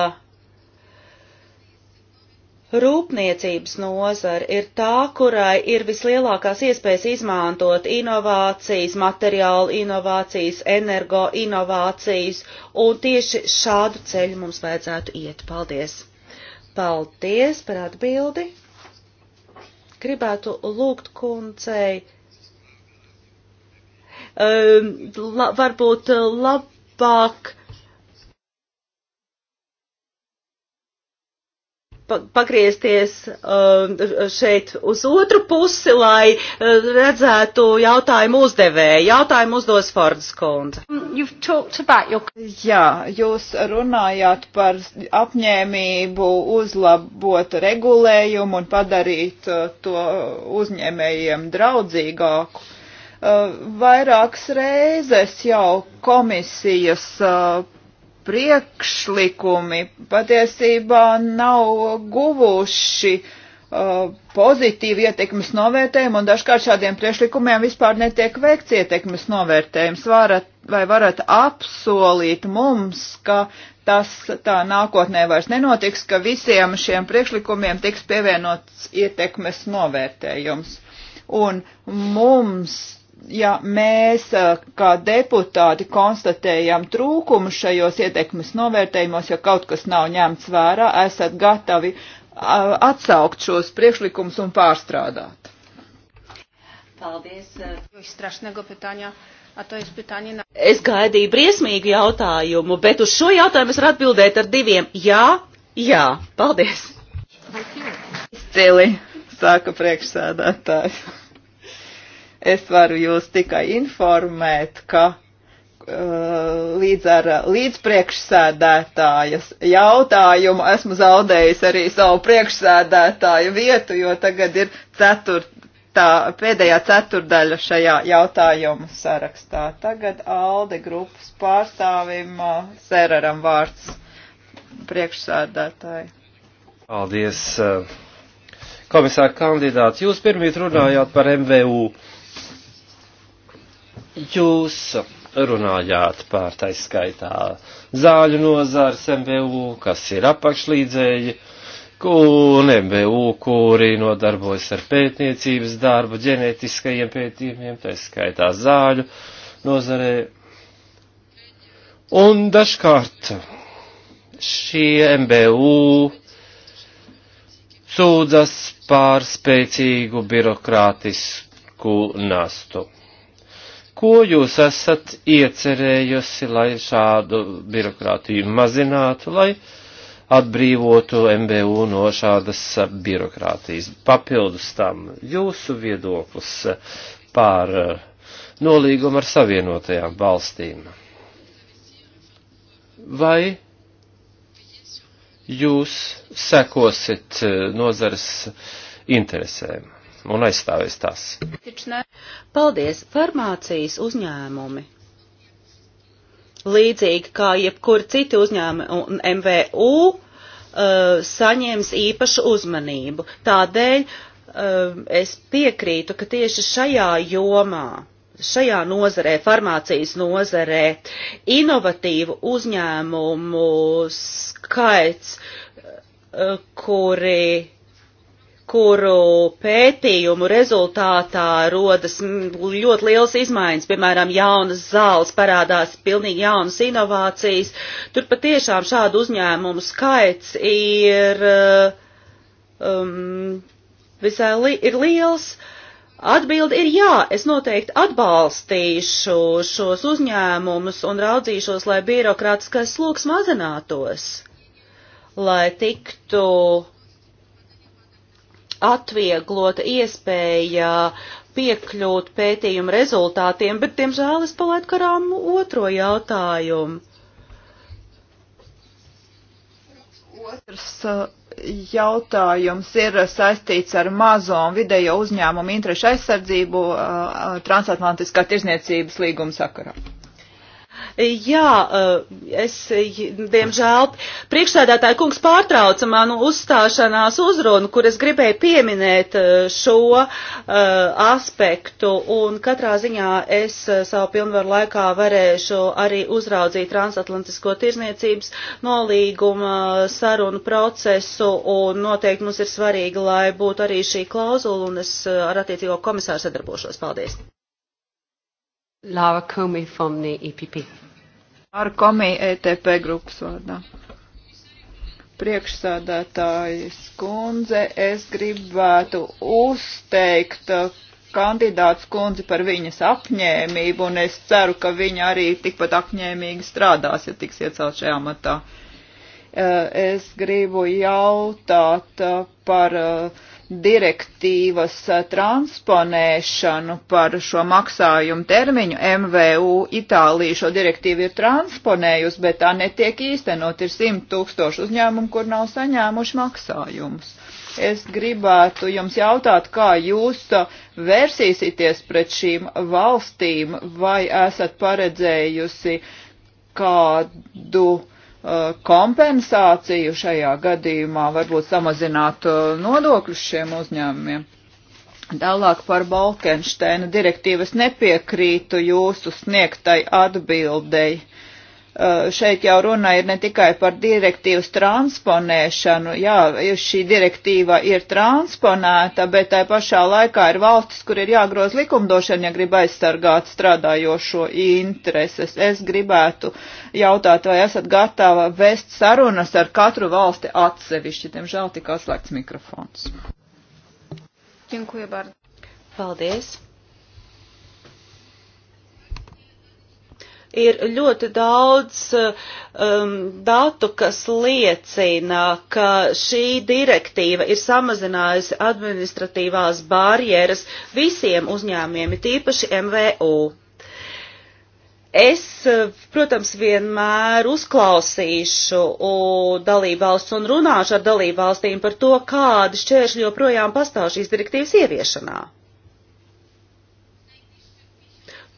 Rūpniecības nozara ir tā, kurai ir vislielākās iespējas izmantot inovācijas, materiālu inovācijas, energo inovācijas, un tieši šādu ceļu mums vajadzētu iet. Paldies! Paldies par atbildi! Gribētu lūgt kundzei, um, la, varbūt labāk pagriezties um, šeit uz otru pusi, lai uh, redzētu jautājumu uzdevēju. Jautājumu uzdos Fordas kundze. Um, your... Jā, jūs runājāt par apņēmību uzlabot regulējumu un padarīt uh, to uzņēmējiem draudzīgāku uh, vairākas reizes jau komisijas priekšlikumi patiesībā nav guvuši uh, pozitīvu ietekmes novērtējumu, un dažkārt šādiem priešlikumiem vispār netiek veikts ietekmes novērtējums. Varat, vai varat apsolīt mums, ka tas tā nākotnē vairs nenotiks, ka visiem šiem priekšlikumiem tiks pievienots ietekmes novērtējums? Un mums ja mēs eh, kā deputāti konstatējam trūkumu šajos ietekmes novērtējumos, ja kaut kas nav ņemts vērā, esat gatavi eh, atsaukt šos priekšlikumus un pārstrādāt. Paldies. Eh. Strašnego pytania. Es gaidīju briesmīgu jautājumu, bet uz šo jautājumu es varu atbildēt ar diviem jā, jā. Paldies. Izcili, sāka priekšsēdētājs. Es varu jūs tikai informēt, ka uh, līdz ar līdzpriekšsēdētājas jautājumu esmu zaudējis arī savu priekšsēdētāju vietu, jo tagad ir ceturtā, pēdējā ceturdaļa šajā jautājumu sarakstā. Tagad Alde grupas pārstāvim uh, Sēraram vārds priekšsēdētāji. Paldies, uh, komisāra kandidāts. Jūs pirmīt runājāt par MVU. Mm Jūs runājāt par taiskaitā zāļu nozars MVU, kas ir apakšlīdzēji, un MVU, kuri nodarbojas ar pētniecības darbu, ģenētiskajiem pētījumiem, taiskaitā zāļu nozarē. Un dažkārt šie MBU sūdzas pār spēcīgu birokrātisku nastu. Ko jūs esat iecerējusi, lai šādu birokrātiju mazinātu, lai atbrīvotu MBU no šādas birokrātijas? Papildus tam jūsu viedoklis pār uh, nolīgumu ar savienotajām valstīm. Vai jūs sekosit uh, nozares interesēm? un aizstāvēs tās. Paldies! Farmācijas uzņēmumi. Līdzīgi kā jebkur citi uzņēmumi un MVU uh, saņems īpašu uzmanību. Tādēļ uh, es piekrītu, ka tieši šajā jomā šajā nozarē, farmācijas nozarē, inovatīvu uzņēmumu skaits, uh, kuri kuru pētījumu rezultātā rodas ļoti liels izmaiņas, piemēram, jaunas zāles parādās, pilnīgi jaunas inovācijas. Tur patiešām šādu uzņēmumu skaits ir, eh, um, visai li ir liels. Atbildi ir jā, es noteikti atbalstīšu šos uzņēmumus un raudzīšos, lai birokrātiskais sloks mazinātos, lai tiktu atvieglota iespēja piekļūt pētījuma rezultātiem, bet, diemžēl, es palaidu karām otro jautājumu. Otrs uh, jautājums ir saistīts ar mazo un vidējo uzņēmumu interešu aizsardzību uh, uh, transatlantiskā tirzniecības līguma sakarā. Jā, eh, es, diemžēl, priekšsēdētāja kungs pārtrauca manu uzstāšanās uzrunu, kur es gribēju pieminēt eh, šo eh, aspektu, un katrā ziņā es savu pilnvaru laikā varēšu arī uzraudzīt transatlantisko tirzniecības nolīguma sarunu procesu, un noteikti mums ir svarīgi, lai būtu arī šī klauzula, un es ar attiecīgo komisāru sadarbošos. Paldies! Laura Comey from the EPP. Laura Comey, ETP grupas vārdā priekšsādātājas kundze, es gribētu uzteikt uh, kandidāts kundzi par viņas apņēmību, un es ceru, ka viņa arī tikpat apņēmīgi strādās, ja tiks iecelt šajā matā. Uh, es gribu jautāt uh, par uh, direktīvas transponēšanu par šo maksājumu termiņu. MVU Itālija šo direktīvu ir transponējusi, bet tā netiek īstenot. Ir simt tūkstoši uzņēmumu, kur nav saņēmuši maksājumus. Es gribētu jums jautāt, kā jūs vērsīsieties pret šīm valstīm, vai esat paredzējusi kādu Uh, kompensāciju šajā gadījumā, varbūt samazināt uh, nodokļus šiem uzņēmumiem. Tālāk par Balkensteina direktīvas nepiekrītu jūsu sniegtai atbildei. Eh, šeit jau runa ir ne tikai par direktīvas transponēšanu, jā, šī direktīva ir transponēta, bet tai pašā laikā ir valstis, kur ir jāgroz likumdošana, ja grib aizsargāt strādājošo intereses. Es gribētu jautāt, vai esat gatava vest sarunas ar katru valsti atsevišķi, diemžēl tik atslēgts mikrofons. Paldies! ir ļoti daudz um, datu, kas liecina, ka šī direktīva ir samazinājusi administratīvās barjeras visiem uzņēmiem, tīpaši MVU. Es, protams, vienmēr uzklausīšu dalībvalsts un runāšu ar dalībvalstīm par to, kādi šķēršļi joprojām pastāv šīs direktīvas ieviešanā.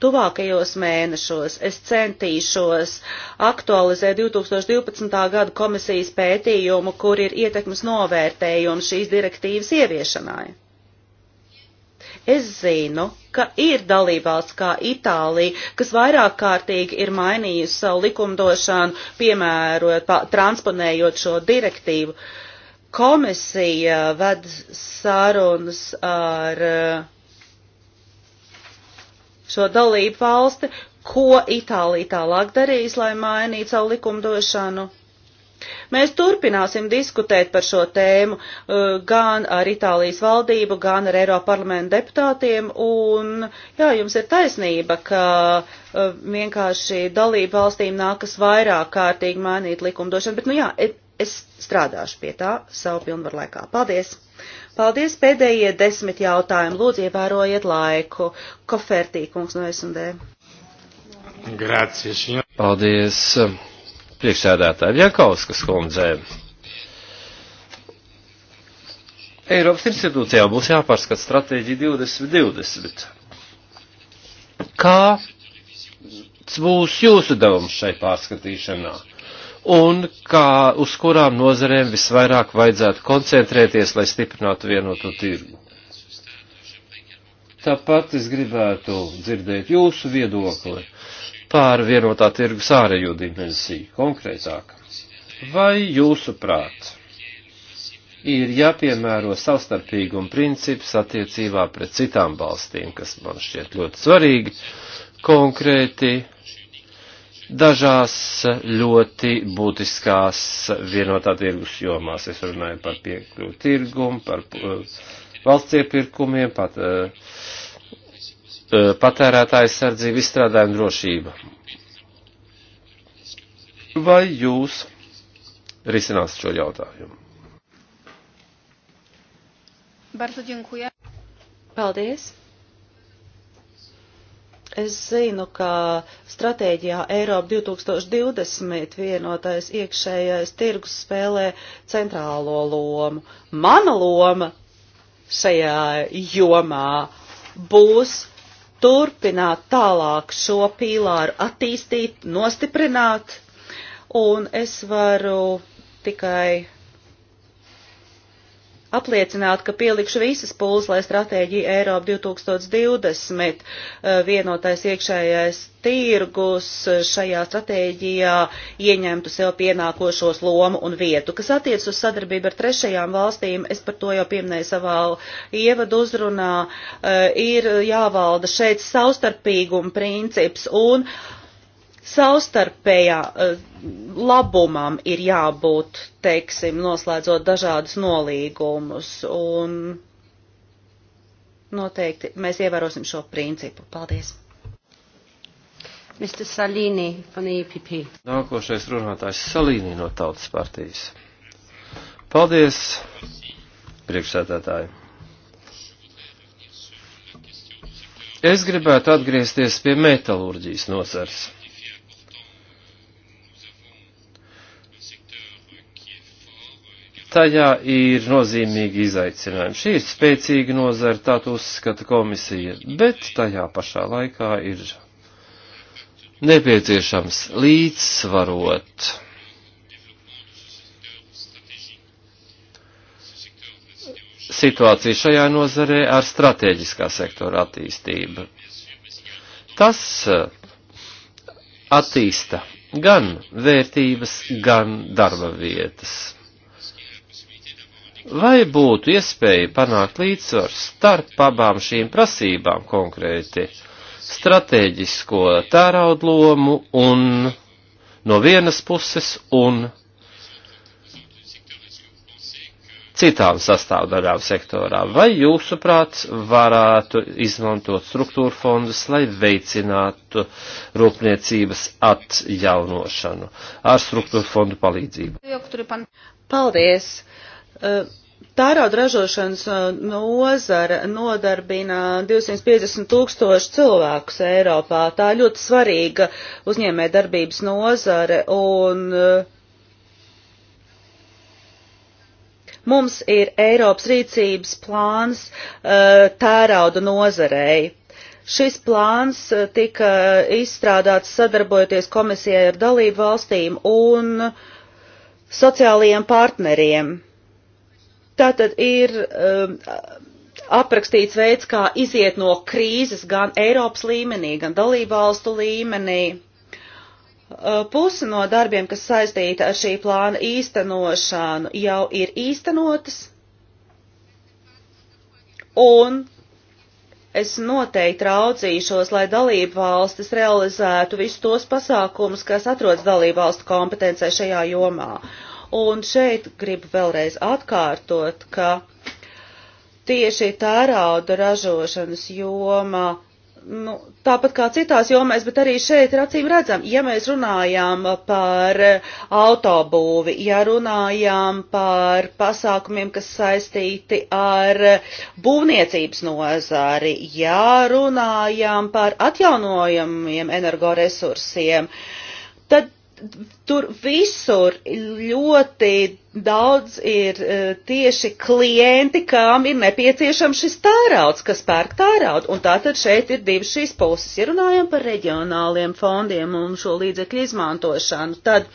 Tuvākajos mēnešos es centīšos aktualizēt 2012. gada komisijas pētījumu, kur ir ietekmes novērtējums šīs direktīvas ieviešanai. Es zinu, ka ir dalībvalsts kā Itālija, kas vairāk kārtīgi ir mainījusi savu likumdošanu, piemērojot, transponējot šo direktīvu. Komisija ved sarunas ar uh, šo dalību valsti, ko Itālija tālāk darīs, lai mainītu savu likumdošanu. Mēs turpināsim diskutēt par šo tēmu uh, gan ar Itālijas valdību, gan ar Eiropa parlamentu deputātiem, un jā, jums ir taisnība, ka uh, vienkārši dalību valstīm nākas vairāk kārtīgi mainīt likumdošanu, bet nu jā, es strādāšu pie tā savu pilnvaru laikā. Paldies! Paldies pēdējie desmit jautājumi. Lūdzu, ievērojiet laiku. Kofertī, kungs no SMD. Grācies. Paldies um, priekšsēdētājiem Jankauskas kundzē. Eiropas institūcijā būs jāpārskat stratēģija 2020. Kā būs jūsu devums šai pārskatīšanā? un kā, uz kurām nozarēm visvairāk vajadzētu koncentrēties, lai stiprinātu vienotu tirgu. Tāpat es gribētu dzirdēt jūsu viedokli pār vienotā tirgus ārējo dimensiju konkrētāk. Vai jūsuprāt ir jāpiemēro savstarpīguma princips attiecībā pret citām valstīm, kas man šķiet ļoti svarīgi, konkrēti dažās ļoti būtiskās vienotā tirgus jomās. Es runāju par piekļuvu tirgumu, par eh, valsts iepirkumiem, pat, eh, eh, patērētāju sardzību, izstrādājumu drošību. Vai jūs risinās šo jautājumu? Bardzo dziękuję. Paldies. Es zinu, ka stratēģijā Eiropa 2020 vienotais iekšējais tirgus spēlē centrālo lomu. Mana loma šajā jomā būs turpināt tālāk šo pīlāru attīstīt, nostiprināt, un es varu tikai apliecināt, ka pielikšu visas pūles, lai stratēģija Eiropa 2020 eh, vienotais iekšējais tirgus eh, šajā stratēģijā ieņemtu sev pienākošos lomu un vietu. Kas attiec uz sadarbību ar trešajām valstīm, es par to jau pieminēju savā ievadu uzrunā, eh, ir jāvalda šeit savstarpīguma princips un uh, savstarpējā eh, labumam ir jābūt, teiksim, noslēdzot dažādus nolīgumus, un noteikti mēs ievērosim šo principu. Paldies! Mr. Salīni no EPP. Nākošais runātājs Salīni no Tautas partijas. Paldies, priekšsēdētāji. Es gribētu atgriezties pie metalurģijas nozars. tajā ir nozīmīgi izaicinājumi. Šī ir spēcīga nozara, tā to uzskata komisija, bet tajā pašā laikā ir nepieciešams līdzsvarot. situācija šajā nozarē ar strateģiskā sektora attīstību. Tas eh, attīsta gan vērtības, gan darba vietas. Vai būtu iespēja panākt līdzsvaru starp abām šīm prasībām konkrēti - stratēģisko tērauda lomu un no vienas puses un citām sastāvdaļām sektorā? Vai jūsuprāt varētu izmantot struktūra fondus, lai veicinātu rūpniecības atjaunošanu ar struktūra fondu palīdzību? Paldies! Eh, tērauda ražošanas eh, nozara nodarbina 250 tūkstoši cilvēkus Eiropā. Tā ir ļoti svarīga uzņēmē darbības nozare un eh, mums ir Eiropas rīcības plāns tērauda nozarei. Šis plāns tika izstrādāts sadarbojoties komisijai ar dalību valstīm un sociālajiem partneriem. Tātad ir um, aprakstīts veids, kā iziet no krīzes gan Eiropas līmenī, gan dalībvalstu līmenī. Uh, Pusi no darbiem, kas saistīta ar šī plāna īstenošanu, jau ir īstenotas, un es noteikti raudzīšos, lai dalību valstis realizētu visus tos pasākumus, kas atrodas dalību valstu kompetencē šajā jomā. Uh, Un šeit gribu vēlreiz atkārtot, ka tieši tērauda ražošanas joma nu, tāpat kā citās jomās, bet arī šeit ir acīm redzam, ja mēs runājām par autobūvi, ja runājām par pasākumiem, kas saistīti ar būvniecības nozari, ja runājām par atjaunojamiem energoresursiem, tad tur visur ļoti daudz ir e, tieši klienti, kām ir nepieciešams šis tērauds, kas pērk tēraudu. Un tātad šeit ir divas šīs puses. Ja runājam par reģionāliem fondiem un šo līdzekļu izmantošanu, tad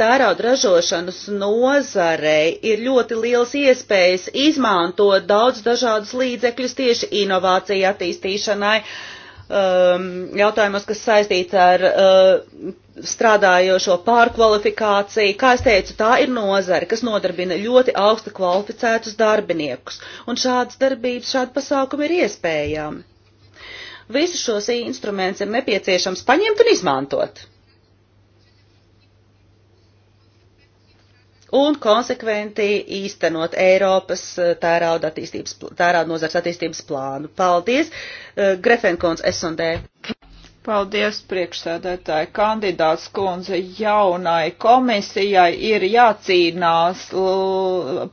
tērauda ražošanas nozarei ir ļoti liels iespējas izmantot daudz dažādus līdzekļus tieši inovāciju attīstīšanai, uh, um, jautājumos, kas saistīti ar uh, strādājošo pārkvalifikāciju. Kā es teicu, tā ir nozare, kas nodarbina ļoti augsta kvalificētus darbiniekus, un šādas darbības, šādi pasākumi ir iespējami. Visus šos instrumentus ir nepieciešams paņemt un izmantot. un konsekventi īstenot Eiropas eh, tērauda attīstības, tērauda nozars attīstības plānu. Paldies, eh, Grefenkons S&D. Paldies, priekšsēdētāji. Kandidāts kundze jaunai komisijai ir jācīnās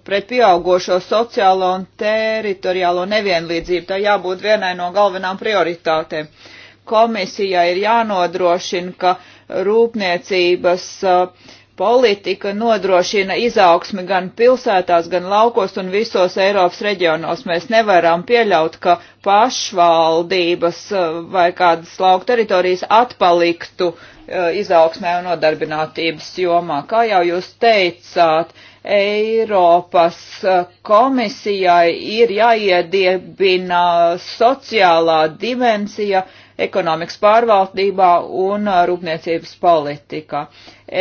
pret pieaugošo sociālo un teritoriālo nevienlīdzību. Tā jābūt vienai no galvenām prioritātēm. Komisijai ir jānodrošina, ka rūpniecības uh, politika nodrošina izaugsmi gan pilsētās, gan laukos un visos Eiropas reģionos. Mēs nevaram pieļaut, ka pašvaldības eh, vai kādas lauka teritorijas atpaliktu eh, izaugsmē un nodarbinātības jomā. Kā jau jūs teicāt, Eiropas eh, komisijai ir jāiediebina sociālā dimensija ekonomikas pārvaldībā un uh, rūpniecības politikā.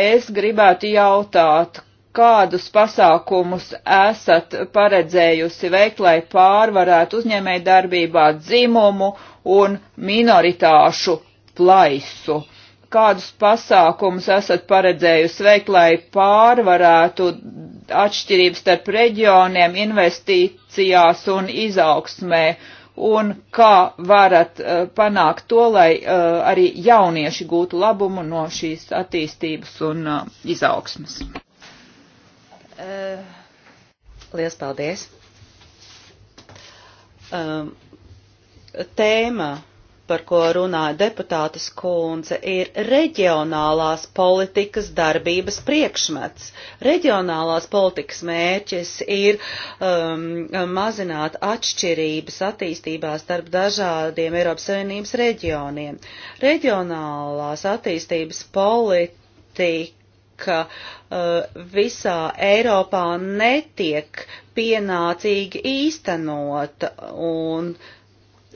Es gribētu jautāt, kādus pasākumus esat paredzējusi veikt, lai pārvarētu uzņēmēju darbībā dzimumu un minoritāšu plaisu? Kādus pasākumus esat paredzējusi veikt, lai pārvarētu atšķirības starp reģioniem, investīcijās un izaugsmē? Uh, un kā varat eh, panākt to, lai eh, arī jaunieši gūtu labumu no šīs attīstības un eh, izaugsmas. Lielas paldies! Tēma par ko runāja deputātas kundze, ir reģionālās politikas darbības priekšmets. Reģionālās politikas mērķis ir um, mazināt atšķirības attīstībā starp dažādiem Eiropas Savienības reģioniem. Reģionālās attīstības politika uh, visā Eiropā netiek pienācīgi īstenota un uh,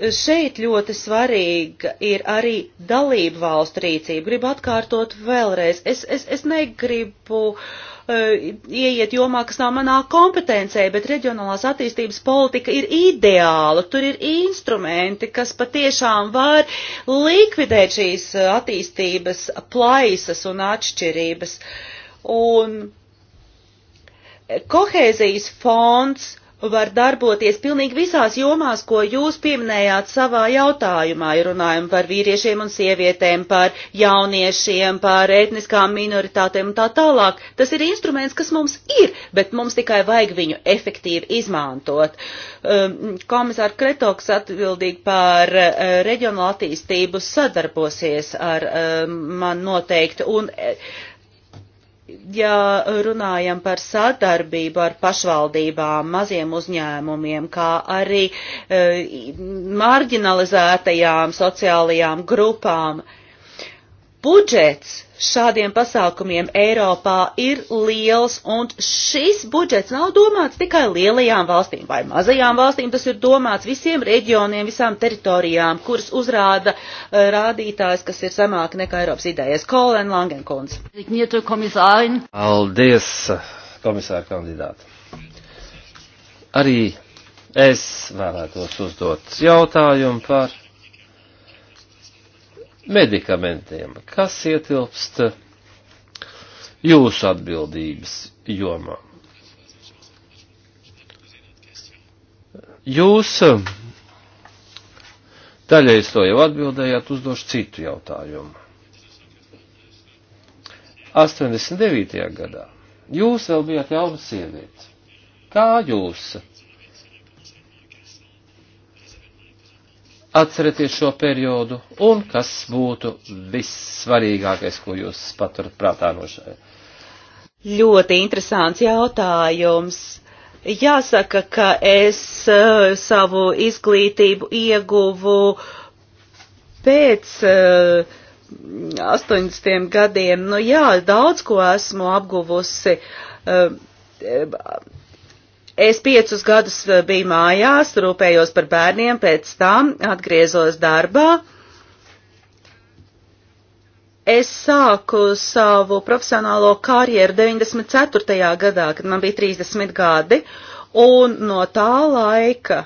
Šeit ļoti svarīga ir arī dalību valstu rīcība. Gribu atkārtot vēlreiz. Es, es, es negribu uh, ieiet jomā, kas nav manā kompetencē, bet reģionālās attīstības politika ir ideāla. Tur ir instrumenti, kas patiešām var likvidēt šīs e, attīstības plaisas un atšķirības. Un kohēzijas fonds var darboties pilnīgi visās jomās, ko jūs pieminējāt savā jautājumā. Ir runājumi par vīriešiem un sievietēm, par jauniešiem, par etniskām minoritātēm un tā tālāk. Tas ir instruments, kas mums ir, bet mums tikai vajag viņu efektīvi izmantot. Um, Komisāra Kretoks atbildīgi par uh, reģionālu attīstību sadarbosies ar um, man noteikti. Un, ja runājam par sadarbību ar pašvaldībām, maziem uzņēmumiem, kā arī e, marginalizētajām sociālajām grupām, budžets šādiem pasākumiem Eiropā ir liels, un šis budžets nav domāts tikai lielajām valstīm vai mazajām valstīm, tas ir domāts visiem reģioniem, visām teritorijām, kuras uzrāda uh, rādītājs, kas ir zemāk nekā Eiropas idējas. Kolēn Langenkons. Paldies, komisāra kandidāti. Arī es vēlētos uzdot jautājumu par medikamentiem, kas ietilpst jūsu atbildības jomā. Jūs daļai es to jau atbildējāt, uzdošu citu jautājumu. 89. gadā jūs vēl bijāt jauna sieviete. Kā jūs Atcerieties šo periodu un kas būtu vissvarīgākais, ko jūs paturat prātā no šai. Ļoti interesants jautājums. Jāsaka, ka es uh, savu izglītību ieguvu pēc uh, eh, 80 gadiem. Nu jā, daudz ko esmu apguvusi. Uh, Es piecus gadus eh, biju mājās, rūpējos par bērniem, pēc tam atgriezos darbā. Es sāku savu profesionālo karjeru 94. gadā, kad man bija 30 gadi, un no tā laika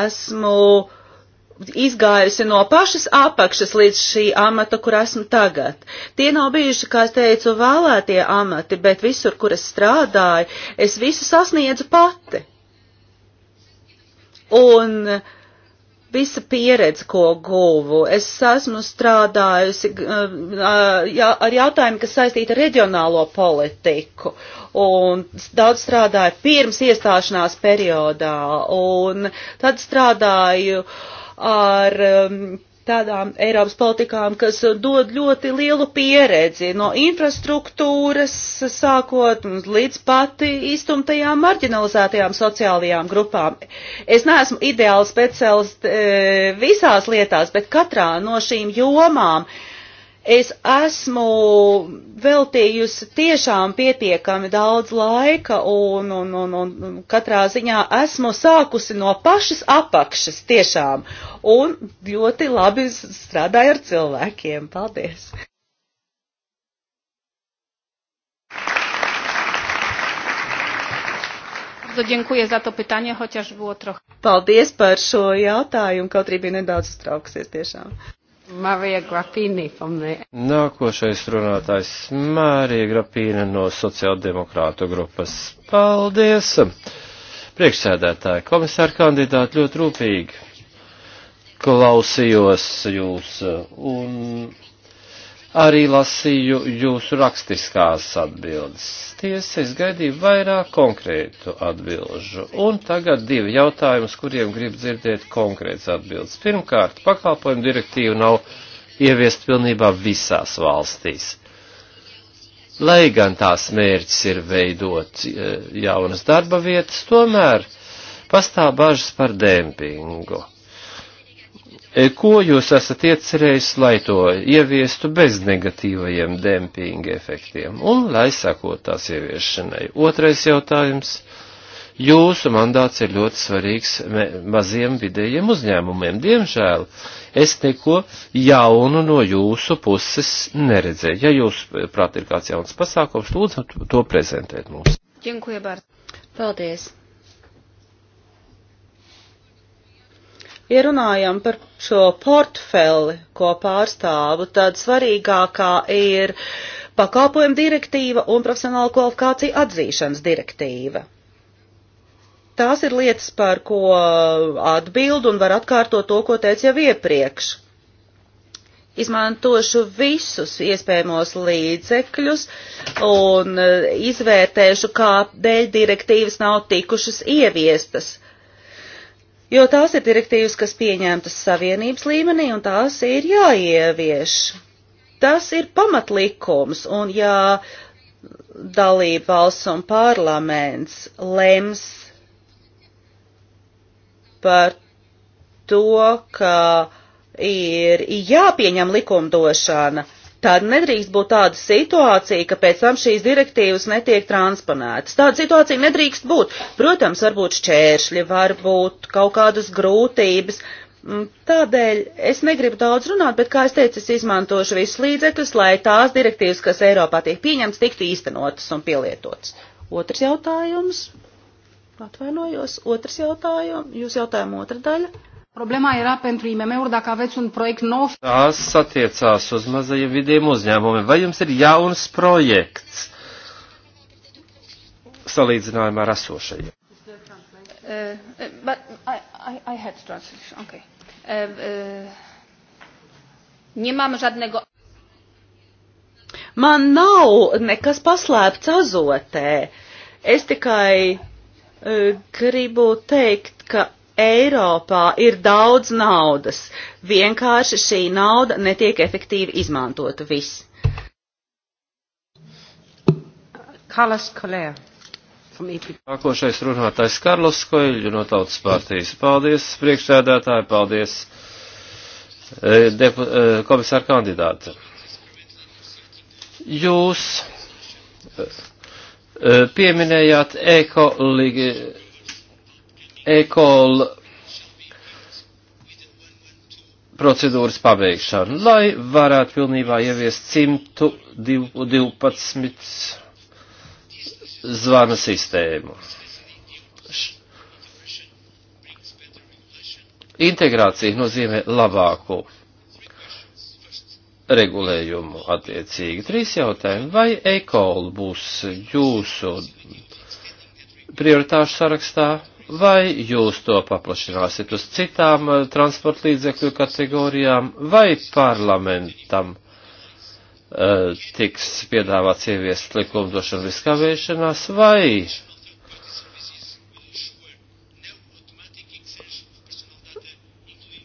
esmu izgājusi no pašas apakšas līdz šī amata, kur esmu tagad. Tie nav bijuši, kā es teicu, vēlētie amati, bet visur, kur es strādāju, es visu sasniedzu pati. Un visa pieredze, ko guvu, es esmu strādājusi uh, uh, ar jautājumu, kas saistīta ar reģionālo politiku un daudz strādāju pirms iestāšanās periodā, un tad strādāju uh, ar um, tādām Eiropas politikām, kas dod ļoti lielu pieredzi no infrastruktūras, sākot līdz pati iztumtajām marginalizētajām sociālajām grupām. Es neesmu ideāls speciālists e, eh, visās lietās, bet katrā no šīm jomām e, es esmu veltījusi tiešām pietiekami daudz laika un, un, un, un katrā ziņā esmu sākusi no pašas apakšas tiešām un ļoti labi strādāju ar cilvēkiem. Paldies! Dziękuję za to pytanie, chociaż było trochę. Paldies par šo jautājumu, kaut arī bija nedaudz strauksies tiešām. Marija Grapīni. The... Nākošais runātājs Marija Grapīna no sociāldemokrātu grupas. Paldies! Priekšsēdētāji, komisāra kandidāti ļoti rūpīgi klausījos jūs un arī lasīju jūsu rakstiskās atbildes. Tiesa, es gaidīju vairāk konkrētu atbilžu. Un tagad divi jautājumi, uz kuriem grib dzirdēt konkrēts atbildes. Pirmkārt, pakalpojumu direktīva nav ieviest pilnībā visās valstīs. Lai gan tās mērķis ir veidot eh, jaunas darba vietas, tomēr pastāv bažas par dempingu E, ko jūs esat iecerējis, lai to ieviestu bez negatīvajiem dempinga efektiem un lai sakot tās ieviešanai? Otrais jautājums. Jūsu mandāts ir ļoti svarīgs maziem vidējiem uzņēmumiem. Diemžēl es neko jaunu no jūsu puses neredzēju. Ja jūs e, prāt ir kāds jauns pasākums, lūdzu to prezentēt mums. Paldies! Ja runājam par šo portfeli, ko pārstāvu, tad svarīgākā ir pakalpojuma direktīva un profesionāla kvalifikācija atzīšanas direktīva. Tās ir lietas, par ko atbild un var atkārtot to, ko teicu jau iepriekš. Izmantošu visus iespējamos līdzekļus un izvērtēšu, kādēļ direktīvas nav tikušas ieviestas jo tās ir direktīvas, kas pieņemtas savienības līmenī un tās ir jāievieš. Tas ir pamatlikums, un ja dalība valsts un parlaments lems par to, ka ir jāpieņem likumdošana, tad nedrīkst būt tāda situācija, ka pēc tam šīs direktīvas netiek transponētas. Tāda situācija nedrīkst būt. Protams, varbūt šķēršļi, varbūt kaut kādas grūtības. Mm, tādēļ es negribu daudz runāt, bet, kā es teicu, es izmantošu visus līdzekļus, lai tās direktīvas, kas Eiropā tiek pieņemtas, tiktu īstenotas un pielietotas. Otrs jautājums. Atvainojos. Otrs jautājums. Jūs jautājumu otra daļa. Problēma ir pentru IMM-uri, dacă aveți un projekt nov. Tās attiecās uz mazajiem vidiem uzņēmumiem. Vai jums ir jauns projekts salīdzinājumā ar esošajiem? Uh, uh but I, I, I had translation. Okay. Uh, uh, nie mam żadnego. Man nav nekas paslēpts azotē. Es tikai uh, gribu teikt, ka Eiropā ir daudz naudas, vienkārši šī nauda netiek efektīvi izmantota viss. Kalas Kolēja. E Nākošais runātājs Karlos Koļļu no Tautas partijas. Paldies, priekšsēdētāji, paldies, e, depu, e, komisāra kandidāte. Jūs pieminējāt ekoloģiju ekol procedūras pabeigšanu, lai varētu pilnībā ieviest 112 zvana sistēmu. Integrācija nozīmē labāku regulējumu attiecīgi. Trīs jautājumi. Vai ekol būs jūsu prioritāšu sarakstā? vai jūs to paplašināsiet uz citām eh, transporta līdzekļu kategorijām, vai parlamentam uh, tiks piedāvāts ieviest likumdošanu viskavēšanās, vai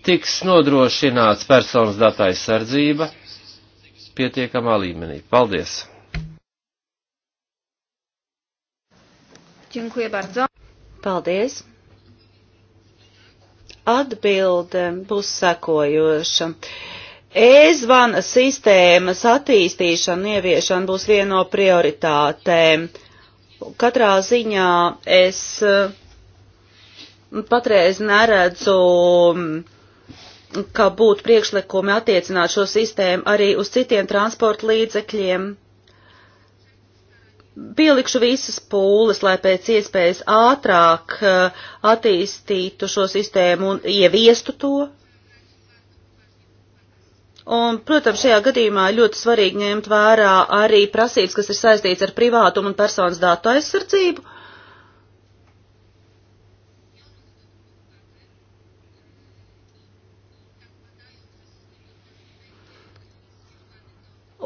tiks nodrošināts personas datu aizsardzība pietiekamā līmenī. Paldies! Dziękuję bardzo. Paldies! Atbilde būs sekojoša. E-zvana sistēmas attīstīšana un ieviešana būs viena no prioritātēm. Katrā ziņā es mm, patreiz neredzu, mm, ka būtu priekšlikumi attiecināt šo sistēmu arī uz citiem transporta līdzekļiem pielikšu visas pūles, lai pēc iespējas ātrāk uh, attīstītu šo sistēmu un ieviestu to. Un, protams, šajā gadījumā ļoti svarīgi ņemt vērā arī prasības, kas ir saistīts ar privātumu un personas datu aizsardzību.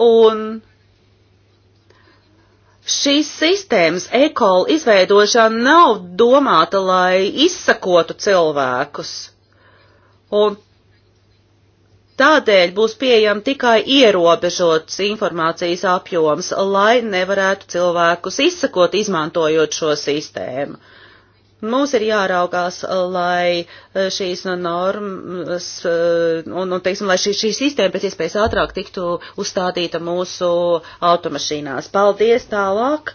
Un Šīs sistēmas ekola izveidošana nav domāta, lai izsakotu cilvēkus. Un tādēļ būs pieejama tikai ierobežots informācijas apjoms, lai nevarētu cilvēkus izsakot, izmantojot šo sistēmu. Mums ir jāraugās, lai eh, šīs normas eh, un, un teiksim, lai šī, šī sistēma pēc iespējas ātrāk tiktu uzstādīta mūsu automašīnās. Paldies tālāk.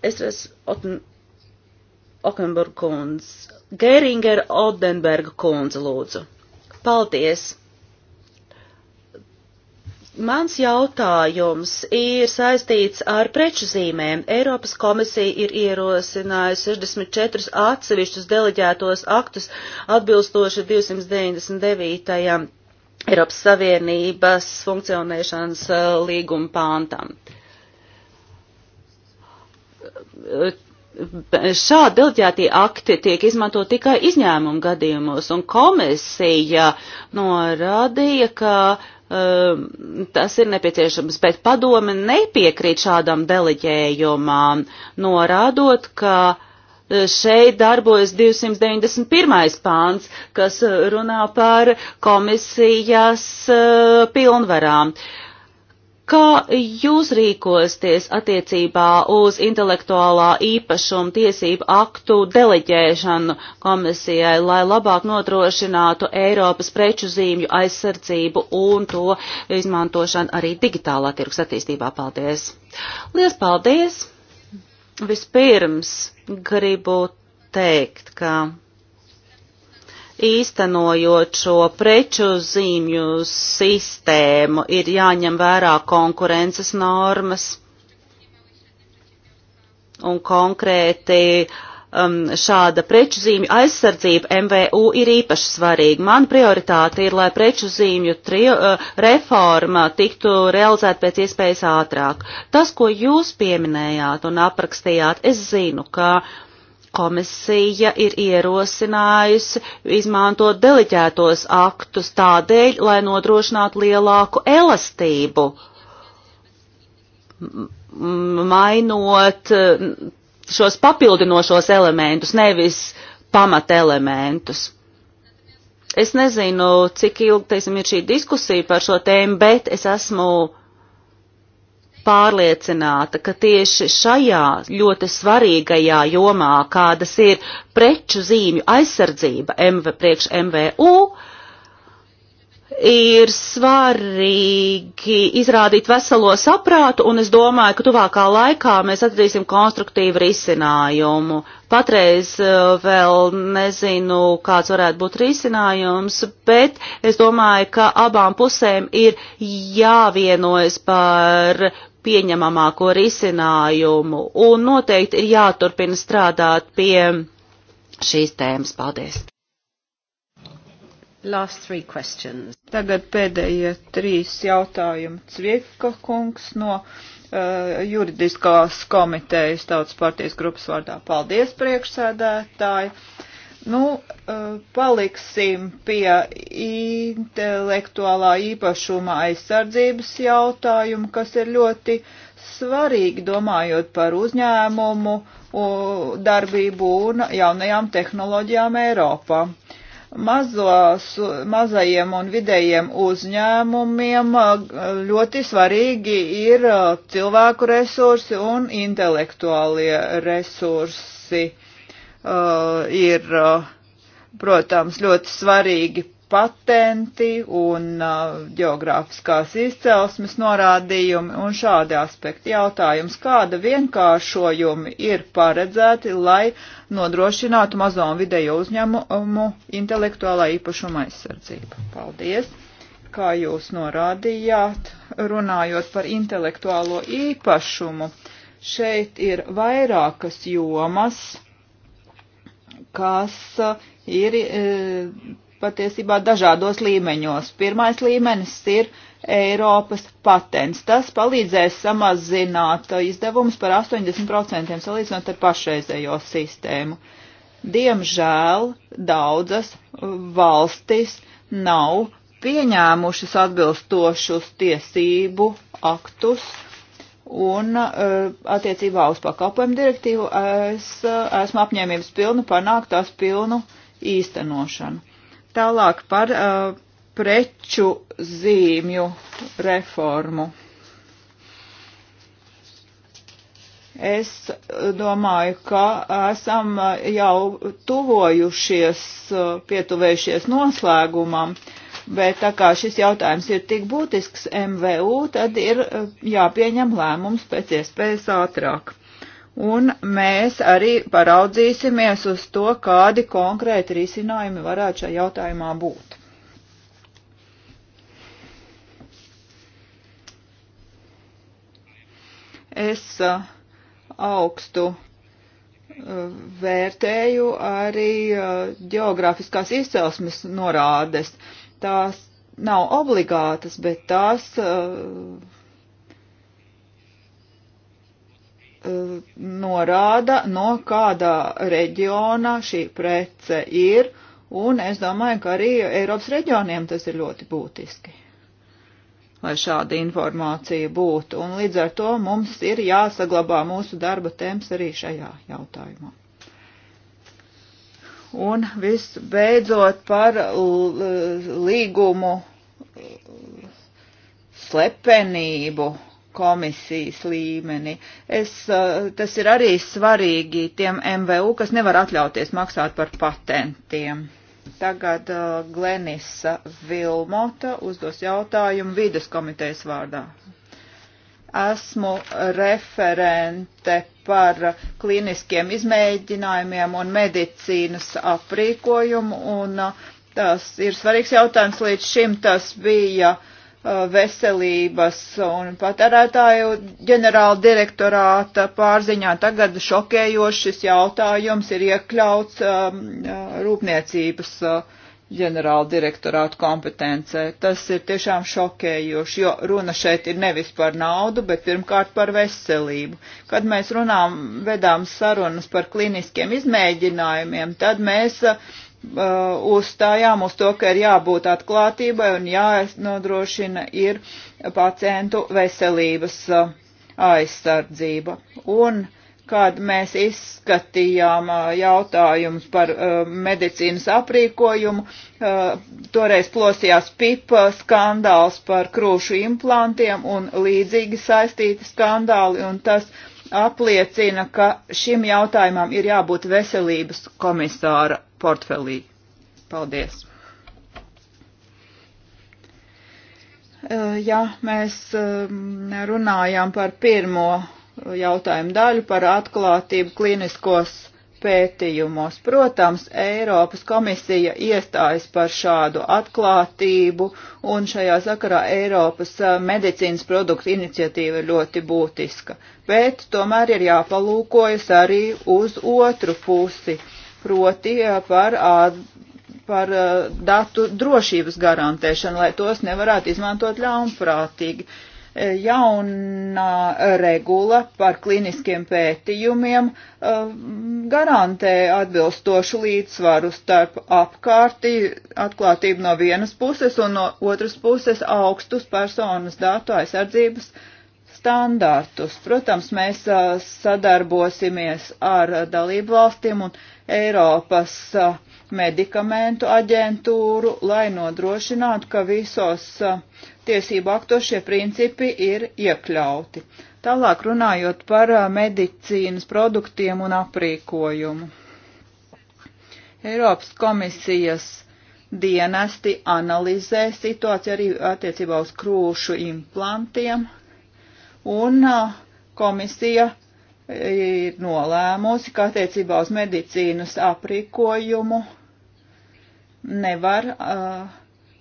Es esmu Okenburg kundz. Geringer Odenberga kundze lūdzu. Paldies! Mans jautājums ir saistīts ar preču zīmēm. Eiropas komisija ir ierosinājusi 64 atsevišķus deleģētos aktus atbilstoši 299. Eiropas Savienības funkcionēšanas uh, līguma pāntam. Šādi deleģētie akti tiek izmanto tikai izņēmumu gadījumos, un komisija norādīja, ka uh, Ehm, tas ir nepieciešams, bet padome nepiekrīt šādam deleģējumam, norādot, ka e, šeit darbojas 291. pāns, kas e, runā par komisijas e, pilnvarām. Uh, Kā jūs rīkosties attiecībā uz intelektuālā īpašuma tiesību aktu deleģēšanu komisijai, lai labāk notrošinātu Eiropas preču zīmju aizsardzību un to izmantošanu arī digitālā tirgus attīstībā? Paldies! Lielas paldies! Vispirms gribu teikt, ka īstenojot šo preču zīmju sistēmu, ir jāņem vērā konkurences normas un konkrēti um, šāda preču zīmju aizsardzība MVU ir īpaši svarīga. Man prioritāte ir, lai preču zīmju tri, uh, reforma tiktu realizēta pēc iespējas ātrāk. Tas, ko jūs pieminējāt un aprakstījāt, es zinu, ka uh, komisija ir ierosinājusi izmantot deliģētos aktus tādēļ, lai nodrošinātu lielāku elastību, mainot šos papildinošos elementus, nevis pamatelementus. Es nezinu, cik ilgi, teiksim, ir šī diskusija par šo tēmu, bet es esmu pārliecināta, ka tieši šajā ļoti svarīgajā jomā, kādas ir preču zīmju aizsardzība MV, priekš MVU, ir svarīgi izrādīt veselo saprātu, un es domāju, ka tuvākā laikā mēs atradīsim konstruktīvu risinājumu. Patreiz eh, vēl nezinu, kāds varētu būt risinājums, bet es domāju, ka abām pusēm ir jāvienojas par pieņemamāko risinājumu un noteikti ir jāturpina strādāt pie šīs tēmas. Paldies! Last three questions. Tagad pēdējie trīs jautājumi. Cvieka kungs no uh, juridiskās komitejas tautas partijas grupas vārdā. Paldies, priekšsēdētāji! Nu, eh, paliksim pie intelektuālā īpašuma aizsardzības jautājuma, kas ir ļoti svarīgi domājot par uzņēmumu darbību un jaunajām tehnoloģijām Eiropā. Mazos, mazajiem un vidējiem uzņēmumiem eh, ļoti svarīgi ir eh, cilvēku resursi un intelektuālie resursi Uh, ir, uh, protams, ļoti svarīgi patenti un uh, geogrāfiskās izcelsmes norādījumi un šādi aspekti. Jautājums, kāda vienkāršojumi ir paredzēti, lai nodrošinātu mazo un vidējo uzņēmumu intelektuālā īpašuma aizsardzību? Paldies! Kā jūs norādījāt, runājot par intelektuālo īpašumu, šeit ir vairākas jomas kas uh, ir uh, patiesībā dažādos līmeņos. Pirmais līmenis ir Eiropas patents. Tas palīdzēs samazināt izdevumus par 80% salīdzinot ar pašreizējo sistēmu. Diemžēl daudzas valstis nav pieņēmušas atbilstošus tiesību aktus, Un eh, attiecībā uz pakalpojumu direktīvu es eh, esmu apņēmības pilnu panākt tās pilnu īstenošanu. Tālāk par uh, preču zīmju reformu. Es domāju, ka esam jau tuvojušies, pietuvējušies noslēgumam. Uh, bet tā kā šis jautājums ir tik būtisks MVU, tad ir eh, jāpieņem lēmums pēc iespējas ātrāk. Un mēs arī paraudzīsimies uz to, kādi konkrēti risinājumi varētu šajā jautājumā būt. Es eh, augstu eh, vērtēju arī geogrāfiskās izcelsmes norādes. Uh, Tās nav obligātas, bet tās uh, uh, norāda, no kādā reģionā šī prece ir, un es domāju, ka arī Eiropas reģioniem tas ir ļoti būtiski lai šāda informācija būtu, un līdz ar to mums ir jāsaglabā mūsu darba temps arī šajā jautājumā. Un viss beidzot par līgumu slepenību komisijas līmenī. Es, eh, tas ir arī svarīgi tiem MVU, kas nevar atļauties maksāt par patentiem. Tagad eh, Glenisa Vilmota uzdos jautājumu vides komitejas vārdā. Esmu referente par klīniskiem izmēģinājumiem un medicīnas aprīkojumu. Un uh, tas ir svarīgs jautājums. Līdz šim tas bija uh, veselības un patērētāju ģenerāla direktorāta pārziņā. Tagad šokējošs jautājums ir iekļauts um, uh, rūpniecības uh, ģenerāla direktorāta kompetencē. Tas ir tiešām šokējoši, jo runa šeit ir nevis par naudu, bet pirmkārt par veselību. Kad mēs runām, vedām sarunas par kliniskiem izmēģinājumiem, tad mēs uh, uzstājām uz to, ka ir jābūt atklātībai un jānodrošina ir pacientu veselības uh, aizsardzība. Un kad mēs izskatījām jautājumus par medicīnas aprīkojumu. Toreiz plosījās pipa skandāls par krūšu implantiem un līdzīgi saistīti skandāli, un tas apliecina, ka šim jautājumam ir jābūt veselības komisāra portfelī. Paldies! Ja mēs runājām par pirmo jautājumu daļu par atklātību kliniskos pētījumos. Protams, Eiropas komisija iestājas par šādu atklātību, un šajā sakarā Eiropas eh, medicīnas produktu iniciatīva ir ļoti būtiska. Bet tomēr ir jāpalūkojas arī uz otru pusi, proti eh, par, par eh, datu drošības garantēšanu, lai tos nevarētu izmantot ļaunprātīgi. Uh, jaunā eh, regula par kliniskiem pētījumiem eh, garantē atbilstošu līdzsvaru starp apkārtī atklātību no vienas puses un no otras puses augstus personas datu aizsardzības standārtus. Protams, mēs eh, sadarbosimies ar dalību valstīm un Eiropas uh, medikamentu aģentūru, lai nodrošinātu, ka visos tiesību aktos šie principi ir iekļauti. Tālāk runājot par medicīnas produktiem un aprīkojumu. Eiropas komisijas dienesti analizē situāciju arī attiecībā uz krūšu implantiem, un komisija ir nolēmusi, ka attiecībā uz medicīnas aprīkojumu nevar uh,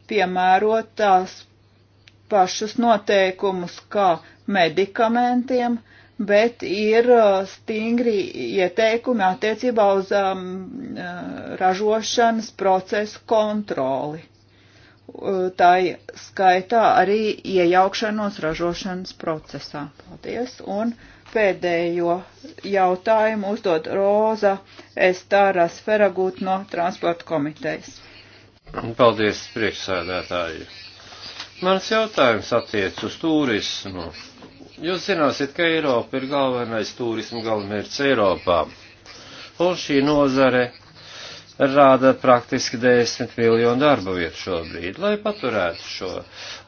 piemērot tās pašus noteikumus kā medikamentiem, bet ir stingri ieteikumi attiecībā uz um, ražošanas procesu kontroli. Tā skaitā arī iejaukšanos ražošanas procesā. Paldies! Un, uh, pēdējo jautājumu uzdod Roza Estāras Feragut no transporta komitejas. Paldies, priekšsēdētāji. Mans jautājums attiec uz turismu. Jūs zināsiet, ka Eiropa ir galvenais turismu galvenmērķis Eiropā. Un šī nozare rāda praktiski 10 miljonu darba vietu šobrīd. Lai paturētu šo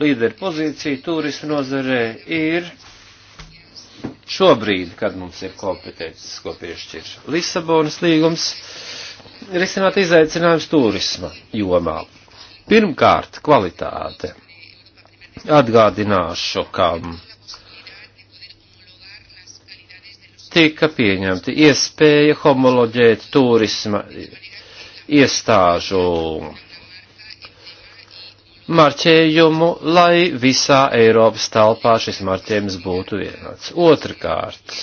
līderu pozīciju, turismu nozarē ir šobrīd, kad mums ir kompetences, ko piešķir Lisabonas līgums, risināt izaicinājums turisma jomā. Pirmkārt, kvalitāte. Atgādināšu, kam tika pieņemta iespēja homoloģēt turisma iestāžu marķējumu, lai visā Eiropas telpā šis marķējums būtu vienāds. Otrakārt,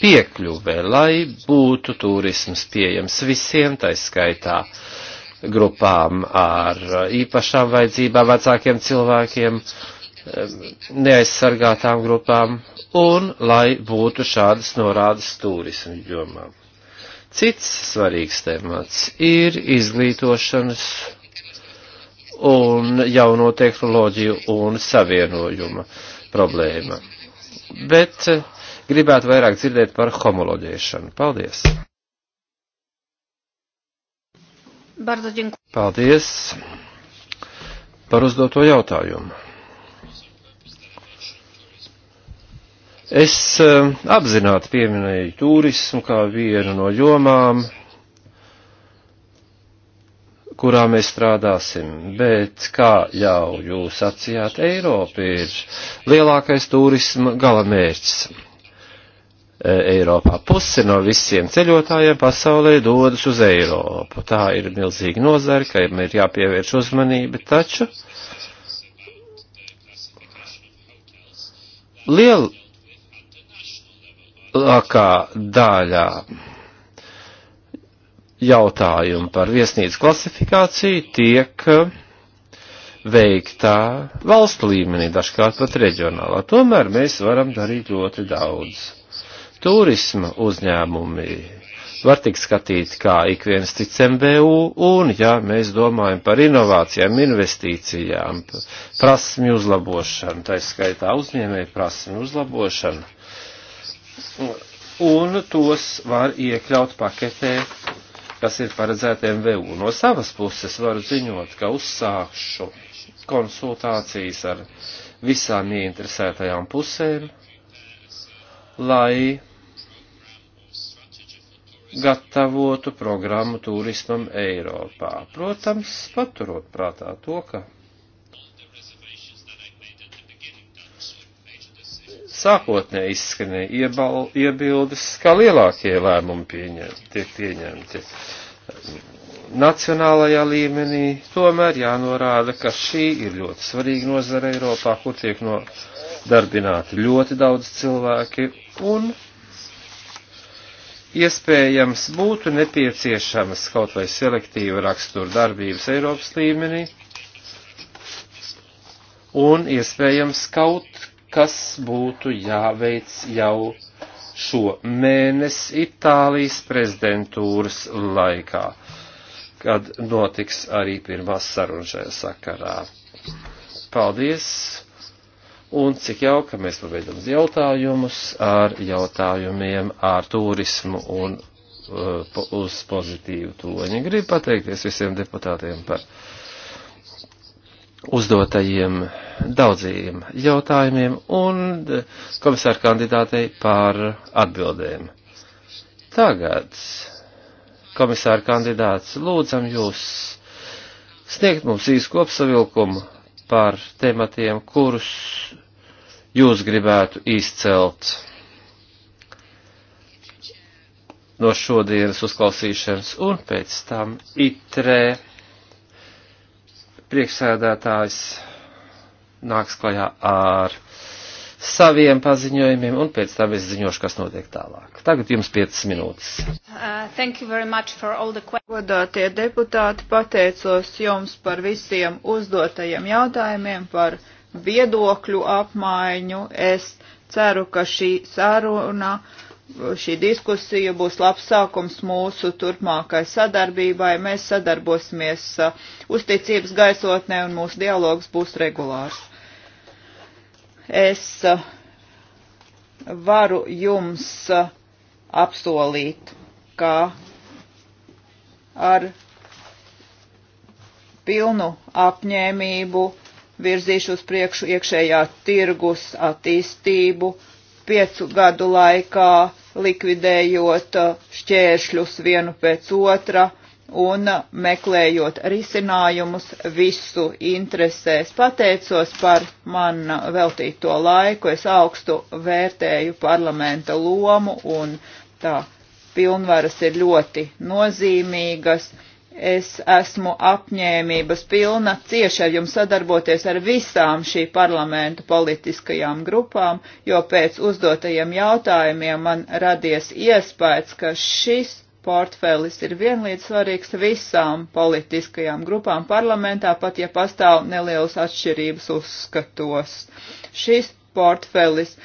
piekļuve, lai būtu turisms pieejams visiem, tā skaitā grupām ar īpašām vajadzībām, vecākiem cilvēkiem, neaizsargātām grupām, un lai būtu šādas norādes turismu jomām. Cits svarīgs temats ir izglītošanas un jauno tehnoloģiju un savienojuma problēma. Bet eh, gribētu vairāk dzirdēt par homoloģēšanu. Paldies! Paldies par uzdoto jautājumu. Es eh, apzināti pieminēju turismu kā vienu no jomām, kurā mēs strādāsim, bet, kā jau jūs sacījāt, Eiropa ir lielākais turisma galamērķis. E, Eiropā puse no visiem ceļotājiem pasaulē dodas uz Eiropu. Tā ir milzīga nozara, ka ir jāpievērš uzmanība, taču lielākā daļā jautājumu par viesnīcu klasifikāciju tiek eh, veiktā valstu līmenī, dažkārt pat reģionālā. Tomēr mēs varam darīt ļoti daudz. Turisma uzņēmumi var tik skatīt kā ik viens cits MBU, un ja mēs domājam par inovācijām, investīcijām, prasmi uzlabošanu, tā skaitā uzņēmēju prasmi uzlabošanu, un tos var iekļaut paketē kas ir paredzēti MVU. No savas puses varu ziņot, ka uzsākšu konsultācijas ar visām ieinteresētajām pusēm, lai gatavotu programmu turismam Eiropā. Protams, paturot prātā to, ka sākotnēji izskanēja iebal, iebildes, kā lielākie lēmumi pieņem, tiek pieņemti. Nacionālajā līmenī tomēr jānorāda, ka šī ir ļoti svarīga nozara Eiropā, kur tiek nodarbināti ļoti daudz cilvēki un iespējams būtu nepieciešamas kaut vai selektīva rakstura darbības Eiropas līmenī un iespējams kaut kas būtu jāveic jau šo mēnesi Itālijas prezidentūras laikā, kad notiks arī pirmās sarunas šajā sakarā. Paldies! Un cik jauka mēs pabeidām jautājumus ar jautājumiem ar turismu un uh, uz pozitīvu toņu. Gribu pateikties visiem deputātiem par uzdotajiem daudziem jautājumiem un eh, komisāra kandidātei par atbildēm. Tagad, komisāra kandidāts, lūdzam jūs sniegt mums īsu kopsavilkumu par tematiem, kurus jūs gribētu izcelt no šodienas uzklausīšanas un pēc tam itrē Prieksēdētājs nāks klajā ar saviem paziņojumiem, un pēc tam es ziņošu, kas notiek tālāk. Tagad jums 5 minūtes. Uh, Godātie deputāti, pateicos jums par visiem uzdotajiem jautājumiem, par viedokļu apmaiņu. Es ceru, ka šī saruna šī diskusija būs labs sākums mūsu turpmākai sadarbībai. Mēs sadarbosimies uh, uzticības gaisotnē un mūsu dialogs būs regulārs. Es uh, varu jums uh, apsolīt, ka ar pilnu apņēmību virzīšu uz priekšu iekšējā tirgus attīstību piecu gadu laikā, likvidējot uh, šķēršļus vienu pēc otra un uh, meklējot risinājumus visu interesēs. Pateicos par man uh, veltīto laiku, es augstu vērtēju parlamenta lomu un tā pilnvaras ir ļoti nozīmīgas Es esmu apņēmības pilna cieši ar jums sadarboties ar visām šī parlamenta politiskajām grupām, jo pēc uzdotajiem jautājumiem man radies iespējas, ka šis portfelis ir vienlīdz svarīgs visām politiskajām grupām parlamentā, pat ja pastāv nelielas atšķirības uzskatos. Šis portfelis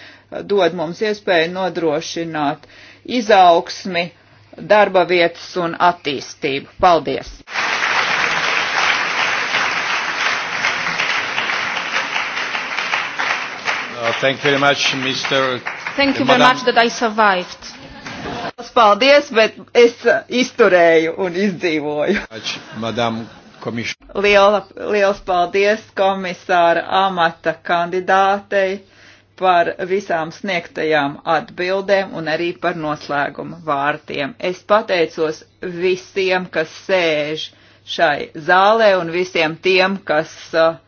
dod mums iespēju nodrošināt izaugsmi, darba vietas un attīstību. Paldies! Uh, thank you very much, Mr. Uh, thank you very much that I survived. Paldies, bet es izturēju un izdzīvoju. Madam Liela, liels paldies komisāra amata kandidātei par visām sniegtajām atbildēm un arī par noslēguma vārtiem. Es pateicos visiem, kas sēž šai zālē un visiem tiem, kas uh,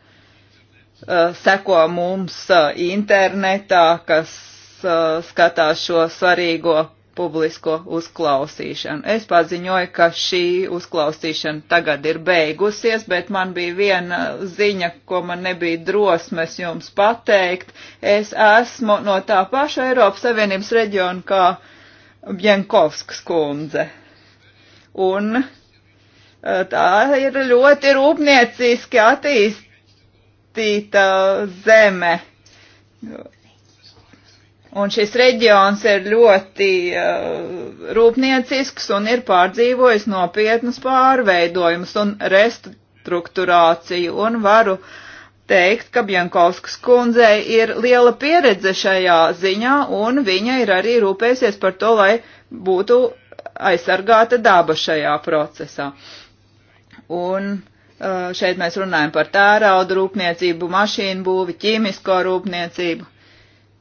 uh, seko mums uh, internetā, kas uh, skatās šo svarīgo publisko uzklausīšanu. Es paziņoju, ka šī uzklausīšana tagad ir beigusies, bet man bija viena ziņa, ko man nebija drosmes jums pateikt. Es esmu no tā paša Eiropas Savienības reģiona kā Bjankovskas kundze. Un eh, tā ir ļoti rūpnieciski attīstīta zeme Un šis reģions ir ļoti uh, rūpniecisks un ir pārdzīvojis nopietnas pārveidojumus un restruktūrāciju. Un varu teikt, ka Bjankovskas kundzei ir liela pieredze šajā ziņā, un viņa ir arī rūpēsies par to, lai būtu aizsargāta daba šajā procesā. Un uh, šeit mēs runājam par tērauda rūpniecību, mašīnu būvi, ķīmisko rūpniecību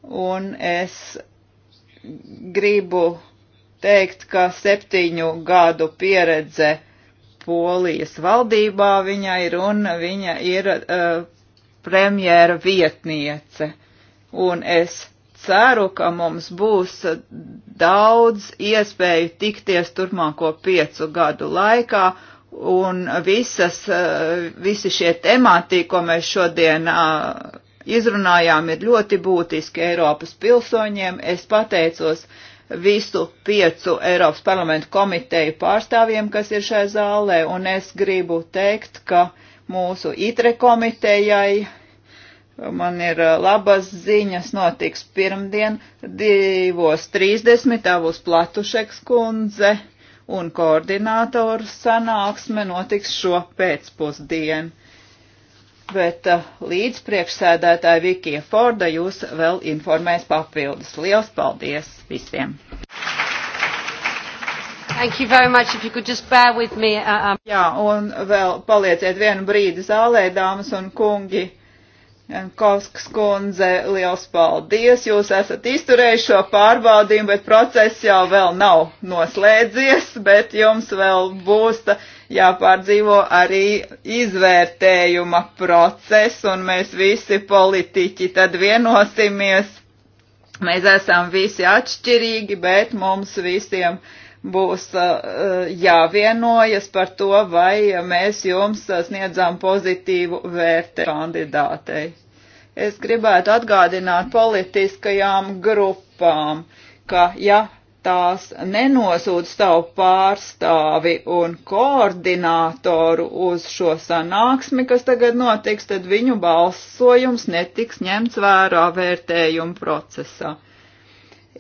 un es gribu teikt, ka septiņu gadu pieredze Polijas valdībā viņa ir un viņa ir uh, premjera vietniece. Un es ceru, ka mums būs daudz iespēju tikties turpmāko piecu gadu laikā un visas, uh, visi šie temati, ko mēs šodien uh, izrunājām, ir ļoti būtiski Eiropas pilsoņiem. Es pateicos visu piecu Eiropas parlamentu komiteju pārstāvjiem, kas ir šajā zālē, un es gribu teikt, ka mūsu itre komitejai man ir labas ziņas, notiks pirmdien 2.30, tā būs Platušeks kundze, un koordinātoru sanāksme notiks šo pēcpusdienu bet uh, līdz priekšsēdētāja Vikija Forda jūs vēl informēs papildus. Liels paldies visiem! Thank you very much. If you could just bear with me. Uh, um. Jā, un vēl palieciet vienu brīdi zālē, dāmas un kungi. Jankovskas kundze, liels paldies! Jūs esat izturējuši šo pārbaudījumu, bet process jau vēl nav noslēdzies, bet jums vēl būs jāpārdzīvo arī izvērtējuma process, un mēs visi politiķi tad vienosimies. Mēs esam visi atšķirīgi, bet mums visiem ir būs eh, jāvienojas par to, vai mēs jums sniedzām pozitīvu vērtē kandidātei. Es gribētu atgādināt politiskajām grupām, ka ja tās nenosūta savu pārstāvi un koordinātoru uz šo sanāksmi, kas tagad notiks, tad viņu balsojums netiks ņemts vērā vērtējuma procesā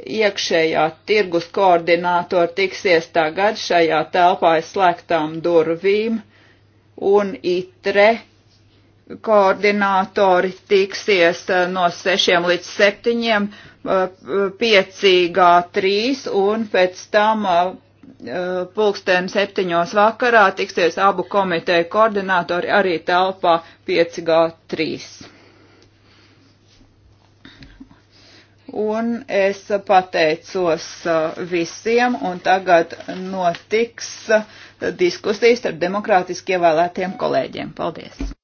iekšējā tirgus koordinātori tiksies tagad šajā telpā aizslēgtām durvīm un itre koordinātori tiksies eh, no 6 līdz 7, 5 3 un pēc tam eh, eh, pulksten 7 vakarā tiksies abu komiteju koordinātori arī telpā 5 3. Un es pateicos uh, visiem, un tagad notiks uh, diskusijas ar demokrātiski ievēlētiem kolēģiem. Paldies!